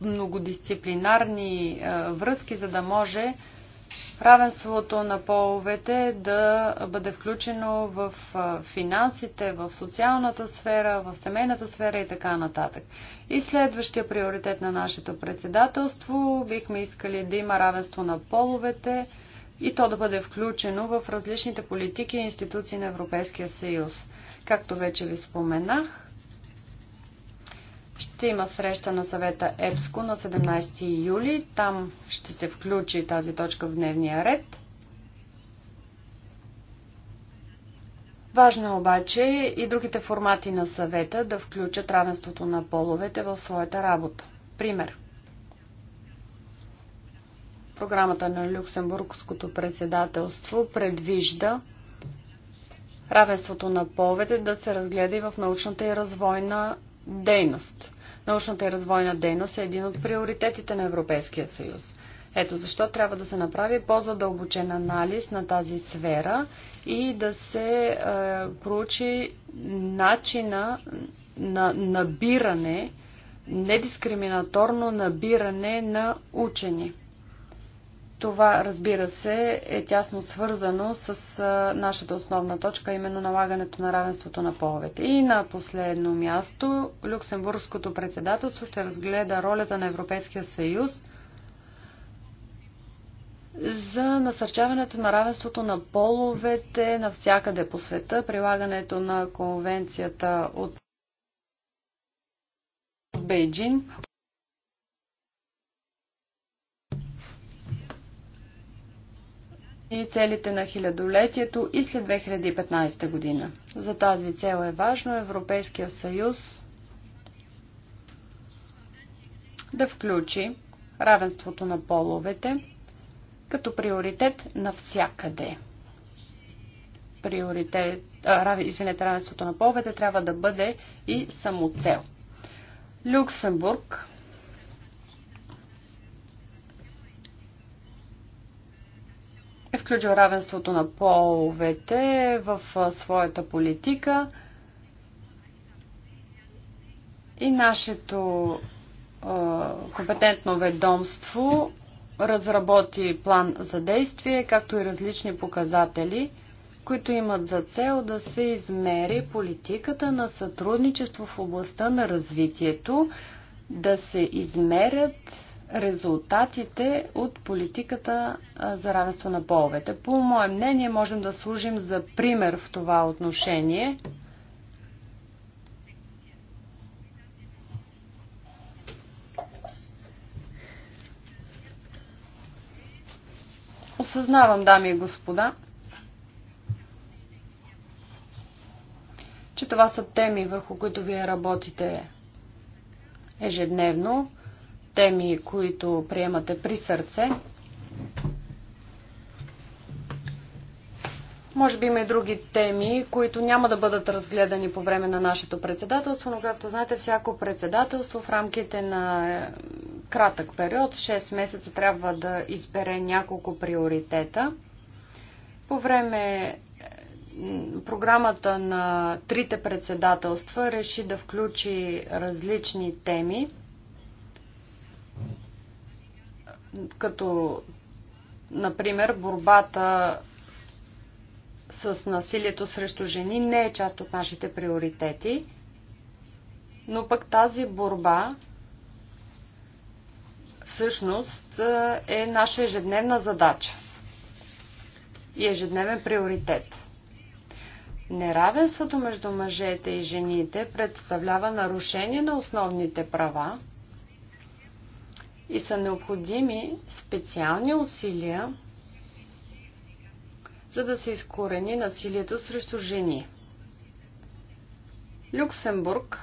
[SPEAKER 4] многодисциплинарни е, връзки, за да може равенството на половете да бъде включено в е, финансите, в социалната сфера, в семейната сфера и така нататък. И следващия приоритет на нашето председателство бихме искали да има равенство на половете и то да бъде включено в различните политики и институции на Европейския съюз. Както вече ви споменах, ще има среща на съвета ЕПСКО на 17 юли. Там ще се включи тази точка в дневния ред. Важно е обаче и другите формати на съвета да включат равенството на половете в своята работа. Пример. Програмата на Люксембургското председателство предвижда равенството на половете да се разгледа и в научната и развойна дейност. Научната и развойна дейност е един от приоритетите на Европейския съюз. Ето защо трябва да се направи по-задълбочен анализ на тази сфера и да се е, проучи начина на набиране, недискриминаторно набиране на учени. Това, разбира се, е тясно свързано с нашата основна точка, именно налагането на равенството на половете. И на последно място, Люксембургското председателство ще разгледа ролята на Европейския съюз за насърчаването на равенството на половете навсякъде по света, прилагането на конвенцията от Бейджин. и целите на хилядолетието и след 2015 година. За тази цел е важно Европейския съюз да включи равенството на половете като приоритет навсякъде. Приоритет, а, извинете, равенството на половете трябва да бъде и самоцел. Люксембург включил равенството на половете в своята политика и нашето компетентно ведомство разработи план за действие, както и различни показатели, които имат за цел да се измери политиката на сътрудничество в областта на развитието, да се измерят резултатите от политиката за равенство на половете. По мое мнение можем да служим за пример в това отношение. Осъзнавам, дами и господа, че това са теми, върху които вие работите ежедневно теми, които приемате при сърце. Може би има и други теми, които няма да бъдат разгледани по време на нашето председателство, но както знаете, всяко председателство в рамките на е, кратък период, 6 месеца, трябва да избере няколко приоритета. По време е, програмата на трите председателства реши да включи различни теми като например борбата с насилието срещу жени не е част от нашите приоритети, но пък тази борба всъщност е, е наша ежедневна задача и ежедневен приоритет. Неравенството между мъжете и жените представлява нарушение на основните права, и са необходими специални усилия, за да се изкорени насилието срещу жени. Люксембург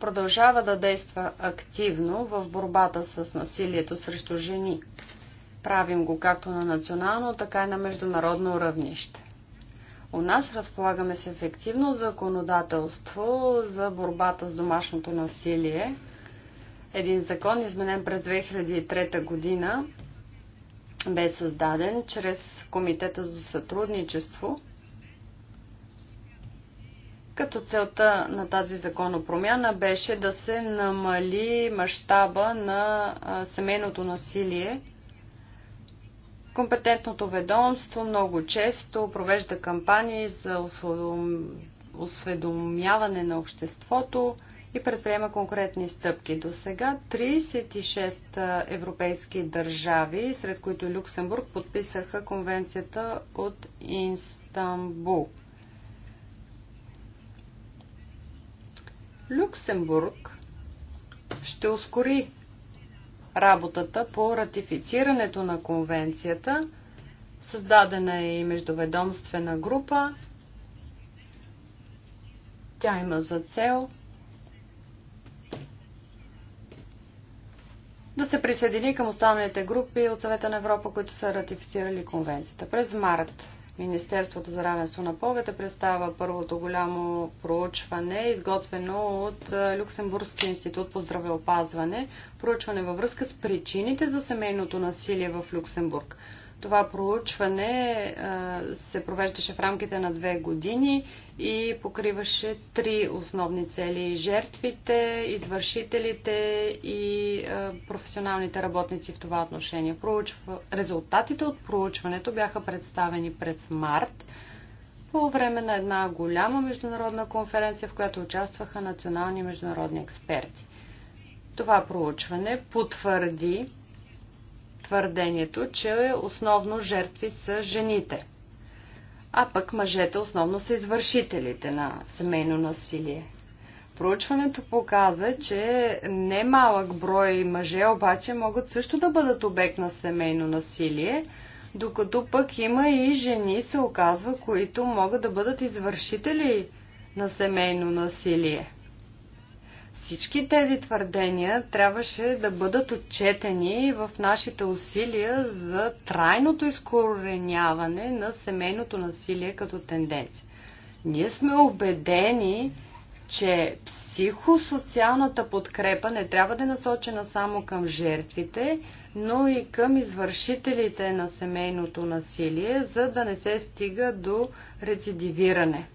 [SPEAKER 4] продължава да действа активно в борбата с насилието срещу жени. Правим го както на национално, така и на международно равнище. У нас разполагаме с ефективно законодателство за борбата с домашното насилие – един закон, изменен през 2003 година, бе създаден чрез Комитета за сътрудничество, като целта на тази законопромяна беше да се намали мащаба на семейното насилие. Компетентното ведомство много често провежда кампании за осведомяване на обществото, и предприема конкретни стъпки. До сега 36 европейски държави, сред които Люксембург, подписаха конвенцията от Инстанбул. Люксембург ще ускори работата по ратифицирането на конвенцията. Създадена е и междуведомствена група. Тя има за цел да се присъедини към останалите групи от Съвета на Европа, които са ратифицирали конвенцията. През март Министерството за равенство на повете представя първото голямо проучване, изготвено от е, Люксембургския институт по здравеопазване, проучване във връзка с причините за семейното насилие в Люксембург. Това проучване се провеждаше в рамките на две години и покриваше три основни цели жертвите, извършителите и професионалните работници в това отношение. Резултатите от проучването бяха представени през март по време на една голяма международна конференция, в която участваха национални и международни експерти. Това проучване потвърди твърдението, че основно жертви са жените, а пък мъжете основно са извършителите на семейно насилие. Проучването показа, че немалък брой мъже обаче могат също да бъдат обект на семейно насилие, докато пък има и жени, се оказва, които могат да бъдат извършители на семейно насилие. Всички тези твърдения трябваше да бъдат отчетени в нашите усилия за трайното изкореняване на семейното насилие като тенденция. Ние сме убедени, че психосоциалната подкрепа не трябва да е насочена само към жертвите, но и към извършителите на семейното насилие, за да не се стига до рецидивиране.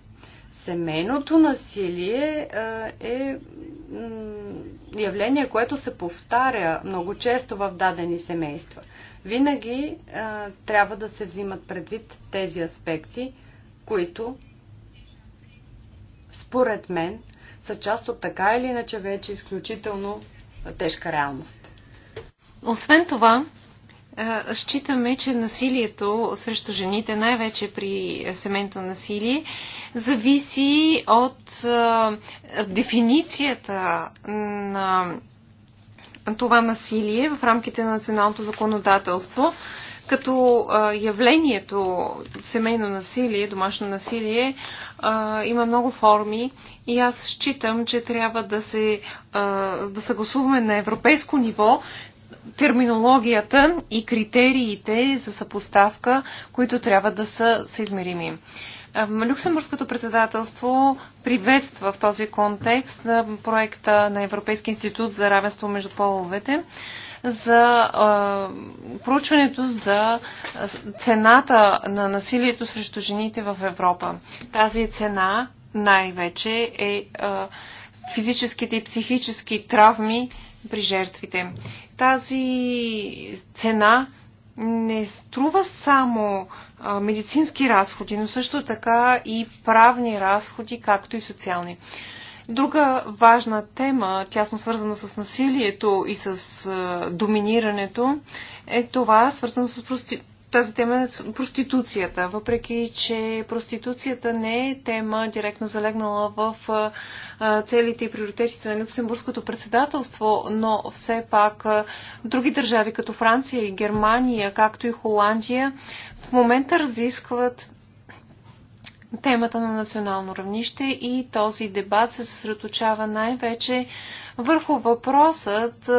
[SPEAKER 4] Семейното насилие е явление, което се повтаря много често в дадени семейства. Винаги трябва да се взимат предвид тези аспекти, които според мен са част от така или иначе вече изключително тежка реалност.
[SPEAKER 3] Освен това, считаме, че насилието срещу жените, най-вече при семейното насилие, зависи от дефиницията на това насилие в рамките на националното законодателство, като явлението семейно насилие, домашно насилие, има много форми и аз считам, че трябва да се да съгласуваме на европейско ниво терминологията и критериите за съпоставка, които трябва да са съизмерими. Люксембургското председателство приветства в този контекст проекта на Европейски институт за равенство между половете за а, проучването за цената на насилието срещу жените в Европа. Тази цена най-вече е а, физическите и психически травми, при жертвите. Тази цена не струва само медицински разходи, но също така и правни разходи, както и социални. Друга важна тема, тясно свързана с насилието и с доминирането, е това свързано с прости тази тема е проституцията, въпреки че проституцията не е тема директно залегнала в целите и приоритетите на Люксембургското председателство, но все пак други държави като Франция и Германия, както и Холандия, в момента разискват темата на национално равнище и този дебат се съсредоточава най-вече върху въпросът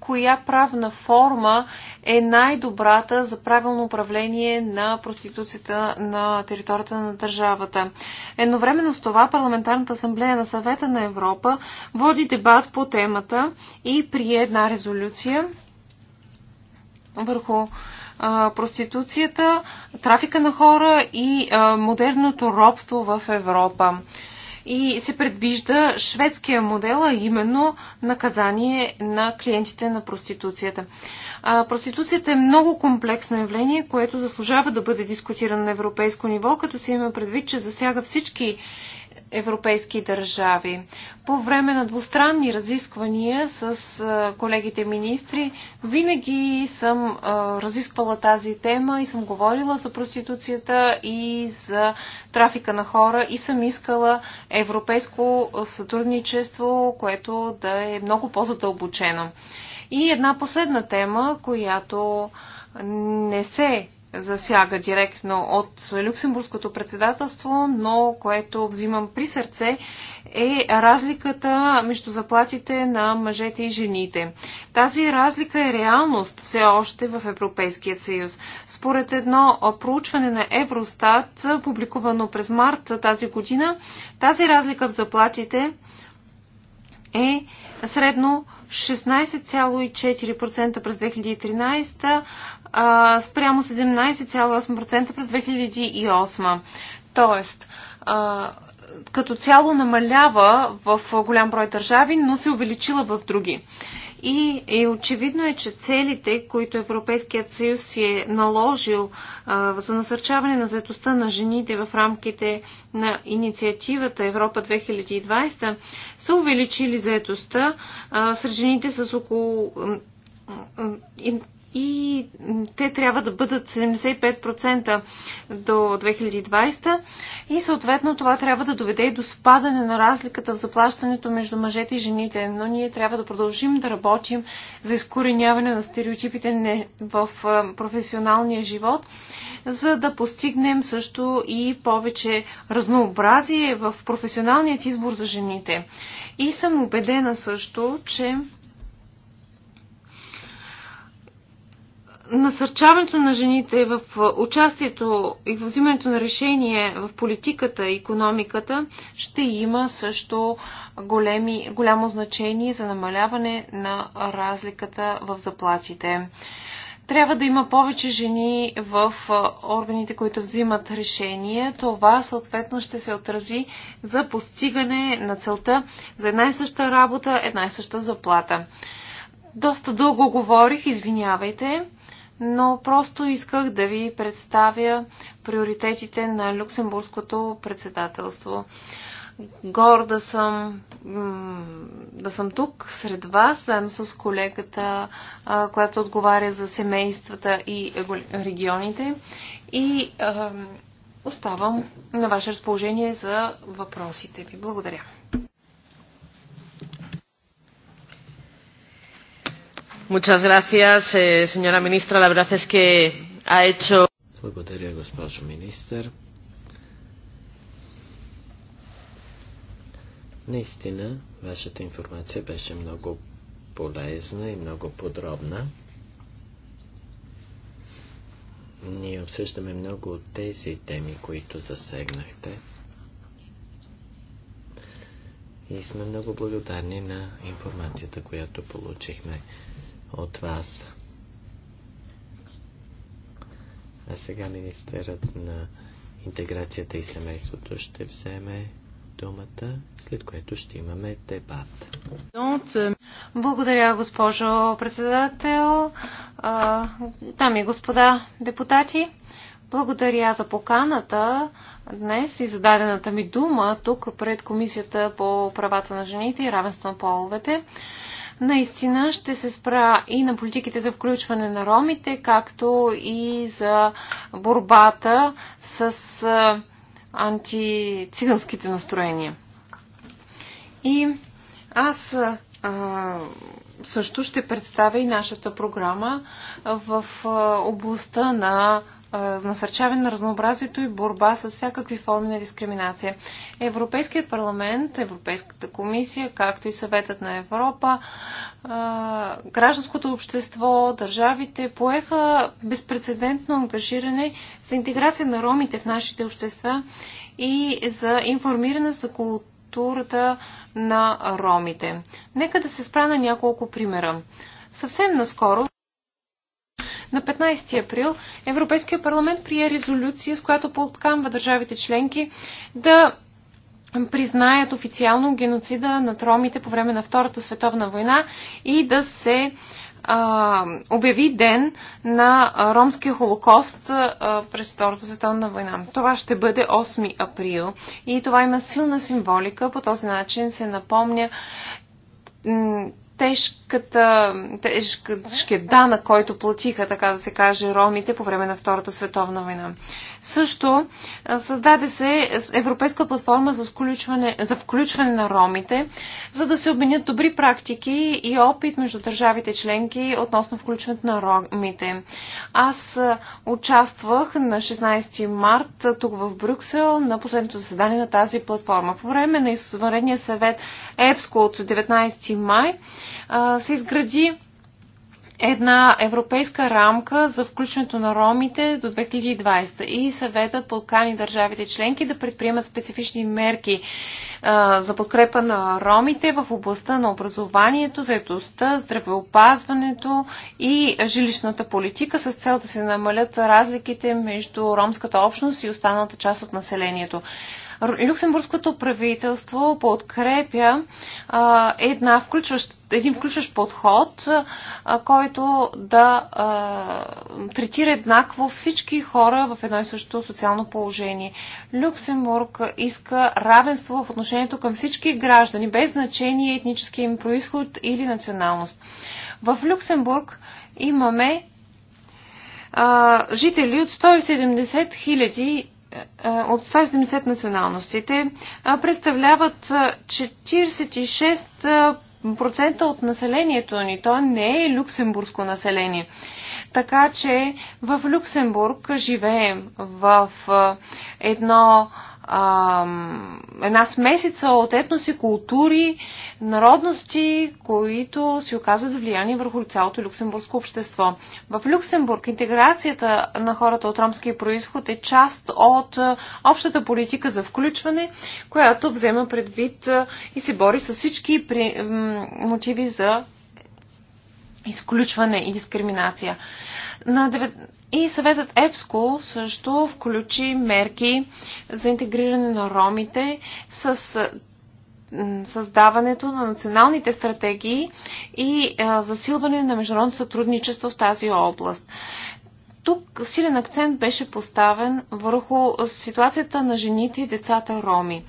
[SPEAKER 3] коя правна форма е най-добрата за правилно управление на проституцията на територията на държавата. Едновременно с това Парламентарната асамблея на съвета на Европа води дебат по темата и прие една резолюция върху проституцията, трафика на хора и модерното робство в Европа и се предвижда шведския модел, а именно наказание на клиентите на проституцията. А, проституцията е много комплексно явление, което заслужава да бъде дискутирано на европейско ниво, като се има предвид, че засяга всички европейски държави. По време на двустранни разисквания с колегите министри винаги съм разисквала тази тема и съм говорила за проституцията и за трафика на хора и съм искала европейско сътрудничество, което да е много по-задълбочено. И една последна тема, която не се засяга директно от Люксембургското председателство, но което взимам при сърце е разликата между заплатите на мъжете и жените. Тази разлика е реалност все още в Европейския съюз. Според едно проучване на Евростат, публикувано през март тази година, тази разлика в заплатите е средно 16,4% през 2013, а, спрямо 17,8% през 2008. Тоест, а, като цяло намалява в голям брой държави, но се увеличила в други. И, и очевидно е, че целите, които Европейският съюз си е наложил а, за насърчаване на заедостта на жените в рамките на инициативата Европа 2020, са увеличили заедостта сред жените с около и те трябва да бъдат 75% до 2020 и съответно това трябва да доведе и до спадане на разликата в заплащането между мъжете и жените, но ние трябва да продължим да работим за изкореняване на стереотипите в професионалния живот, за да постигнем също и повече разнообразие в професионалният избор за жените. И съм убедена също, че насърчаването на жените в участието и в взимането на решение в политиката и економиката ще има също големи, голямо значение за намаляване на разликата в заплатите. Трябва да има повече жени в органите, които взимат решение. Това съответно ще се отрази за постигане на целта за една и съща работа, една и съща заплата. Доста дълго говорих, извинявайте но просто исках да ви представя приоритетите на Люксембургското председателство. Горда съм да съм тук сред вас, заедно с колегата, която отговаря за семействата и регионите. И оставам на ваше разположение за въпросите ви. Благодаря.
[SPEAKER 1] Muchas gracias, eh, señora ministra. La verdad es que
[SPEAKER 2] ha hecho. Благодаря, госпожо министър. Наистина, вашата информация беше много полезна и много подробна. Ние обсъждаме много от тези теми, които засегнахте. И сме много благодарни на информацията, която получихме от вас. А сега министърът на интеграцията и семейството ще вземе думата, след което ще имаме дебат.
[SPEAKER 3] Благодаря, госпожо председател, дами и господа депутати. Благодаря за поканата днес и за дадената ми дума тук пред Комисията по правата на жените и равенство на половете. Наистина ще се спра и на политиките за включване на ромите, както и за борбата с антициганските настроения. И аз а, също ще представя и нашата програма в областта на насърчаване на разнообразието и борба с всякакви форми на дискриминация. Европейският парламент, Европейската комисия, както и съветът на Европа, гражданското общество, държавите поеха безпредседентно ангажиране за интеграция на ромите в нашите общества и за информиране за културата на ромите. Нека да се спра на няколко примера. Съвсем наскоро на 15 април Европейския парламент прие резолюция, с която подкамва държавите членки да признаят официално геноцида на тромите по време на Втората световна война и да се а, обяви ден на ромския холокост а, през Втората световна война. Това ще бъде 8 април и това има силна символика. По този начин се напомня тежката, тежкият дана, който платиха, така да се каже, ромите по време на Втората световна война. Също създаде се Европейска платформа за включване, за включване на ромите, за да се обменят добри практики и опит между държавите членки относно включването на ромите. Аз участвах на 16 март тук в Брюксел на последното заседание на тази платформа. По време на извънредния съвет ЕПСКО от 19 май се изгради една европейска рамка за включването на ромите до 2020 и съветът покани държавите членки да предприемат специфични мерки за подкрепа на ромите в областта на образованието, заедостта, здравеопазването и жилищната политика с цел да се намалят разликите между ромската общност и останалата част от населението. Люксембургското правителство подкрепя а, една включващ, един включващ подход, а, който да а, третира еднакво всички хора в едно и също социално положение. Люксембург иска равенство в отношението към всички граждани, без значение етнически им происход или националност. В Люксембург имаме жители от 170 хиляди е, от 170 националностите е, представляват 46% е, от населението ни. То не е люксембургско население. Така че в Люксембург живеем в едно а, една смесица от етноси, култури, народности, които си оказват влияние върху цялото люксембургско общество. В Люксембург интеграцията на хората от ромски происход е част от общата политика за включване, която взема предвид и се бори с всички при, мотиви за изключване и дискриминация. На 9... И съветът ЕПСКО също включи мерки за интегриране на ромите с създаването на националните стратегии и засилване на международно сътрудничество в тази област. Тук силен акцент беше поставен върху ситуацията на жените и децата роми.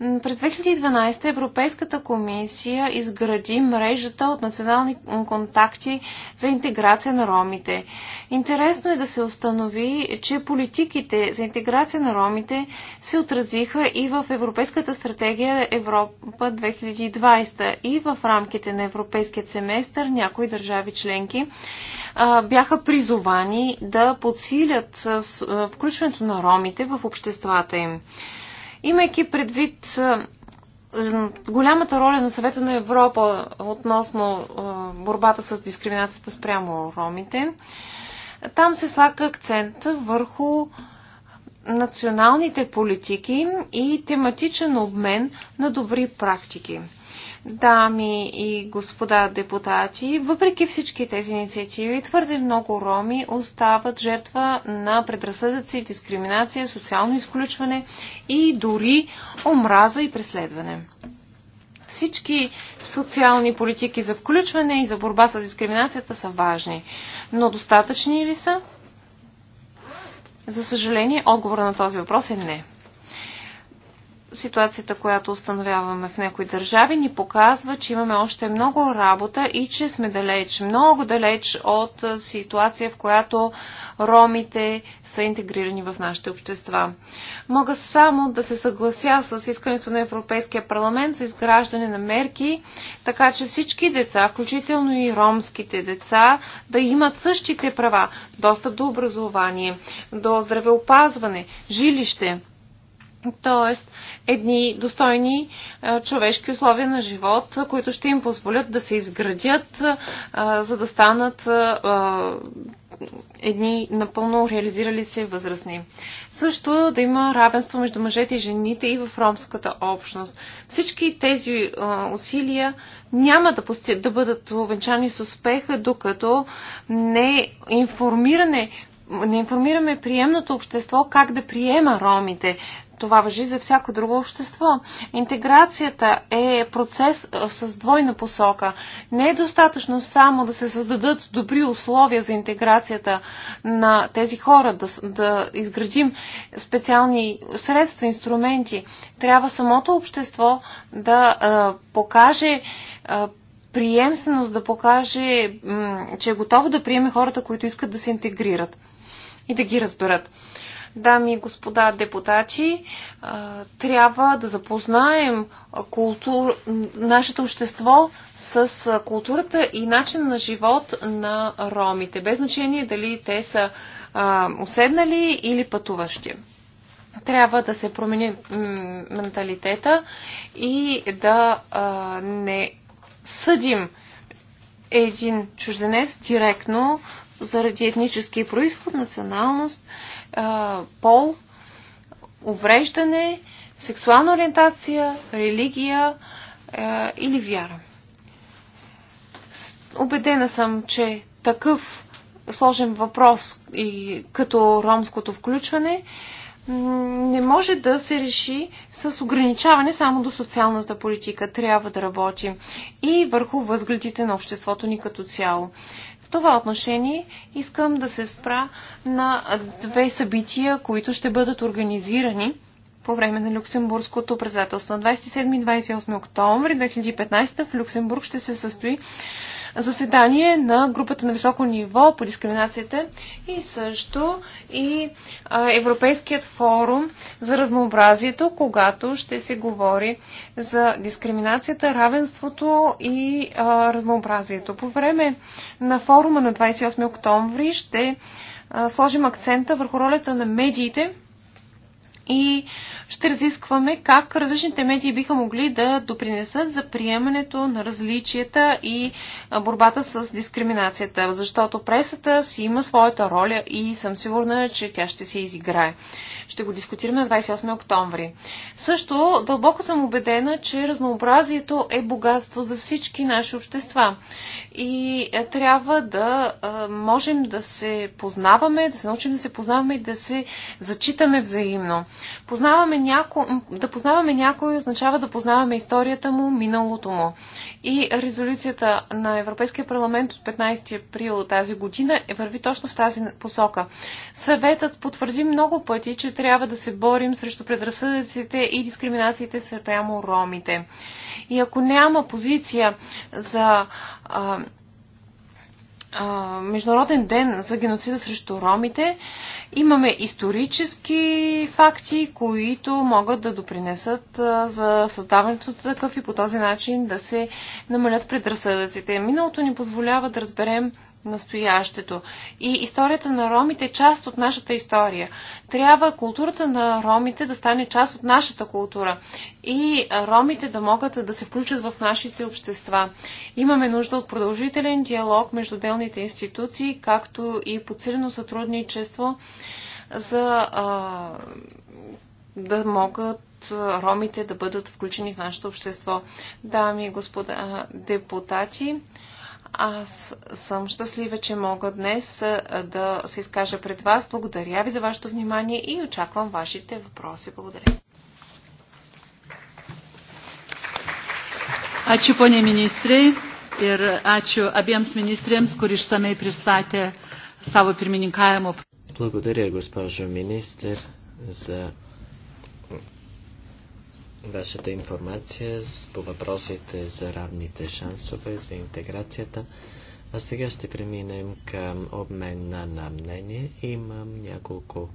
[SPEAKER 3] През 2012 Европейската комисия изгради мрежата от национални контакти за интеграция на ромите. Интересно е да се установи, че политиките за интеграция на ромите се отразиха и в Европейската стратегия Европа 2020 и в рамките на Европейският семестър някои държави членки бяха призовани да подсилят включването на ромите в обществата им. Имайки предвид голямата роля на съвета на Европа относно борбата с дискриминацията спрямо ромите, там се слага акцент върху националните политики и тематичен обмен на добри практики дами и господа депутати, въпреки всички тези инициативи, твърде много роми остават жертва на предразсъдъци, дискриминация, социално изключване и дори омраза и преследване. Всички социални политики за включване и за борба с дискриминацията са важни, но достатъчни ли са? За съжаление, отговор на този въпрос е не ситуацията, която установяваме в някои държави, ни показва, че имаме още много работа и че сме далеч, много далеч от ситуация, в която ромите са интегрирани в нашите общества. Мога само да се съглася с искането на Европейския парламент за изграждане на мерки, така че всички деца, включително и ромските деца, да имат същите права. Достъп до образование, до здравеопазване, жилище – Тоест, едни достойни човешки условия на живот, които ще им позволят да се изградят, за да станат едни напълно реализирали се възрастни. Също да има равенство между мъжете и жените и в ромската общност. Всички тези усилия няма да, пости... да бъдат увенчани с успеха, докато не информиране не информираме приемното общество как да приема ромите, това въжи за всяко друго общество. Интеграцията е процес е, с двойна посока. Не е достатъчно само да се създадат добри условия за интеграцията на тези хора, да, да изградим специални средства, инструменти. Трябва самото общество да а, е, покаже а, е, приемственост, да покаже, че е готово да приеме хората, които искат да се интегрират и да ги разберат дами и господа депутати, трябва да запознаем култур... нашето общество с културата и начин на живот на ромите, без значение дали те са уседнали или пътуващи. Трябва да се промени менталитета и да не съдим един чужденец директно заради етнически происход, националност, пол, увреждане, сексуална ориентация, религия или вяра. Обедена съм, че такъв сложен въпрос и като ромското включване не може да се реши с ограничаване само до социалната политика. Трябва да работим и върху възгледите на обществото ни като цяло това отношение искам да се спра на две събития, които ще бъдат организирани по време на Люксембургското председателство. 27-28 октомври 2015 в Люксембург ще се състои заседание на групата на високо ниво по дискриминацията и също и Европейският форум за разнообразието, когато ще се говори за дискриминацията, равенството и разнообразието. По време на форума на 28 октомври ще сложим акцента върху ролята на медиите – и ще разискваме как различните медии биха могли да допринесат за приемането на различията и борбата с дискриминацията, защото пресата си има своята роля и съм сигурна, че тя ще се изиграе. Ще го дискутираме на 28 октомври. Също дълбоко съм убедена, че разнообразието е богатство за всички наши общества. И е, трябва да е, можем да се познаваме, да се научим да се познаваме и да се зачитаме взаимно. Познаваме няко... Да познаваме някой означава да познаваме историята му, миналото му. И резолюцията на Европейския парламент от 15 април тази година е върви точно в тази посока. Съветът потвърди много пъти, че трябва да се борим срещу предразсъдъците и дискриминациите спрямо ромите. И ако няма позиция за а, а, Международен ден за геноцида срещу ромите, имаме исторически факти, които могат да допринесат за създаването такъв и по този начин да се намалят предразсъдъците. Миналото ни позволява да разберем настоящето. И историята на ромите е част от нашата история. Трябва културата на ромите да стане част от нашата култура. И ромите да могат да се включат в нашите общества. Имаме нужда от продължителен диалог между делните институции, както и подсилено сътрудничество за а, да могат ромите да бъдат включени в нашето общество. Дами и господа депутати, аз съм щастлива, че мога днес да се изкажа пред вас. Благодаря ви за вашето внимание и очаквам вашите въпроси. Благодаря.
[SPEAKER 4] Ačiū, ponė ministrai, ir ačiū abiems ministrėms, kur išsamei pristatė savo pirmininkavimo.
[SPEAKER 2] Благодаря, госпожо министр, за вашата информация по въпросите за равните шансове, за интеграцията. А сега ще преминем към обмена на мнение. Имам няколко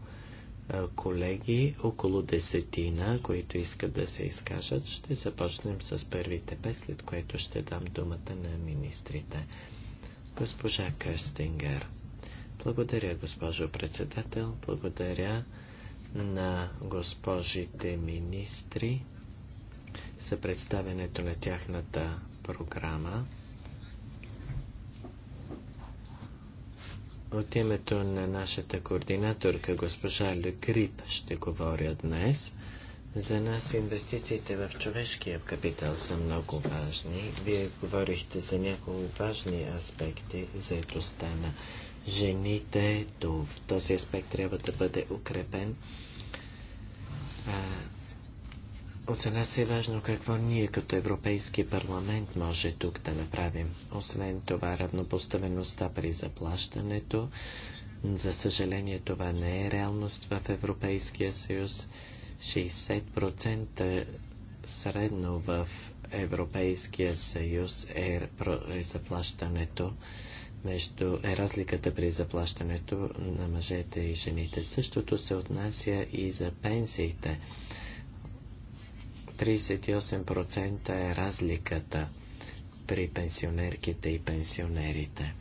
[SPEAKER 2] колеги, около десетина, които искат да се изкажат. Ще започнем с първите пет, след което ще дам думата на министрите. Госпожа Кърстингер. Благодаря, госпожо председател. Благодаря на госпожите министри за представенето на тяхната програма. От името на нашата координаторка госпожа Люкрип ще говоря днес. За нас инвестициите в човешкия капитал са много важни. Вие говорихте за няколко важни аспекти за етостта на жените. В този аспект трябва да бъде укрепен. За нас е важно какво ние като Европейски парламент може тук да направим. Освен това, равнопоставеността при заплащането. За съжаление, това не е реалност в Европейския съюз. 60% средно в Европейския съюз е, е, заплащането между е разликата при заплащането на мъжете и жените. Същото се отнася и за пенсиите. 38% е разликата при пенсионерките и пенсионерите.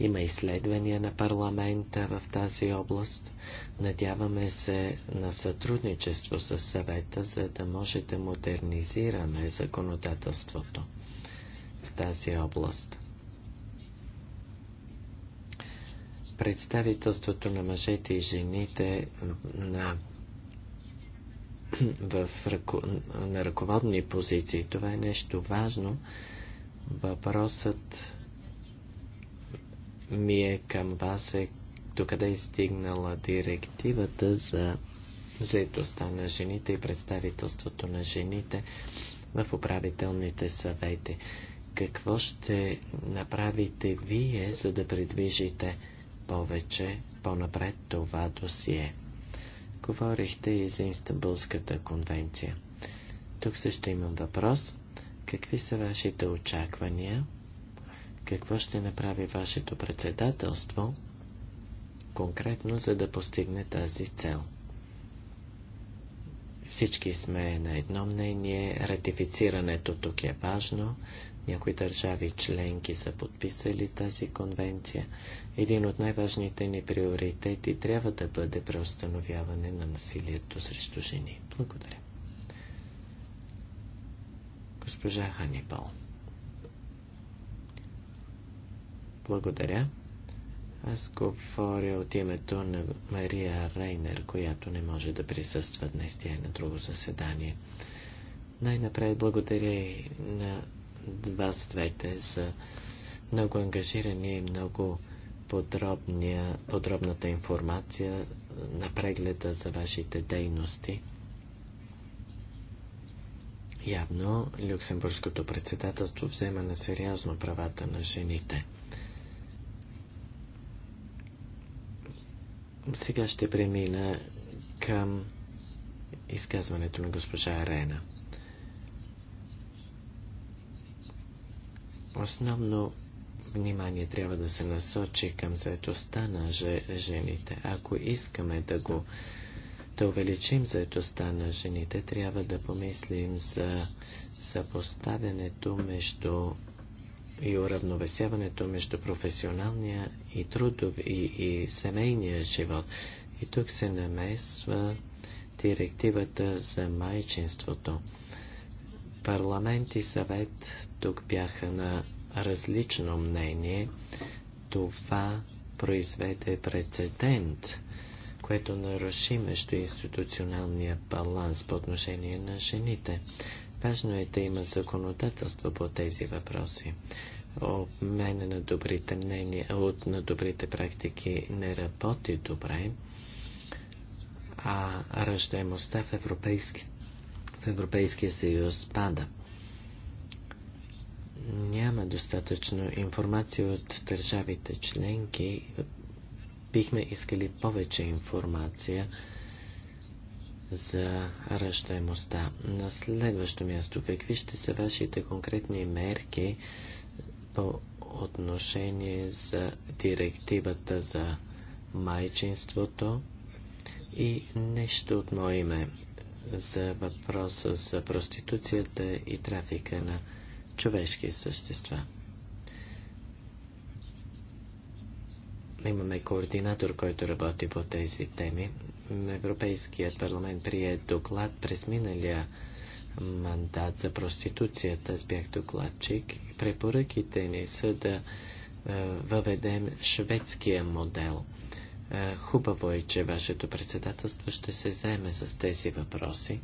[SPEAKER 2] Има изследвания на парламента в тази област. Надяваме се на сътрудничество с съвета, за да може да модернизираме законодателството в тази област. Представителството на мъжете и жените на в ръко... на ръководни позиции. Това е нещо важно. Въпросът ми е към вас е докъде е стигнала директивата за заедостта на жените и представителството на жените в управителните съвети. Какво ще направите вие, за да предвижите повече по-напред това досие? Говорихте и за Истанбулската конвенция. Тук също имам въпрос. Какви са вашите очаквания? Какво ще направи вашето председателство конкретно, за да постигне тази цел? Всички сме на едно мнение, ратифицирането тук е важно, някои държави членки са подписали тази конвенция. Един от най-важните ни приоритети трябва да бъде преустановяване на насилието срещу жени. Благодаря. Госпожа Ханибал. Благодаря. Аз говоря от името на Мария Рейнер, която не може да присъства днес. Тя е на друго заседание. Най-напред благодаря и на вас двете за много ангажирани и много подробния, подробната информация на прегледа за вашите дейности. Явно Люксембургското председателство взема на сериозно правата на жените. Сега ще премина към изказването на госпожа Арена. Основно внимание трябва да се насочи към заетостта на жените. Ако искаме да го да увеличим заетостта на жените, трябва да помислим за съпоставянето между и уравновесяването между професионалния и трудов и, и семейния живот. И тук се намесва директивата за майчинството. Парламент и съвет тук бяха на различно мнение. Това произведе прецедент, което наруши институционалния баланс по отношение на жените. Важно е да има законодателство по тези въпроси. Обмена на добрите мнения, от на добрите практики не работи добре, а ръждаемостта в европейски, в Европейския съюз пада няма достатъчно информация от държавите членки. Бихме искали повече информация за ръждаемостта. На следващо място, какви ще са вашите конкретни мерки по отношение за директивата за майчинството и нещо от мое име за въпроса за проституцията и трафика на човешки същества. Имаме координатор, който работи по тези теми. Европейският парламент прие доклад през миналия мандат за проституцията. Аз бях докладчик. Препоръките ни са да е, въведем шведския модел – е, хубаво е, че вашето председателство ще се заеме с тези въпроси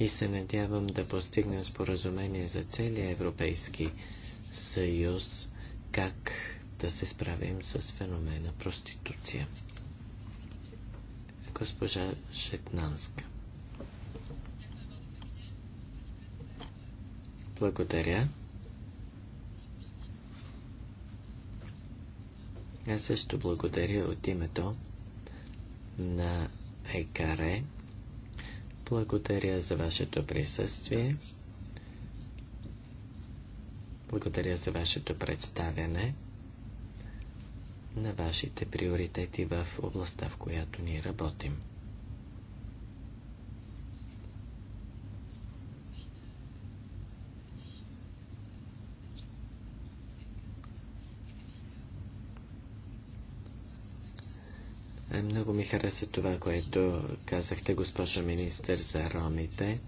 [SPEAKER 2] и се надявам да постигнем споразумение за целия Европейски съюз, как да се справим с феномена проституция. Госпожа Шетнанска. Благодаря. Аз също благодаря от името на Екаре. Благодаря за вашето присъствие. Благодаря за вашето представяне на вашите приоритети в областта, в която ние работим. Е, много ми хареса това, което казахте, госпожо министър, за ромите.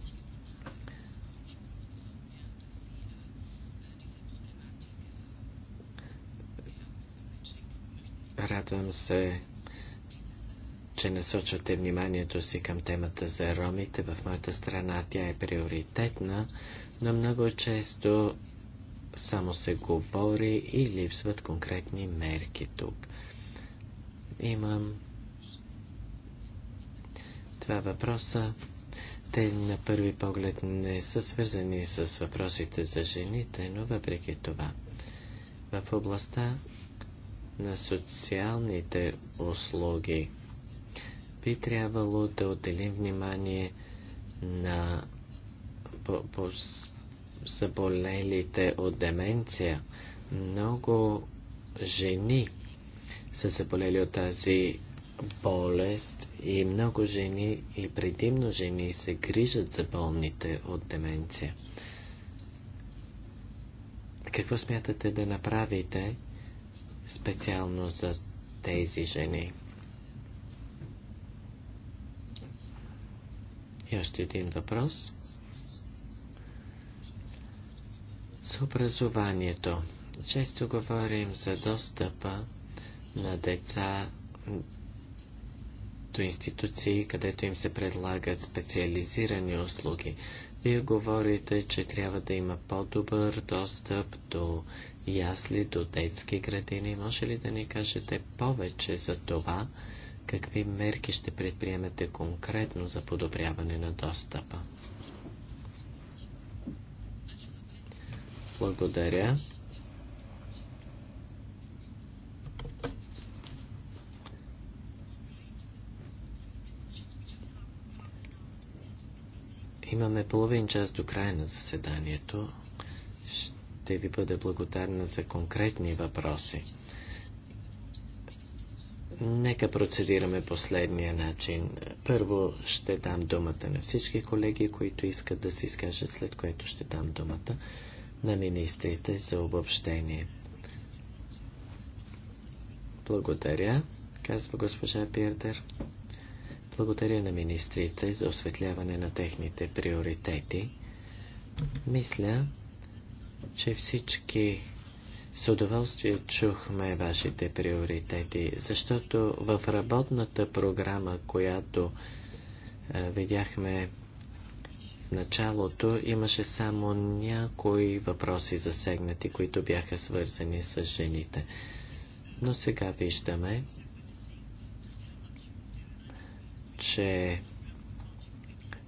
[SPEAKER 2] Радвам се, че насочвате вниманието си към темата за ромите. В моята страна тя е приоритетна, но много често само се говори и липсват конкретни мерки тук. Имам два въпроса. Те на първи поглед не са свързани с въпросите за жените, но въпреки това. В областта на социалните услуги би трябвало да отделим внимание на заболелите от деменция. Много жени са заболели от тази болест и много жени и предимно жени се грижат за болните от деменция. Какво смятате да направите специално за тези жени? И още един въпрос. С образованието. Често говорим за достъпа на деца до институции, където им се предлагат специализирани услуги. Вие говорите, че трябва да има по-добър достъп до ясли, до детски градини. Може ли да ни кажете повече за това? Какви мерки ще предприемете конкретно за подобряване на достъпа? Благодаря. Имаме половин час до края на заседанието. Ще ви бъда благодарна за конкретни въпроси. Нека процедираме последния начин. Първо ще дам думата на всички колеги, които искат да се изкажат, след което ще дам думата на министрите за обобщение. Благодаря, казва госпожа Пиердер. Благодаря на министрите за осветляване на техните приоритети. Мисля, че всички с удоволствие чухме вашите приоритети, защото в работната програма, която е, видяхме в началото, имаше само някои въпроси засегнати, които бяха свързани с жените. Но сега виждаме, че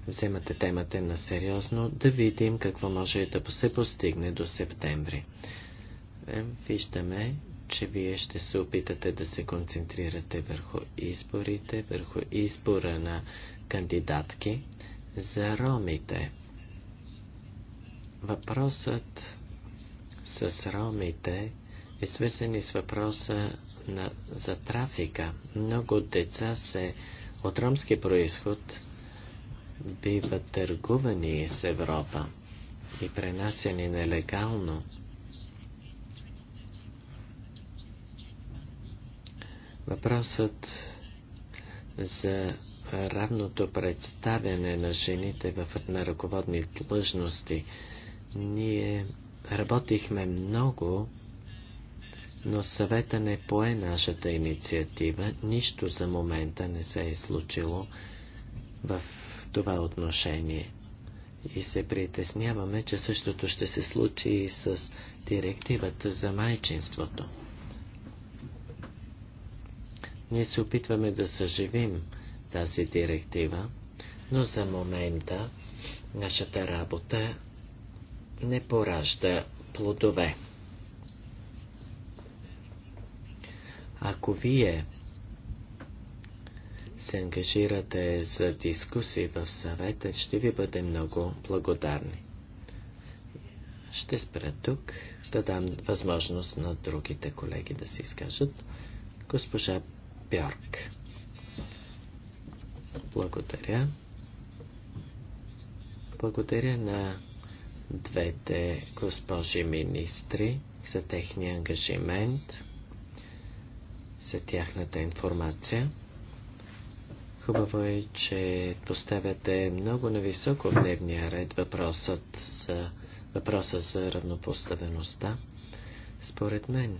[SPEAKER 2] вземате темата на сериозно, да видим какво може да се постигне до септември. Е, виждаме, че вие ще се опитате да се концентрирате върху изборите, върху избора на кандидатки за ромите. Въпросът с ромите е свързан и с въпроса на, за трафика. Много деца се от ромски происход биват търгувани с Европа и пренасени нелегално. Въпросът за равното представяне на жените в, на ръководни длъжности. Ние работихме много но съвета не пое нашата инициатива, нищо за момента не се е случило в това отношение. И се притесняваме, че същото ще се случи и с директивата за майчинството. Ние се опитваме да съживим тази директива, но за момента нашата работа не поражда плодове. Ако вие се ангажирате за дискусии в съвета, ще ви бъдем много благодарни. Ще спра тук да дам възможност на другите колеги да се изкажат. Госпожа Бьорк. Благодаря. Благодаря на двете госпожи министри за техния ангажимент за тяхната информация. Хубаво е, че поставяте много нависоко в дневния ред въпросът за, въпроса за равнопоставеността. Според мен,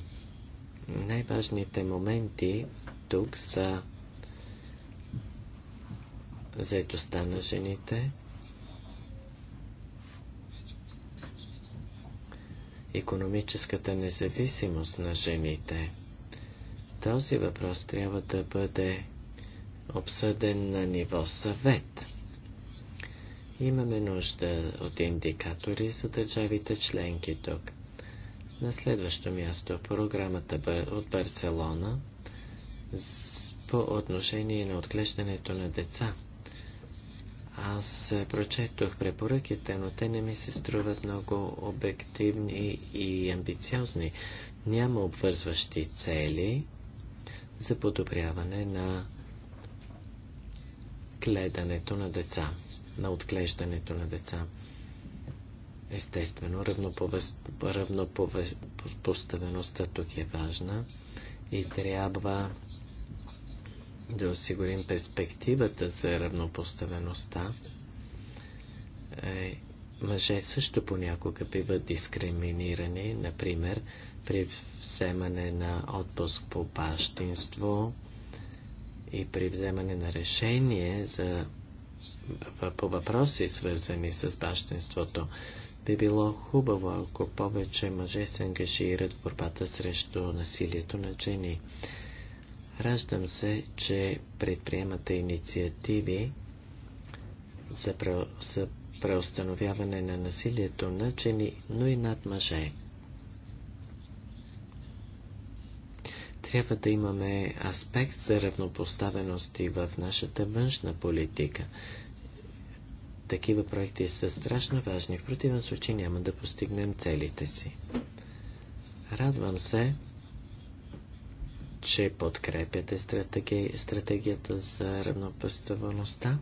[SPEAKER 2] най-важните моменти тук са заедостта на жените, економическата независимост на жените – този въпрос трябва да бъде обсъден на ниво съвет. Имаме нужда от индикатори за държавите членки тук. На следващо място програмата от Барселона по отношение на отглеждането на деца. Аз прочетох препоръките, но те не ми се струват много обективни и амбициозни. Няма обвързващи цели, за подобряване на гледането на деца, на отглеждането на деца. Естествено, равнопоставеността тук е важна и трябва да осигурим перспективата за равнопоставеността. Е, мъже също понякога биват дискриминирани, например, при вземане на отпуск по бащинство и при вземане на решение за, по въпроси, свързани с бащинството. Би било хубаво, ако повече мъже се ангажират в борбата срещу насилието на жени. Раждам се, че предприемате инициативи за, пре, за преустановяване на насилието на жени, но и над мъже. трябва да имаме аспект за равнопоставеност и в нашата външна политика. Такива проекти са страшно важни, в противен случай няма да постигнем целите си. Радвам се, че подкрепяте стратегията за равнопоставеността.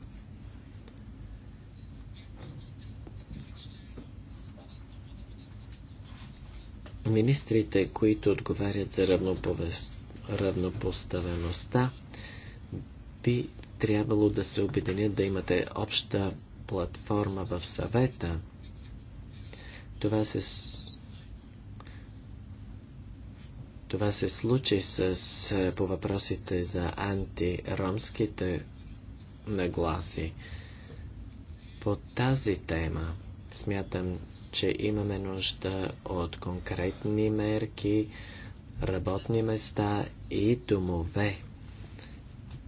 [SPEAKER 2] министрите, които отговарят за равнопоставеността, би трябвало да се обединят да имате обща платформа в съвета. Това се, това се случи с, по въпросите за антиромските нагласи. По тази тема смятам, че имаме нужда от конкретни мерки, работни места и домове,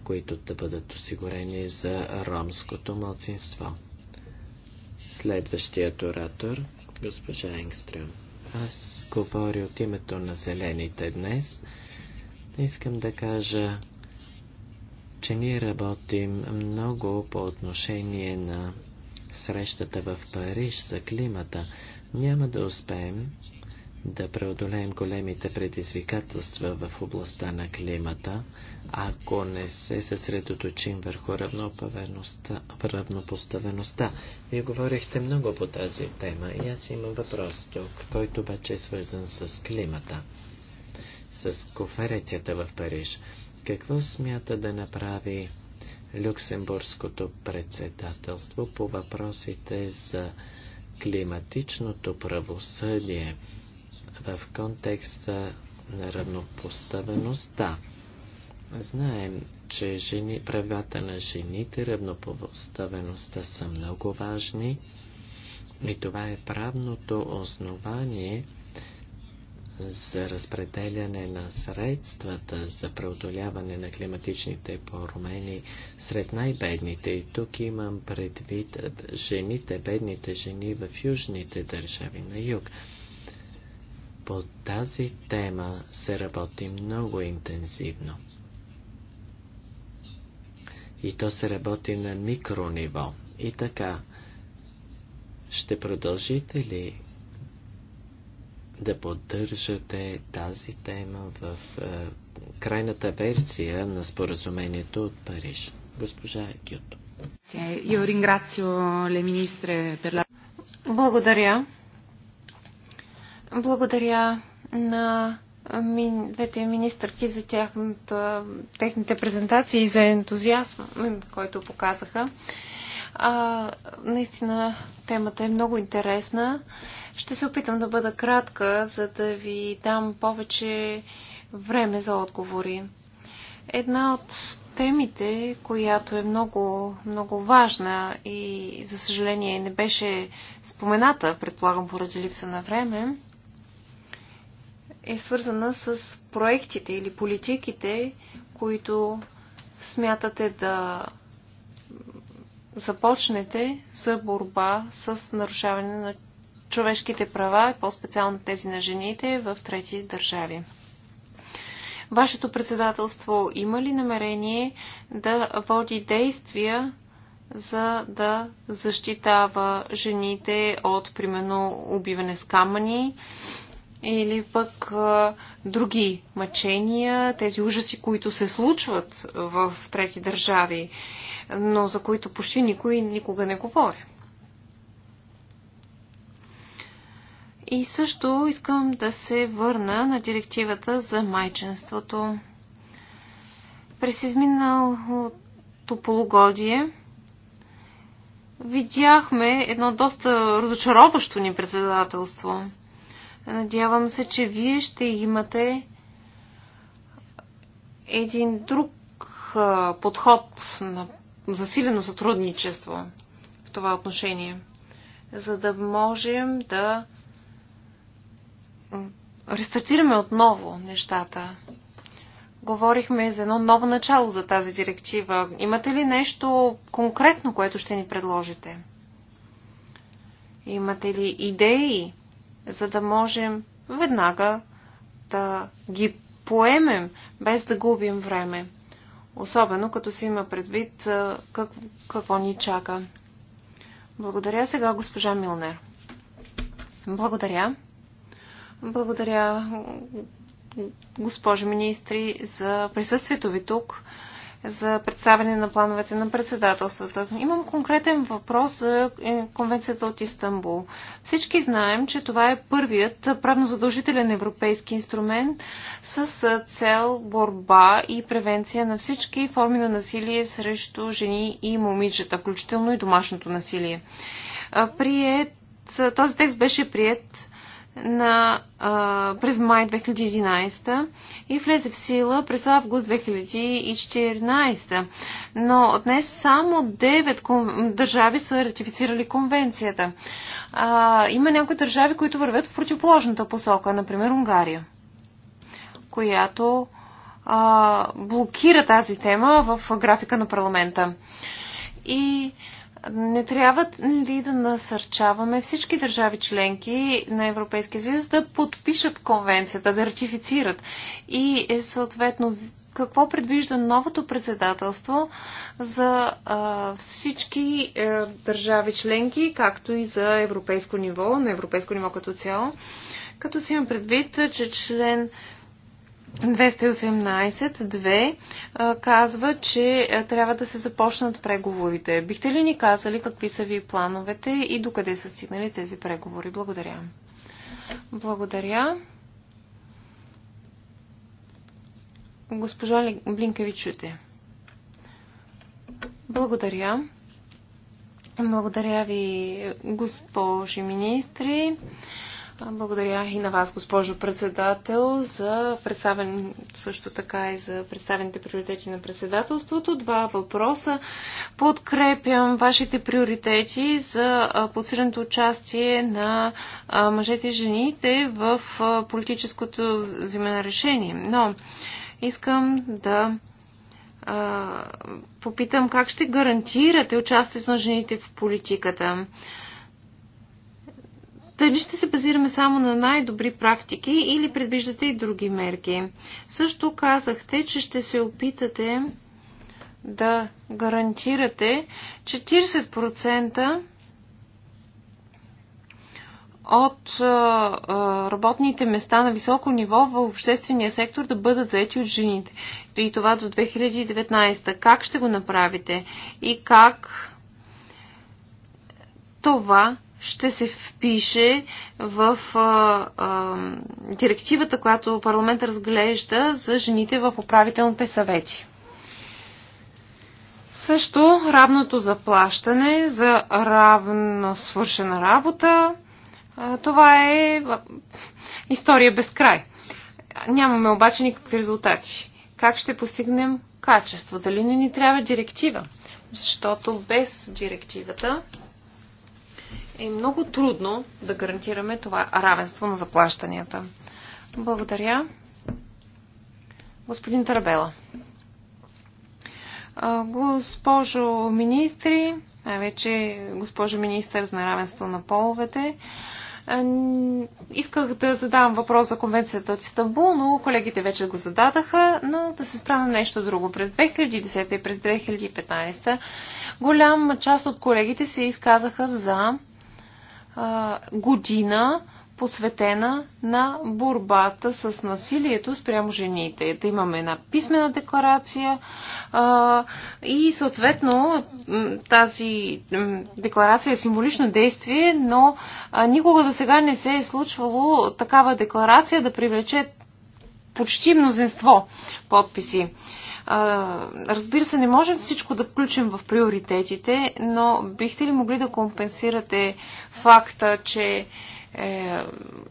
[SPEAKER 2] които да бъдат осигурени за ромското младсинство. Следващият оратор, госпожа Енгстрюм. Аз говоря от името на зелените днес. Искам да кажа, че ние работим много по отношение на срещата в Париж за климата, няма да успеем да преодолеем големите предизвикателства в областта на климата, ако не се съсредоточим върху равнопоставеността. Вие говорихте много по тази тема и аз имам въпрос тук, който обаче е свързан с климата, с конференцията в Париж. Какво смята да направи Люксембургското председателство по въпросите за климатичното правосъдие в контекста на равнопоставеността. Знаем, че жени, правата на жените, равнопоставеността са много важни и това е правното основание за разпределяне на средствата за преодоляване на климатичните промени сред най-бедните. И тук имам предвид жените, бедните жени в южните държави на юг. По тази тема се работи много интензивно. И то се работи на микрониво. И така, ще продължите ли да поддържате тази тема в е, крайната версия на споразумението от Париж. Госпожа Кюто.
[SPEAKER 3] Благодаря. Благодаря на двете министърки за тяхната, техните презентации и за ентузиазма, който показаха. А, наистина темата е много интересна. Ще се опитам да бъда кратка, за да ви дам повече време за отговори. Една от темите, която е много, много важна и за съжаление не беше спомената, предполагам поради липса на време, е свързана с проектите или политиките, които смятате да започнете за борба с нарушаване на човешките права, по-специално тези на жените в трети държави. Вашето председателство има ли намерение да води действия за да защитава жените от, примерно, убиване с камъни или пък други мъчения, тези ужаси, които се случват в трети държави, но за които почти никой никога не говори? И също искам да се върна на директивата за майченството. През изминалото полугодие видяхме едно доста разочароващо ни председателство. Надявам се, че вие ще имате един друг подход на засилено сътрудничество в това отношение, за да можем да рестартираме отново нещата. Говорихме за едно ново начало за тази директива. Имате ли нещо конкретно, което ще ни предложите? Имате ли идеи, за да можем веднага да ги поемем, без да губим време? Особено като се има предвид как, какво ни чака. Благодаря сега госпожа Милнер. Благодаря. Благодаря, госпожо министри, за присъствието ви тук, за представяне на плановете на председателствата. Имам конкретен въпрос за е, конвенцията от Истанбул. Всички знаем, че това е първият правно задължителен европейски инструмент с цел борба и превенция на всички форми на насилие срещу жени и момичета, включително и домашното насилие. Прият, този текст беше прият на, а, през май 2011 и влезе в сила през август 2014. Но днес само 9 държави са ратифицирали конвенцията. А, има някои държави, които вървят в противоположната посока, например Унгария, която а, блокира тази тема в графика на парламента. И а, не трябва ли нали, да насърчаваме всички държави членки на Европейския съюз да подпишат конвенцията, да ратифицират? И е съответно, какво предвижда новото председателство за а, всички е, държави членки, както и за европейско ниво, на европейско ниво като цяло? Като си имам предвид, че член 218.2 казва, че трябва да се започнат преговорите. Бихте ли ни казали какви са ви плановете и докъде са стигнали тези преговори? Благодаря. Благодаря. Госпожа Блинкевичуте. Благодаря. Благодаря ви, госпожи министри. Благодаря и на вас, госпожо председател, за представен, също така и за представените приоритети на председателството. Два въпроса. Подкрепям вашите приоритети за подсиленото участие на мъжете и жените в политическото взимане решение. Но искам да попитам как ще гарантирате участието на жените в политиката. Дали ще се базираме само на най-добри практики или предвиждате и други мерки? Също казахте, че ще се опитате да гарантирате 40% от работните места на високо ниво в обществения сектор да бъдат заети от жените. И това до 2019. Как ще го направите? И как това ще се впише в а, а, директивата, която парламент разглежда за жените в управителните съвети. Също равното заплащане за равно свършена работа. А, това е история без край. Нямаме обаче никакви резултати. Как ще постигнем качество? Дали не ни трябва директива? Защото без директивата е много трудно да гарантираме това равенство на заплащанията. Благодаря. Господин Тарабела. Госпожо министри, най-вече госпожо министър за равенство на половете, исках да задам въпрос за конвенцията от Истанбул, но колегите вече го зададаха, но да се спра на нещо друго. През 2010 и през 2015 голяма част от колегите се изказаха за а, година посветена на борбата с насилието спрямо жените. Да имаме една писмена декларация а, и съответно тази декларация е символично действие, но а, никога до сега не се е случвало такава декларация да привлече почти мнозинство подписи разбира се, не можем всичко да включим в приоритетите, но бихте ли могли да компенсирате факта, че е,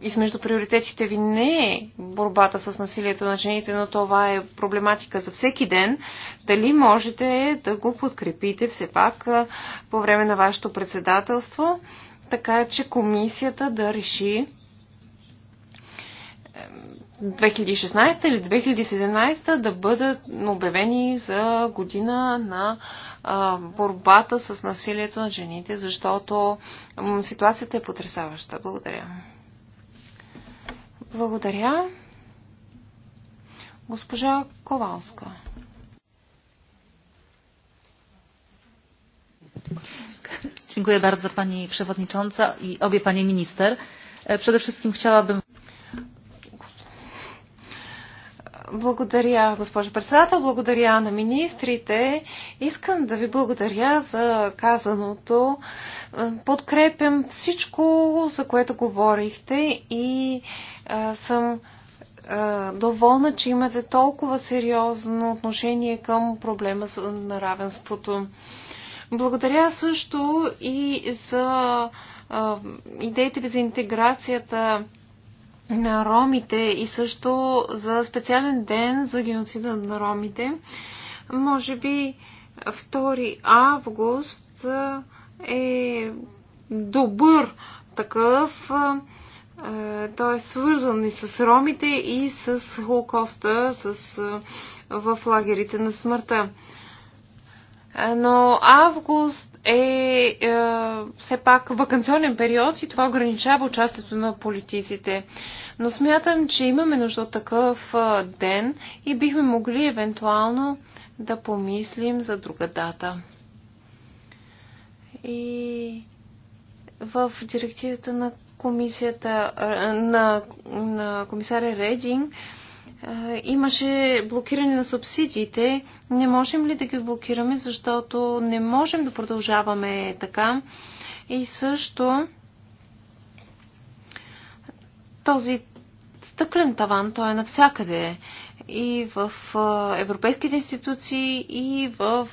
[SPEAKER 3] измежду приоритетите ви не е борбата с насилието на жените, но това е проблематика за всеки ден. Дали можете да го подкрепите все пак е, по време на вашето председателство, така че комисията да реши 2016 или 2017 да бъдат обявени за година на борбата с насилието на жените, защото ситуацията е потрясаваща. Благодаря. Благодаря. Госпожа Ковалска. Dziękuję bardzo Pani Przewodnicząca i obie Panie Minister. E, przede wszystkim chciałabym... Благодаря, госпожо председател. Благодаря на министрите. Искам да ви благодаря за казаното. Подкрепям всичко, за което говорихте и а, съм а, доволна, че имате толкова сериозно отношение към проблема на равенството. Благодаря също и за а, идеите ви за интеграцията на ромите и също за специален ден за геноцида на ромите. Може би 2 август е добър такъв. Той е свързан и с ромите, и с Холокоста, с, в лагерите на смъртта но август е, е все пак вакансионен период и това ограничава участието на политиците. Но смятам, че имаме нужда от такъв е, ден и бихме могли евентуално да помислим за друга дата.
[SPEAKER 5] И
[SPEAKER 3] в директивата на комисията, е, на, на комисаря Рединг, имаше блокиране на субсидиите. Не можем ли да ги блокираме, защото не можем да продължаваме така. И също този стъклен таван, той е навсякъде. И в европейските институции, и в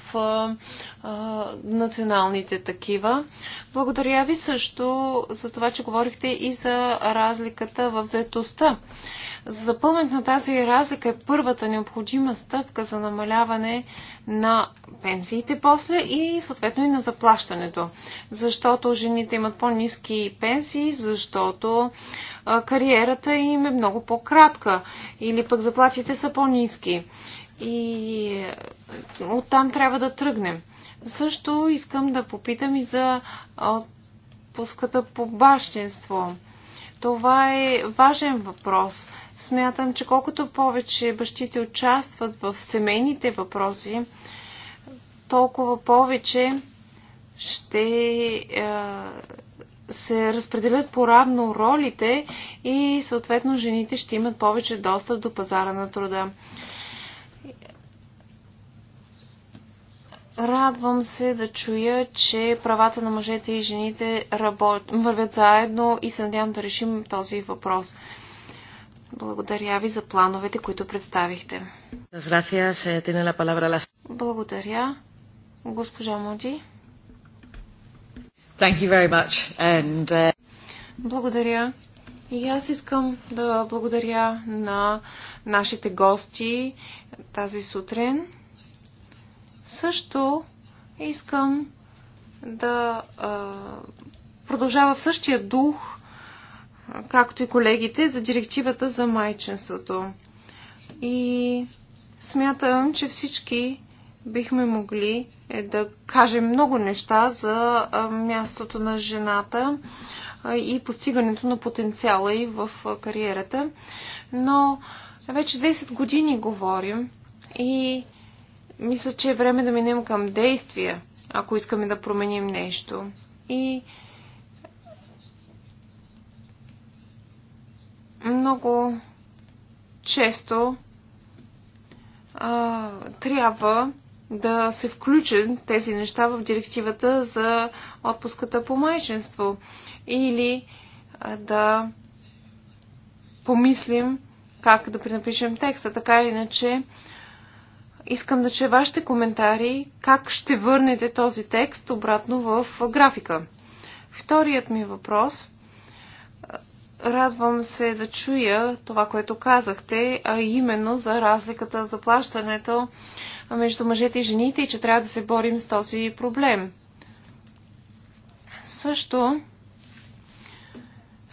[SPEAKER 3] националните такива. Благодаря ви също за това, че говорихте и за разликата в заетостта. За запълнят на тази разлика е първата необходима стъпка за намаляване на пенсиите после и съответно и на заплащането. Защото жените имат по-низки пенсии, защото кариерата им е много по-кратка или пък заплатите са по-низки. И оттам трябва да тръгнем. Също искам да попитам и за отпуската по бащенство. Това е важен въпрос. Смятам, че колкото повече бащите участват в семейните въпроси, толкова повече ще е, се разпределят по-равно ролите и съответно жените ще имат повече достъп до пазара на труда. Радвам се да чуя, че правата на мъжете и жените работ... вървят заедно и се надявам да решим този въпрос. Благодаря ви за плановете, които представихте.
[SPEAKER 1] Eh,
[SPEAKER 3] благодаря. Госпожа Моди.
[SPEAKER 1] And... Uh,
[SPEAKER 3] благодаря. И аз искам да благодаря на нашите гости тази сутрин. Също искам да uh, продължава в същия дух както и колегите, за директивата за майчинството. И смятам, че всички бихме могли е, да кажем много неща за мястото на жената и постигането на потенциала и в кариерата. Но вече 10 години говорим и мисля, че е време да минем към действия, ако искаме да променим нещо. И много често а, трябва да се включат тези неща в директивата за отпуската по майчинство или а, да помислим как да пренапишем текста. Така или иначе, искам да че вашите коментари как ще върнете този текст обратно в графика. Вторият ми въпрос – Радвам се да чуя това, което казахте, а именно за разликата за плащането между мъжете и жените и че трябва да се борим с този проблем. Също,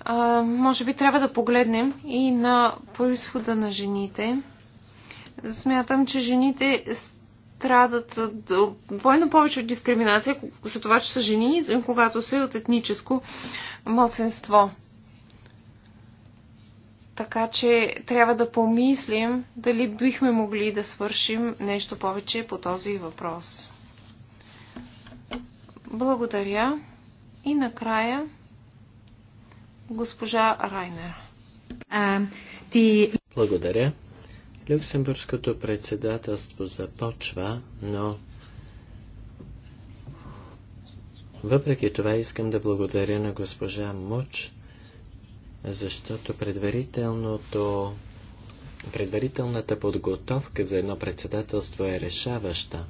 [SPEAKER 3] а, може би трябва да погледнем и на происхода на жените. Смятам, че жените страдат двойно повече от дискриминация за това, че са жени, когато са от етническо младсенство. Така че трябва да помислим дали бихме могли да свършим нещо повече по този въпрос. Благодаря. И накрая госпожа Райнер. А, ти...
[SPEAKER 2] Благодаря. Люксембургското председателство започва, но въпреки това искам да благодаря на госпожа Муч защото предварителното предварителната подготовка за едно председателство е решаваща.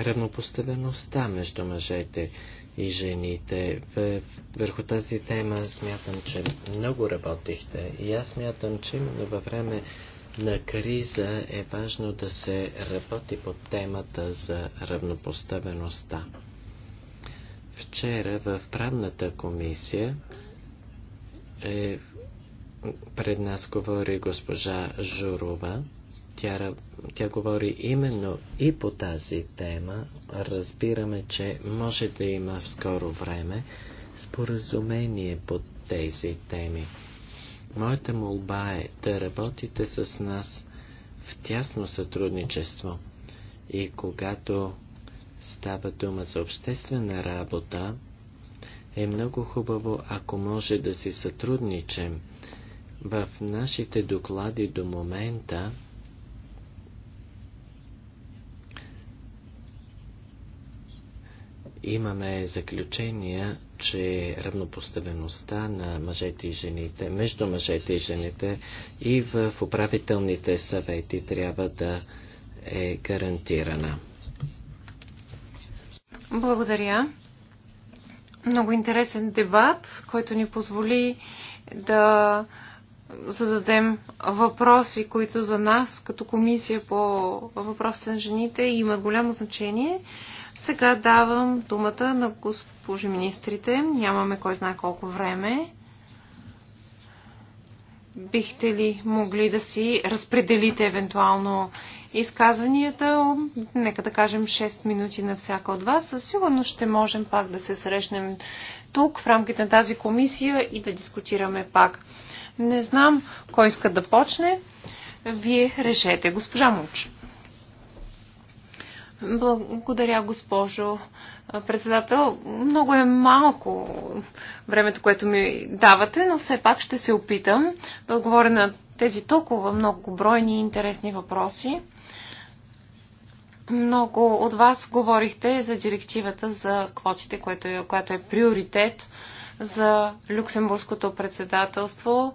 [SPEAKER 2] Равнопоставеността между мъжете и жените. Върху тази тема смятам, че много работихте и аз смятам, че именно във време на криза е важно да се работи по темата за равнопоставеността. Вчера в правната комисия е, пред нас говори госпожа Журова. Тя, тя говори именно и по тази тема. Разбираме, че може да има в скоро време споразумение по тези теми. Моята молба е да работите с нас в тясно сътрудничество. И когато става дума за обществена работа, е много хубаво, ако може да си сътрудничем. В нашите доклади до момента имаме заключения, че равнопоставеността на мъжете и жените, между мъжете и жените и в управителните съвети трябва да е гарантирана.
[SPEAKER 3] Благодаря. Много интересен дебат, който ни позволи да зададем въпроси, които за нас като комисия по въпросите на жените имат голямо значение. Сега давам думата на госпожи министрите. Нямаме кой знае колко време. Бихте ли могли да си разпределите евентуално изказванията. Нека да кажем 6 минути на всяка от вас. Със сигурност ще можем пак да се срещнем тук, в рамките на тази комисия и да дискутираме пак. Не знам кой иска да почне. Вие решете. Госпожа Муч. Благодаря, госпожо председател. Много е малко времето, което ми давате, но все пак ще се опитам да отговоря на тези толкова много бройни и интересни въпроси. Много от вас говорихте за директивата за квотите, което е, която е приоритет за люксембургското председателство.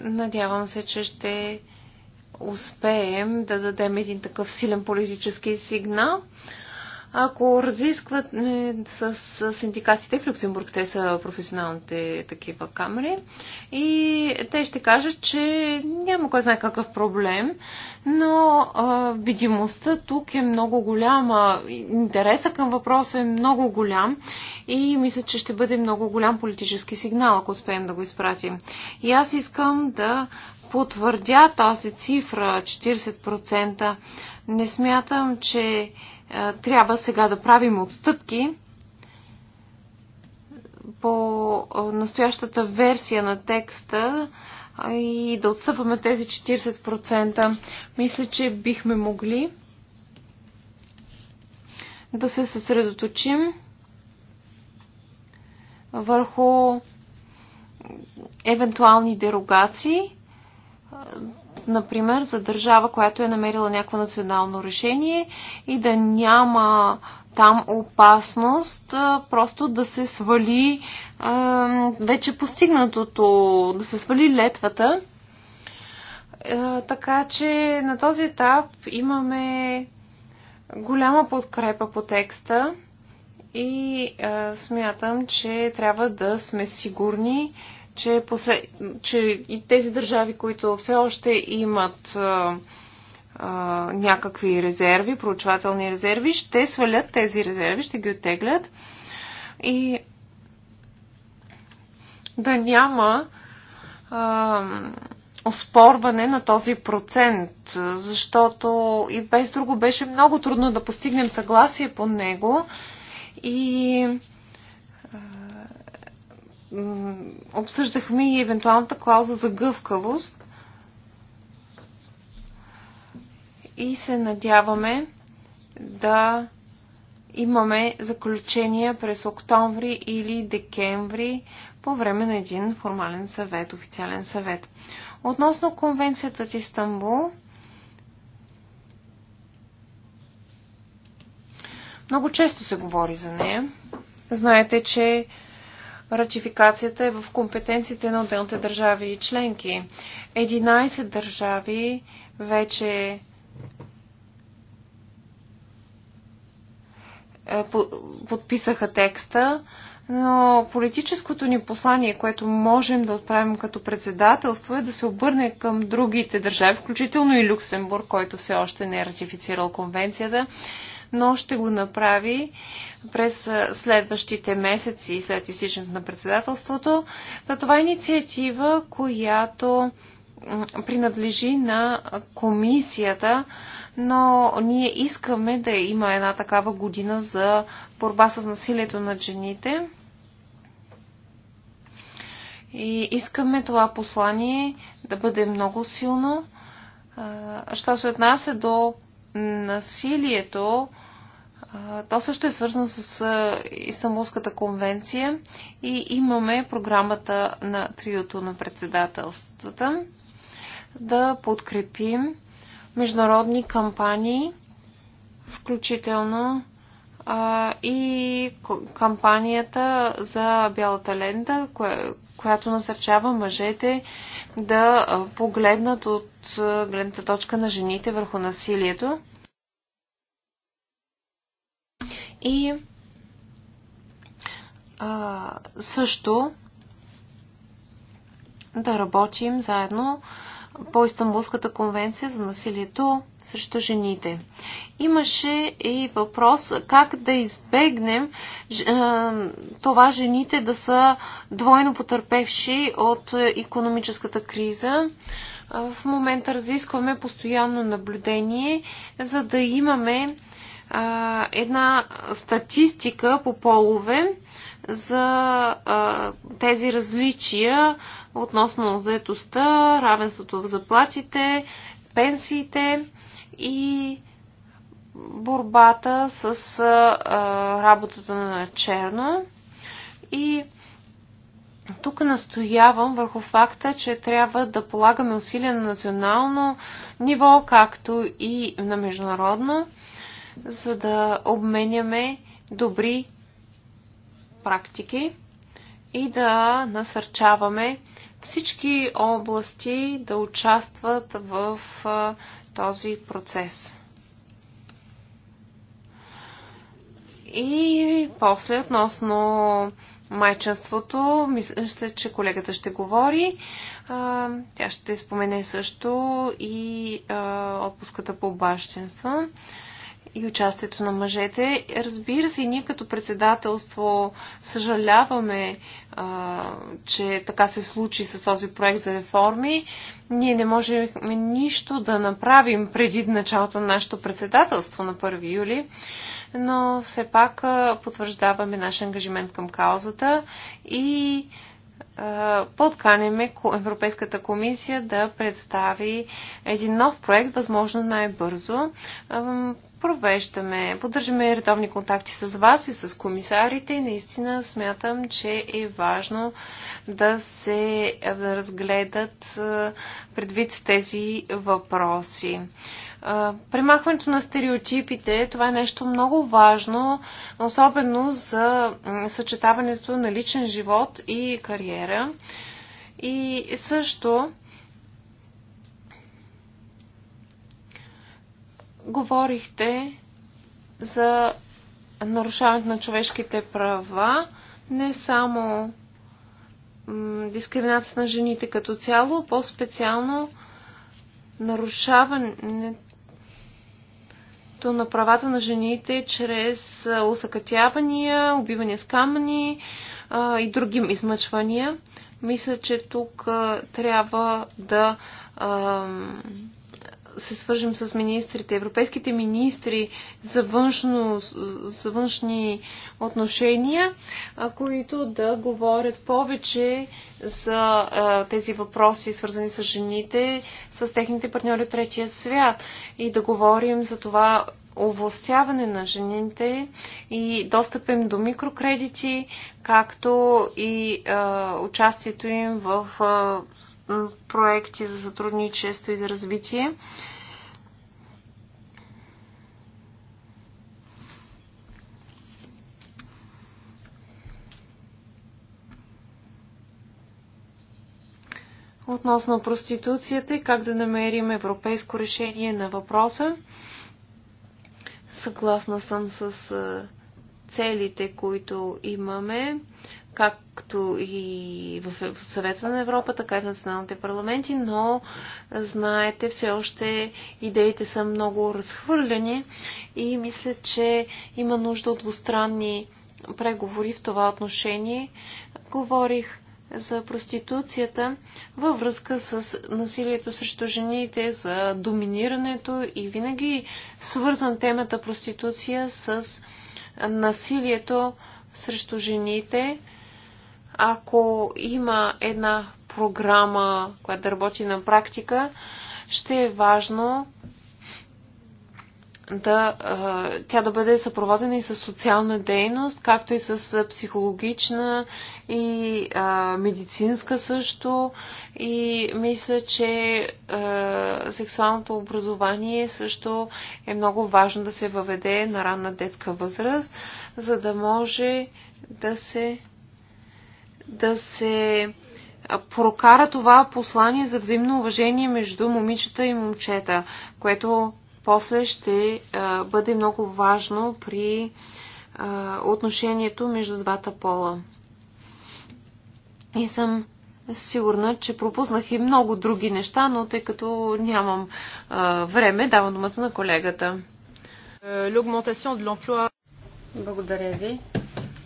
[SPEAKER 3] Надявам се, че ще успеем да дадем един такъв силен политически сигнал ако разискват с, с синдикатите в Люксембург, те са професионалните такива камери, и те ще кажат, че няма кой знае какъв проблем, но а, видимостта тук е много голяма, интереса към въпроса е много голям и мисля, че ще бъде много голям политически сигнал, ако успеем да го изпратим. И аз искам да потвърдя тази цифра 40%. Не смятам, че е, трябва сега да правим отстъпки по е, настоящата версия на текста и да отстъпваме тези 40%. Мисля, че бихме могли да се съсредоточим върху евентуални дерогации, например, за държава, която е намерила някакво национално решение и да няма там опасност просто да се свали е, вече постигнатото, да се свали летвата. Е, така че на този етап имаме голяма подкрепа по текста и е, смятам, че трябва да сме сигурни, че, после, че и тези държави, които все още имат а, а, някакви резерви, проучвателни резерви, ще свалят тези резерви, ще ги оттеглят и да няма а, оспорване на този процент, защото и без друго беше много трудно да постигнем съгласие по него и обсъждахме и евентуалната клауза за гъвкавост и се надяваме да имаме заключения през октомври или декември по време на един формален съвет, официален съвет. Относно конвенцията от Истанбул, много често се говори за нея. Знаете, че ратификацията е в компетенциите на отделните държави и членки. 11 държави вече е, подписаха текста, но политическото ни послание, което можем да отправим като председателство е да се обърне към другите държави, включително и Люксембург, който все още не е ратифицирал конвенцията, но ще го направи през следващите месеци след изсичането на председателството. Та това е инициатива, която принадлежи на комисията, но ние искаме да има една такава година за борба с насилието на жените. И искаме това послание да бъде много силно. Що се отнася до насилието, то също е свързано с Истанбулската конвенция и имаме програмата на триото на председателствата да подкрепим международни кампании, включително а, и кампанията за бялата лента, коя, която насърчава мъжете да погледнат от гледната точка на жените върху насилието. И а, също да работим заедно по Истанбулската конвенция за насилието срещу жените. Имаше и въпрос как да избегнем това жените да са двойно потърпевши от економическата криза. В момента разискваме постоянно наблюдение, за да имаме една статистика по полове за тези различия относно заетостта, равенството в заплатите, пенсиите и борбата с а, работата на черно. И тук настоявам върху факта, че трябва да полагаме усилия на национално ниво, както и на международно, за да обменяме добри практики и да насърчаваме всички области да участват в този процес. И после относно майчинството, мисля, че колегата ще говори. Тя ще спомене също и отпуската по бащенство и участието на мъжете. Разбира се, и ние като председателство съжаляваме, а, че така се случи с този проект за реформи. Ние не можехме нищо да направим преди началото на нашето председателство на 1 юли, но все пак а, потвърждаваме наш ангажимент към каузата и подканяме Европейската комисия да представи един нов проект, възможно най-бързо. Провеждаме, поддържаме редовни контакти с вас и с комисарите и наистина смятам, че е важно да се разгледат предвид тези въпроси. Премахването на стереотипите, това е нещо много важно, особено за съчетаването на личен живот и кариера. И също говорихте за нарушаването на човешките права, не само дискриминация на жените като цяло, по-специално нарушаването нарушаването на правата на жените чрез усъкътявания, убивания с камъни и други измъчвания. Мисля, че тук трябва да се свържем с министрите, европейските министри за, външно, за външни отношения, които да говорят повече за тези въпроси, свързани с жените, с техните партньори от третия свят и да говорим за това овластяване на жените и достъпем до микрокредити, както и а, участието им в а, е, проекти за сътрудничество и за развитие. Относно проституцията и как да намерим европейско решение на въпроса, съгласна съм с е, целите, които имаме както и в съвета на Европа, така и в националните парламенти, но знаете, все още идеите са много разхвърляни и мисля, че има нужда от двустранни преговори в това отношение. Говорих за проституцията във връзка с насилието срещу жените, за доминирането и винаги свързан темата проституция с насилието срещу жените ако има една програма, която да работи на практика, ще е важно да, тя да бъде съпроводена и с социална дейност, както и с психологична и медицинска също. И мисля, че сексуалното образование също е много важно да се въведе на ранна детска възраст, за да може да се да се прокара това послание за взаимно уважение между момичета и момчета, което после ще бъде много важно при отношението между двата пола. И съм сигурна, че пропуснах и много други неща, но тъй като нямам време, давам думата
[SPEAKER 4] на колегата. Благодаря ви.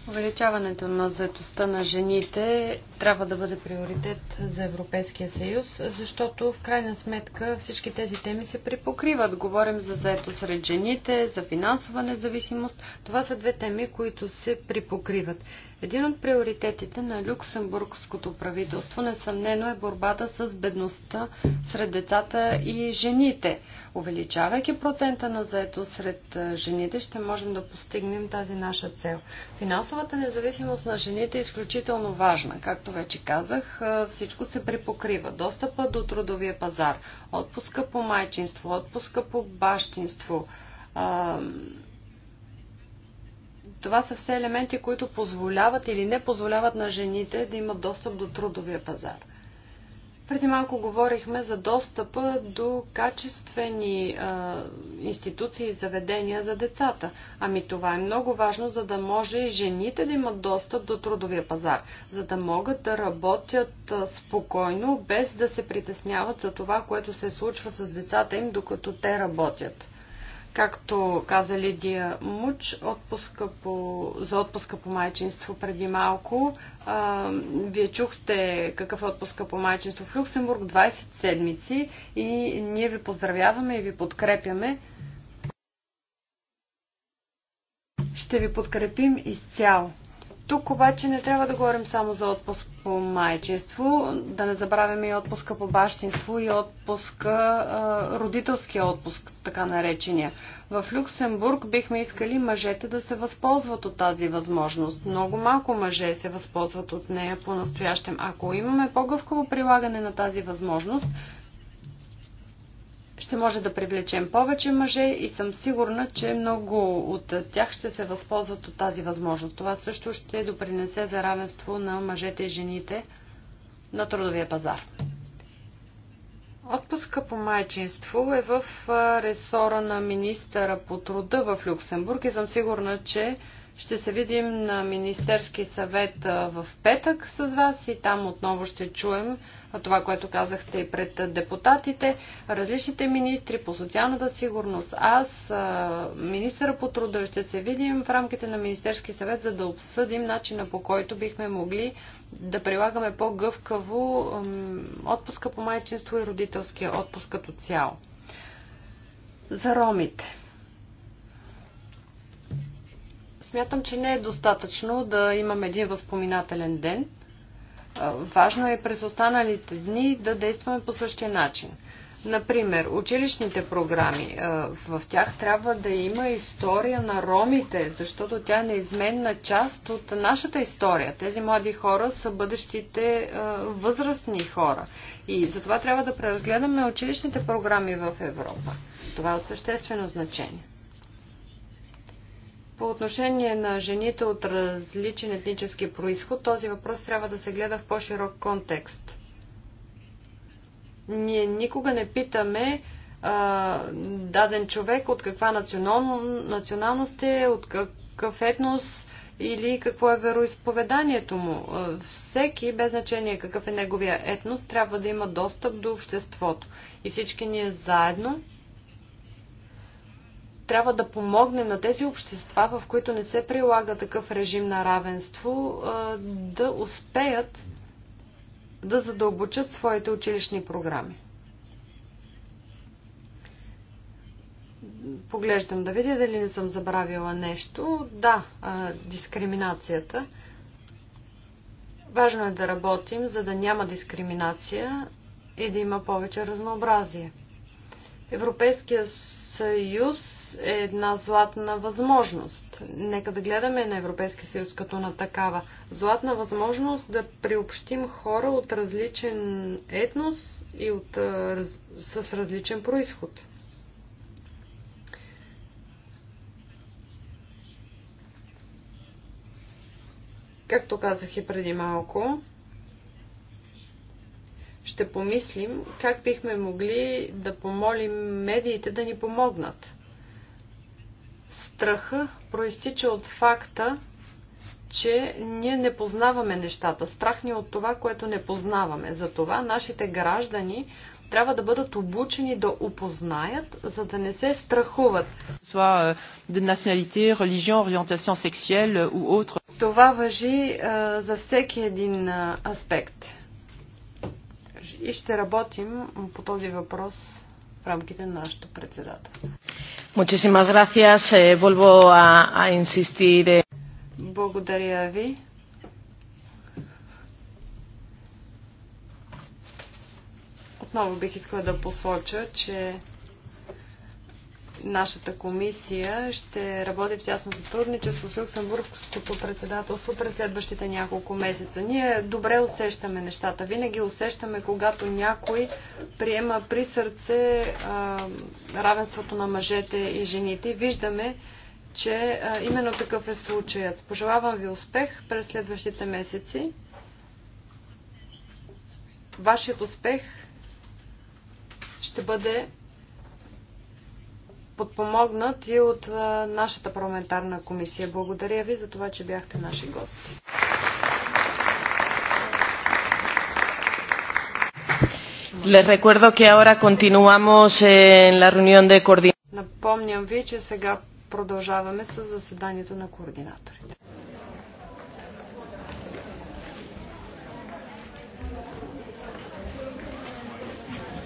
[SPEAKER 4] Увеличаването на заетостта на жените трябва да бъде приоритет за Европейския съюз, защото в крайна сметка всички тези теми се припокриват. Говорим за заедост сред жените, за финансова независимост. Това са две теми, които се припокриват. Един от приоритетите на люксембургското правителство несъмнено е борбата с бедността сред децата и жените. Увеличавайки процента на заето сред жените, ще можем да постигнем тази наша цел. Финансова финансовата независимост на жените е изключително важна. Както вече казах, всичко се припокрива. Достъпа до трудовия пазар, отпуска по майчинство, отпуска по бащинство. Това са все елементи, които позволяват или не позволяват на жените да имат достъп до трудовия пазар. Преди малко говорихме за достъпа до качествени а, институции и заведения за децата. Ами това е много важно, за да може и жените да имат достъп до трудовия пазар, за да могат да работят а, спокойно, без да се притесняват за това, което се случва с децата им, докато те работят. Както каза Лидия Муч отпуска по, за отпуска по майчинство преди малко, а, вие чухте какъв е отпуска по майчинство в Люксембург 20 седмици и ние ви поздравяваме и ви подкрепяме. Ще ви подкрепим изцяло. Тук обаче не трябва да говорим само за отпуск по майчество, да не забравяме и отпуска по бащинство и отпуска, родителския отпуск, така наречения. В Люксембург бихме искали мъжете да се възползват от тази възможност. Много малко мъже се възползват от нея по-настоящем. Ако имаме по-гъвкаво прилагане на тази възможност, ще може да привлечем повече мъже и съм сигурна, че много от тях ще се възползват от тази възможност. Това също ще допринесе за равенство на мъжете и жените на трудовия пазар. Отпуска по майчинство е в ресора на министъра по труда в Люксембург и съм сигурна, че ще се видим на Министерски съвет в петък с вас и там отново ще чуем това, което казахте и пред депутатите. Различните министри по социалната сигурност, аз, министъра по труда, ще се видим в рамките на Министерски съвет, за да обсъдим начина по който бихме могли да прилагаме по-гъвкаво отпуска по майчинство и родителския отпуск като цяло. За ромите. Смятам, че не е достатъчно да имаме един възпоминателен ден. Важно е през останалите дни да действаме по същия начин. Например, училищните програми, в тях трябва да има история на ромите, защото тя е неизменна част от нашата история. Тези млади хора са бъдещите възрастни хора. И затова трябва да преразгледаме училищните програми в Европа. Това е от съществено значение. По отношение на жените от различен етнически происход, този въпрос трябва да се гледа в по-широк контекст. Ние никога не питаме а, даден човек от каква национал, националност е, от какъв етнос или какво е вероисповеданието му. Всеки, без значение какъв е неговия етнос, трябва да има достъп до обществото. И всички ние заедно трябва да помогнем на тези общества, в които не се прилага такъв режим на равенство, да успеят да задълбочат своите училищни програми. Поглеждам да видя дали не съм забравила нещо. Да, дискриминацията. Важно е да работим, за да няма дискриминация и да има повече разнообразие. Европейския съюз е една златна възможност. Нека да гледаме на Европейския съюз като на такава. Златна възможност да приобщим хора от различен етнос и от, с различен происход. Както казах и преди малко, ще помислим как бихме могли да помолим медиите да ни помогнат. Страха проистича от факта, че ние не познаваме нещата. Страх ни е от това, което не познаваме. Затова нашите граждани трябва да бъдат обучени да опознаят, за да не се страхуват. Е, euh, това въжи е, за всеки един е, аспект. И ще работим по този въпрос рамките на нашето председателство.
[SPEAKER 1] Muchísimas gracias. Eh, vuelvo a, a insistir. Eh.
[SPEAKER 4] Благодаря ви. Отново бих искала да посоча, че нашата комисия ще работи в тясно сътрудничество с Люксембургското председателство през следващите няколко месеца. Ние добре усещаме нещата. Винаги усещаме, когато някой приема при сърце а, равенството на мъжете и жените. Виждаме, че а, именно такъв е случаят. Пожелавам ви успех през следващите месеци. Вашият успех ще бъде подпомогнат и от нашата парламентарна комисия. Благодаря ви за това, че бяхте наши гости.
[SPEAKER 1] Les recuerdo que ahora continuamos en la reunión de coordinadores.
[SPEAKER 4] Напомням ви, че сега продължаваме с заседанието на координаторите.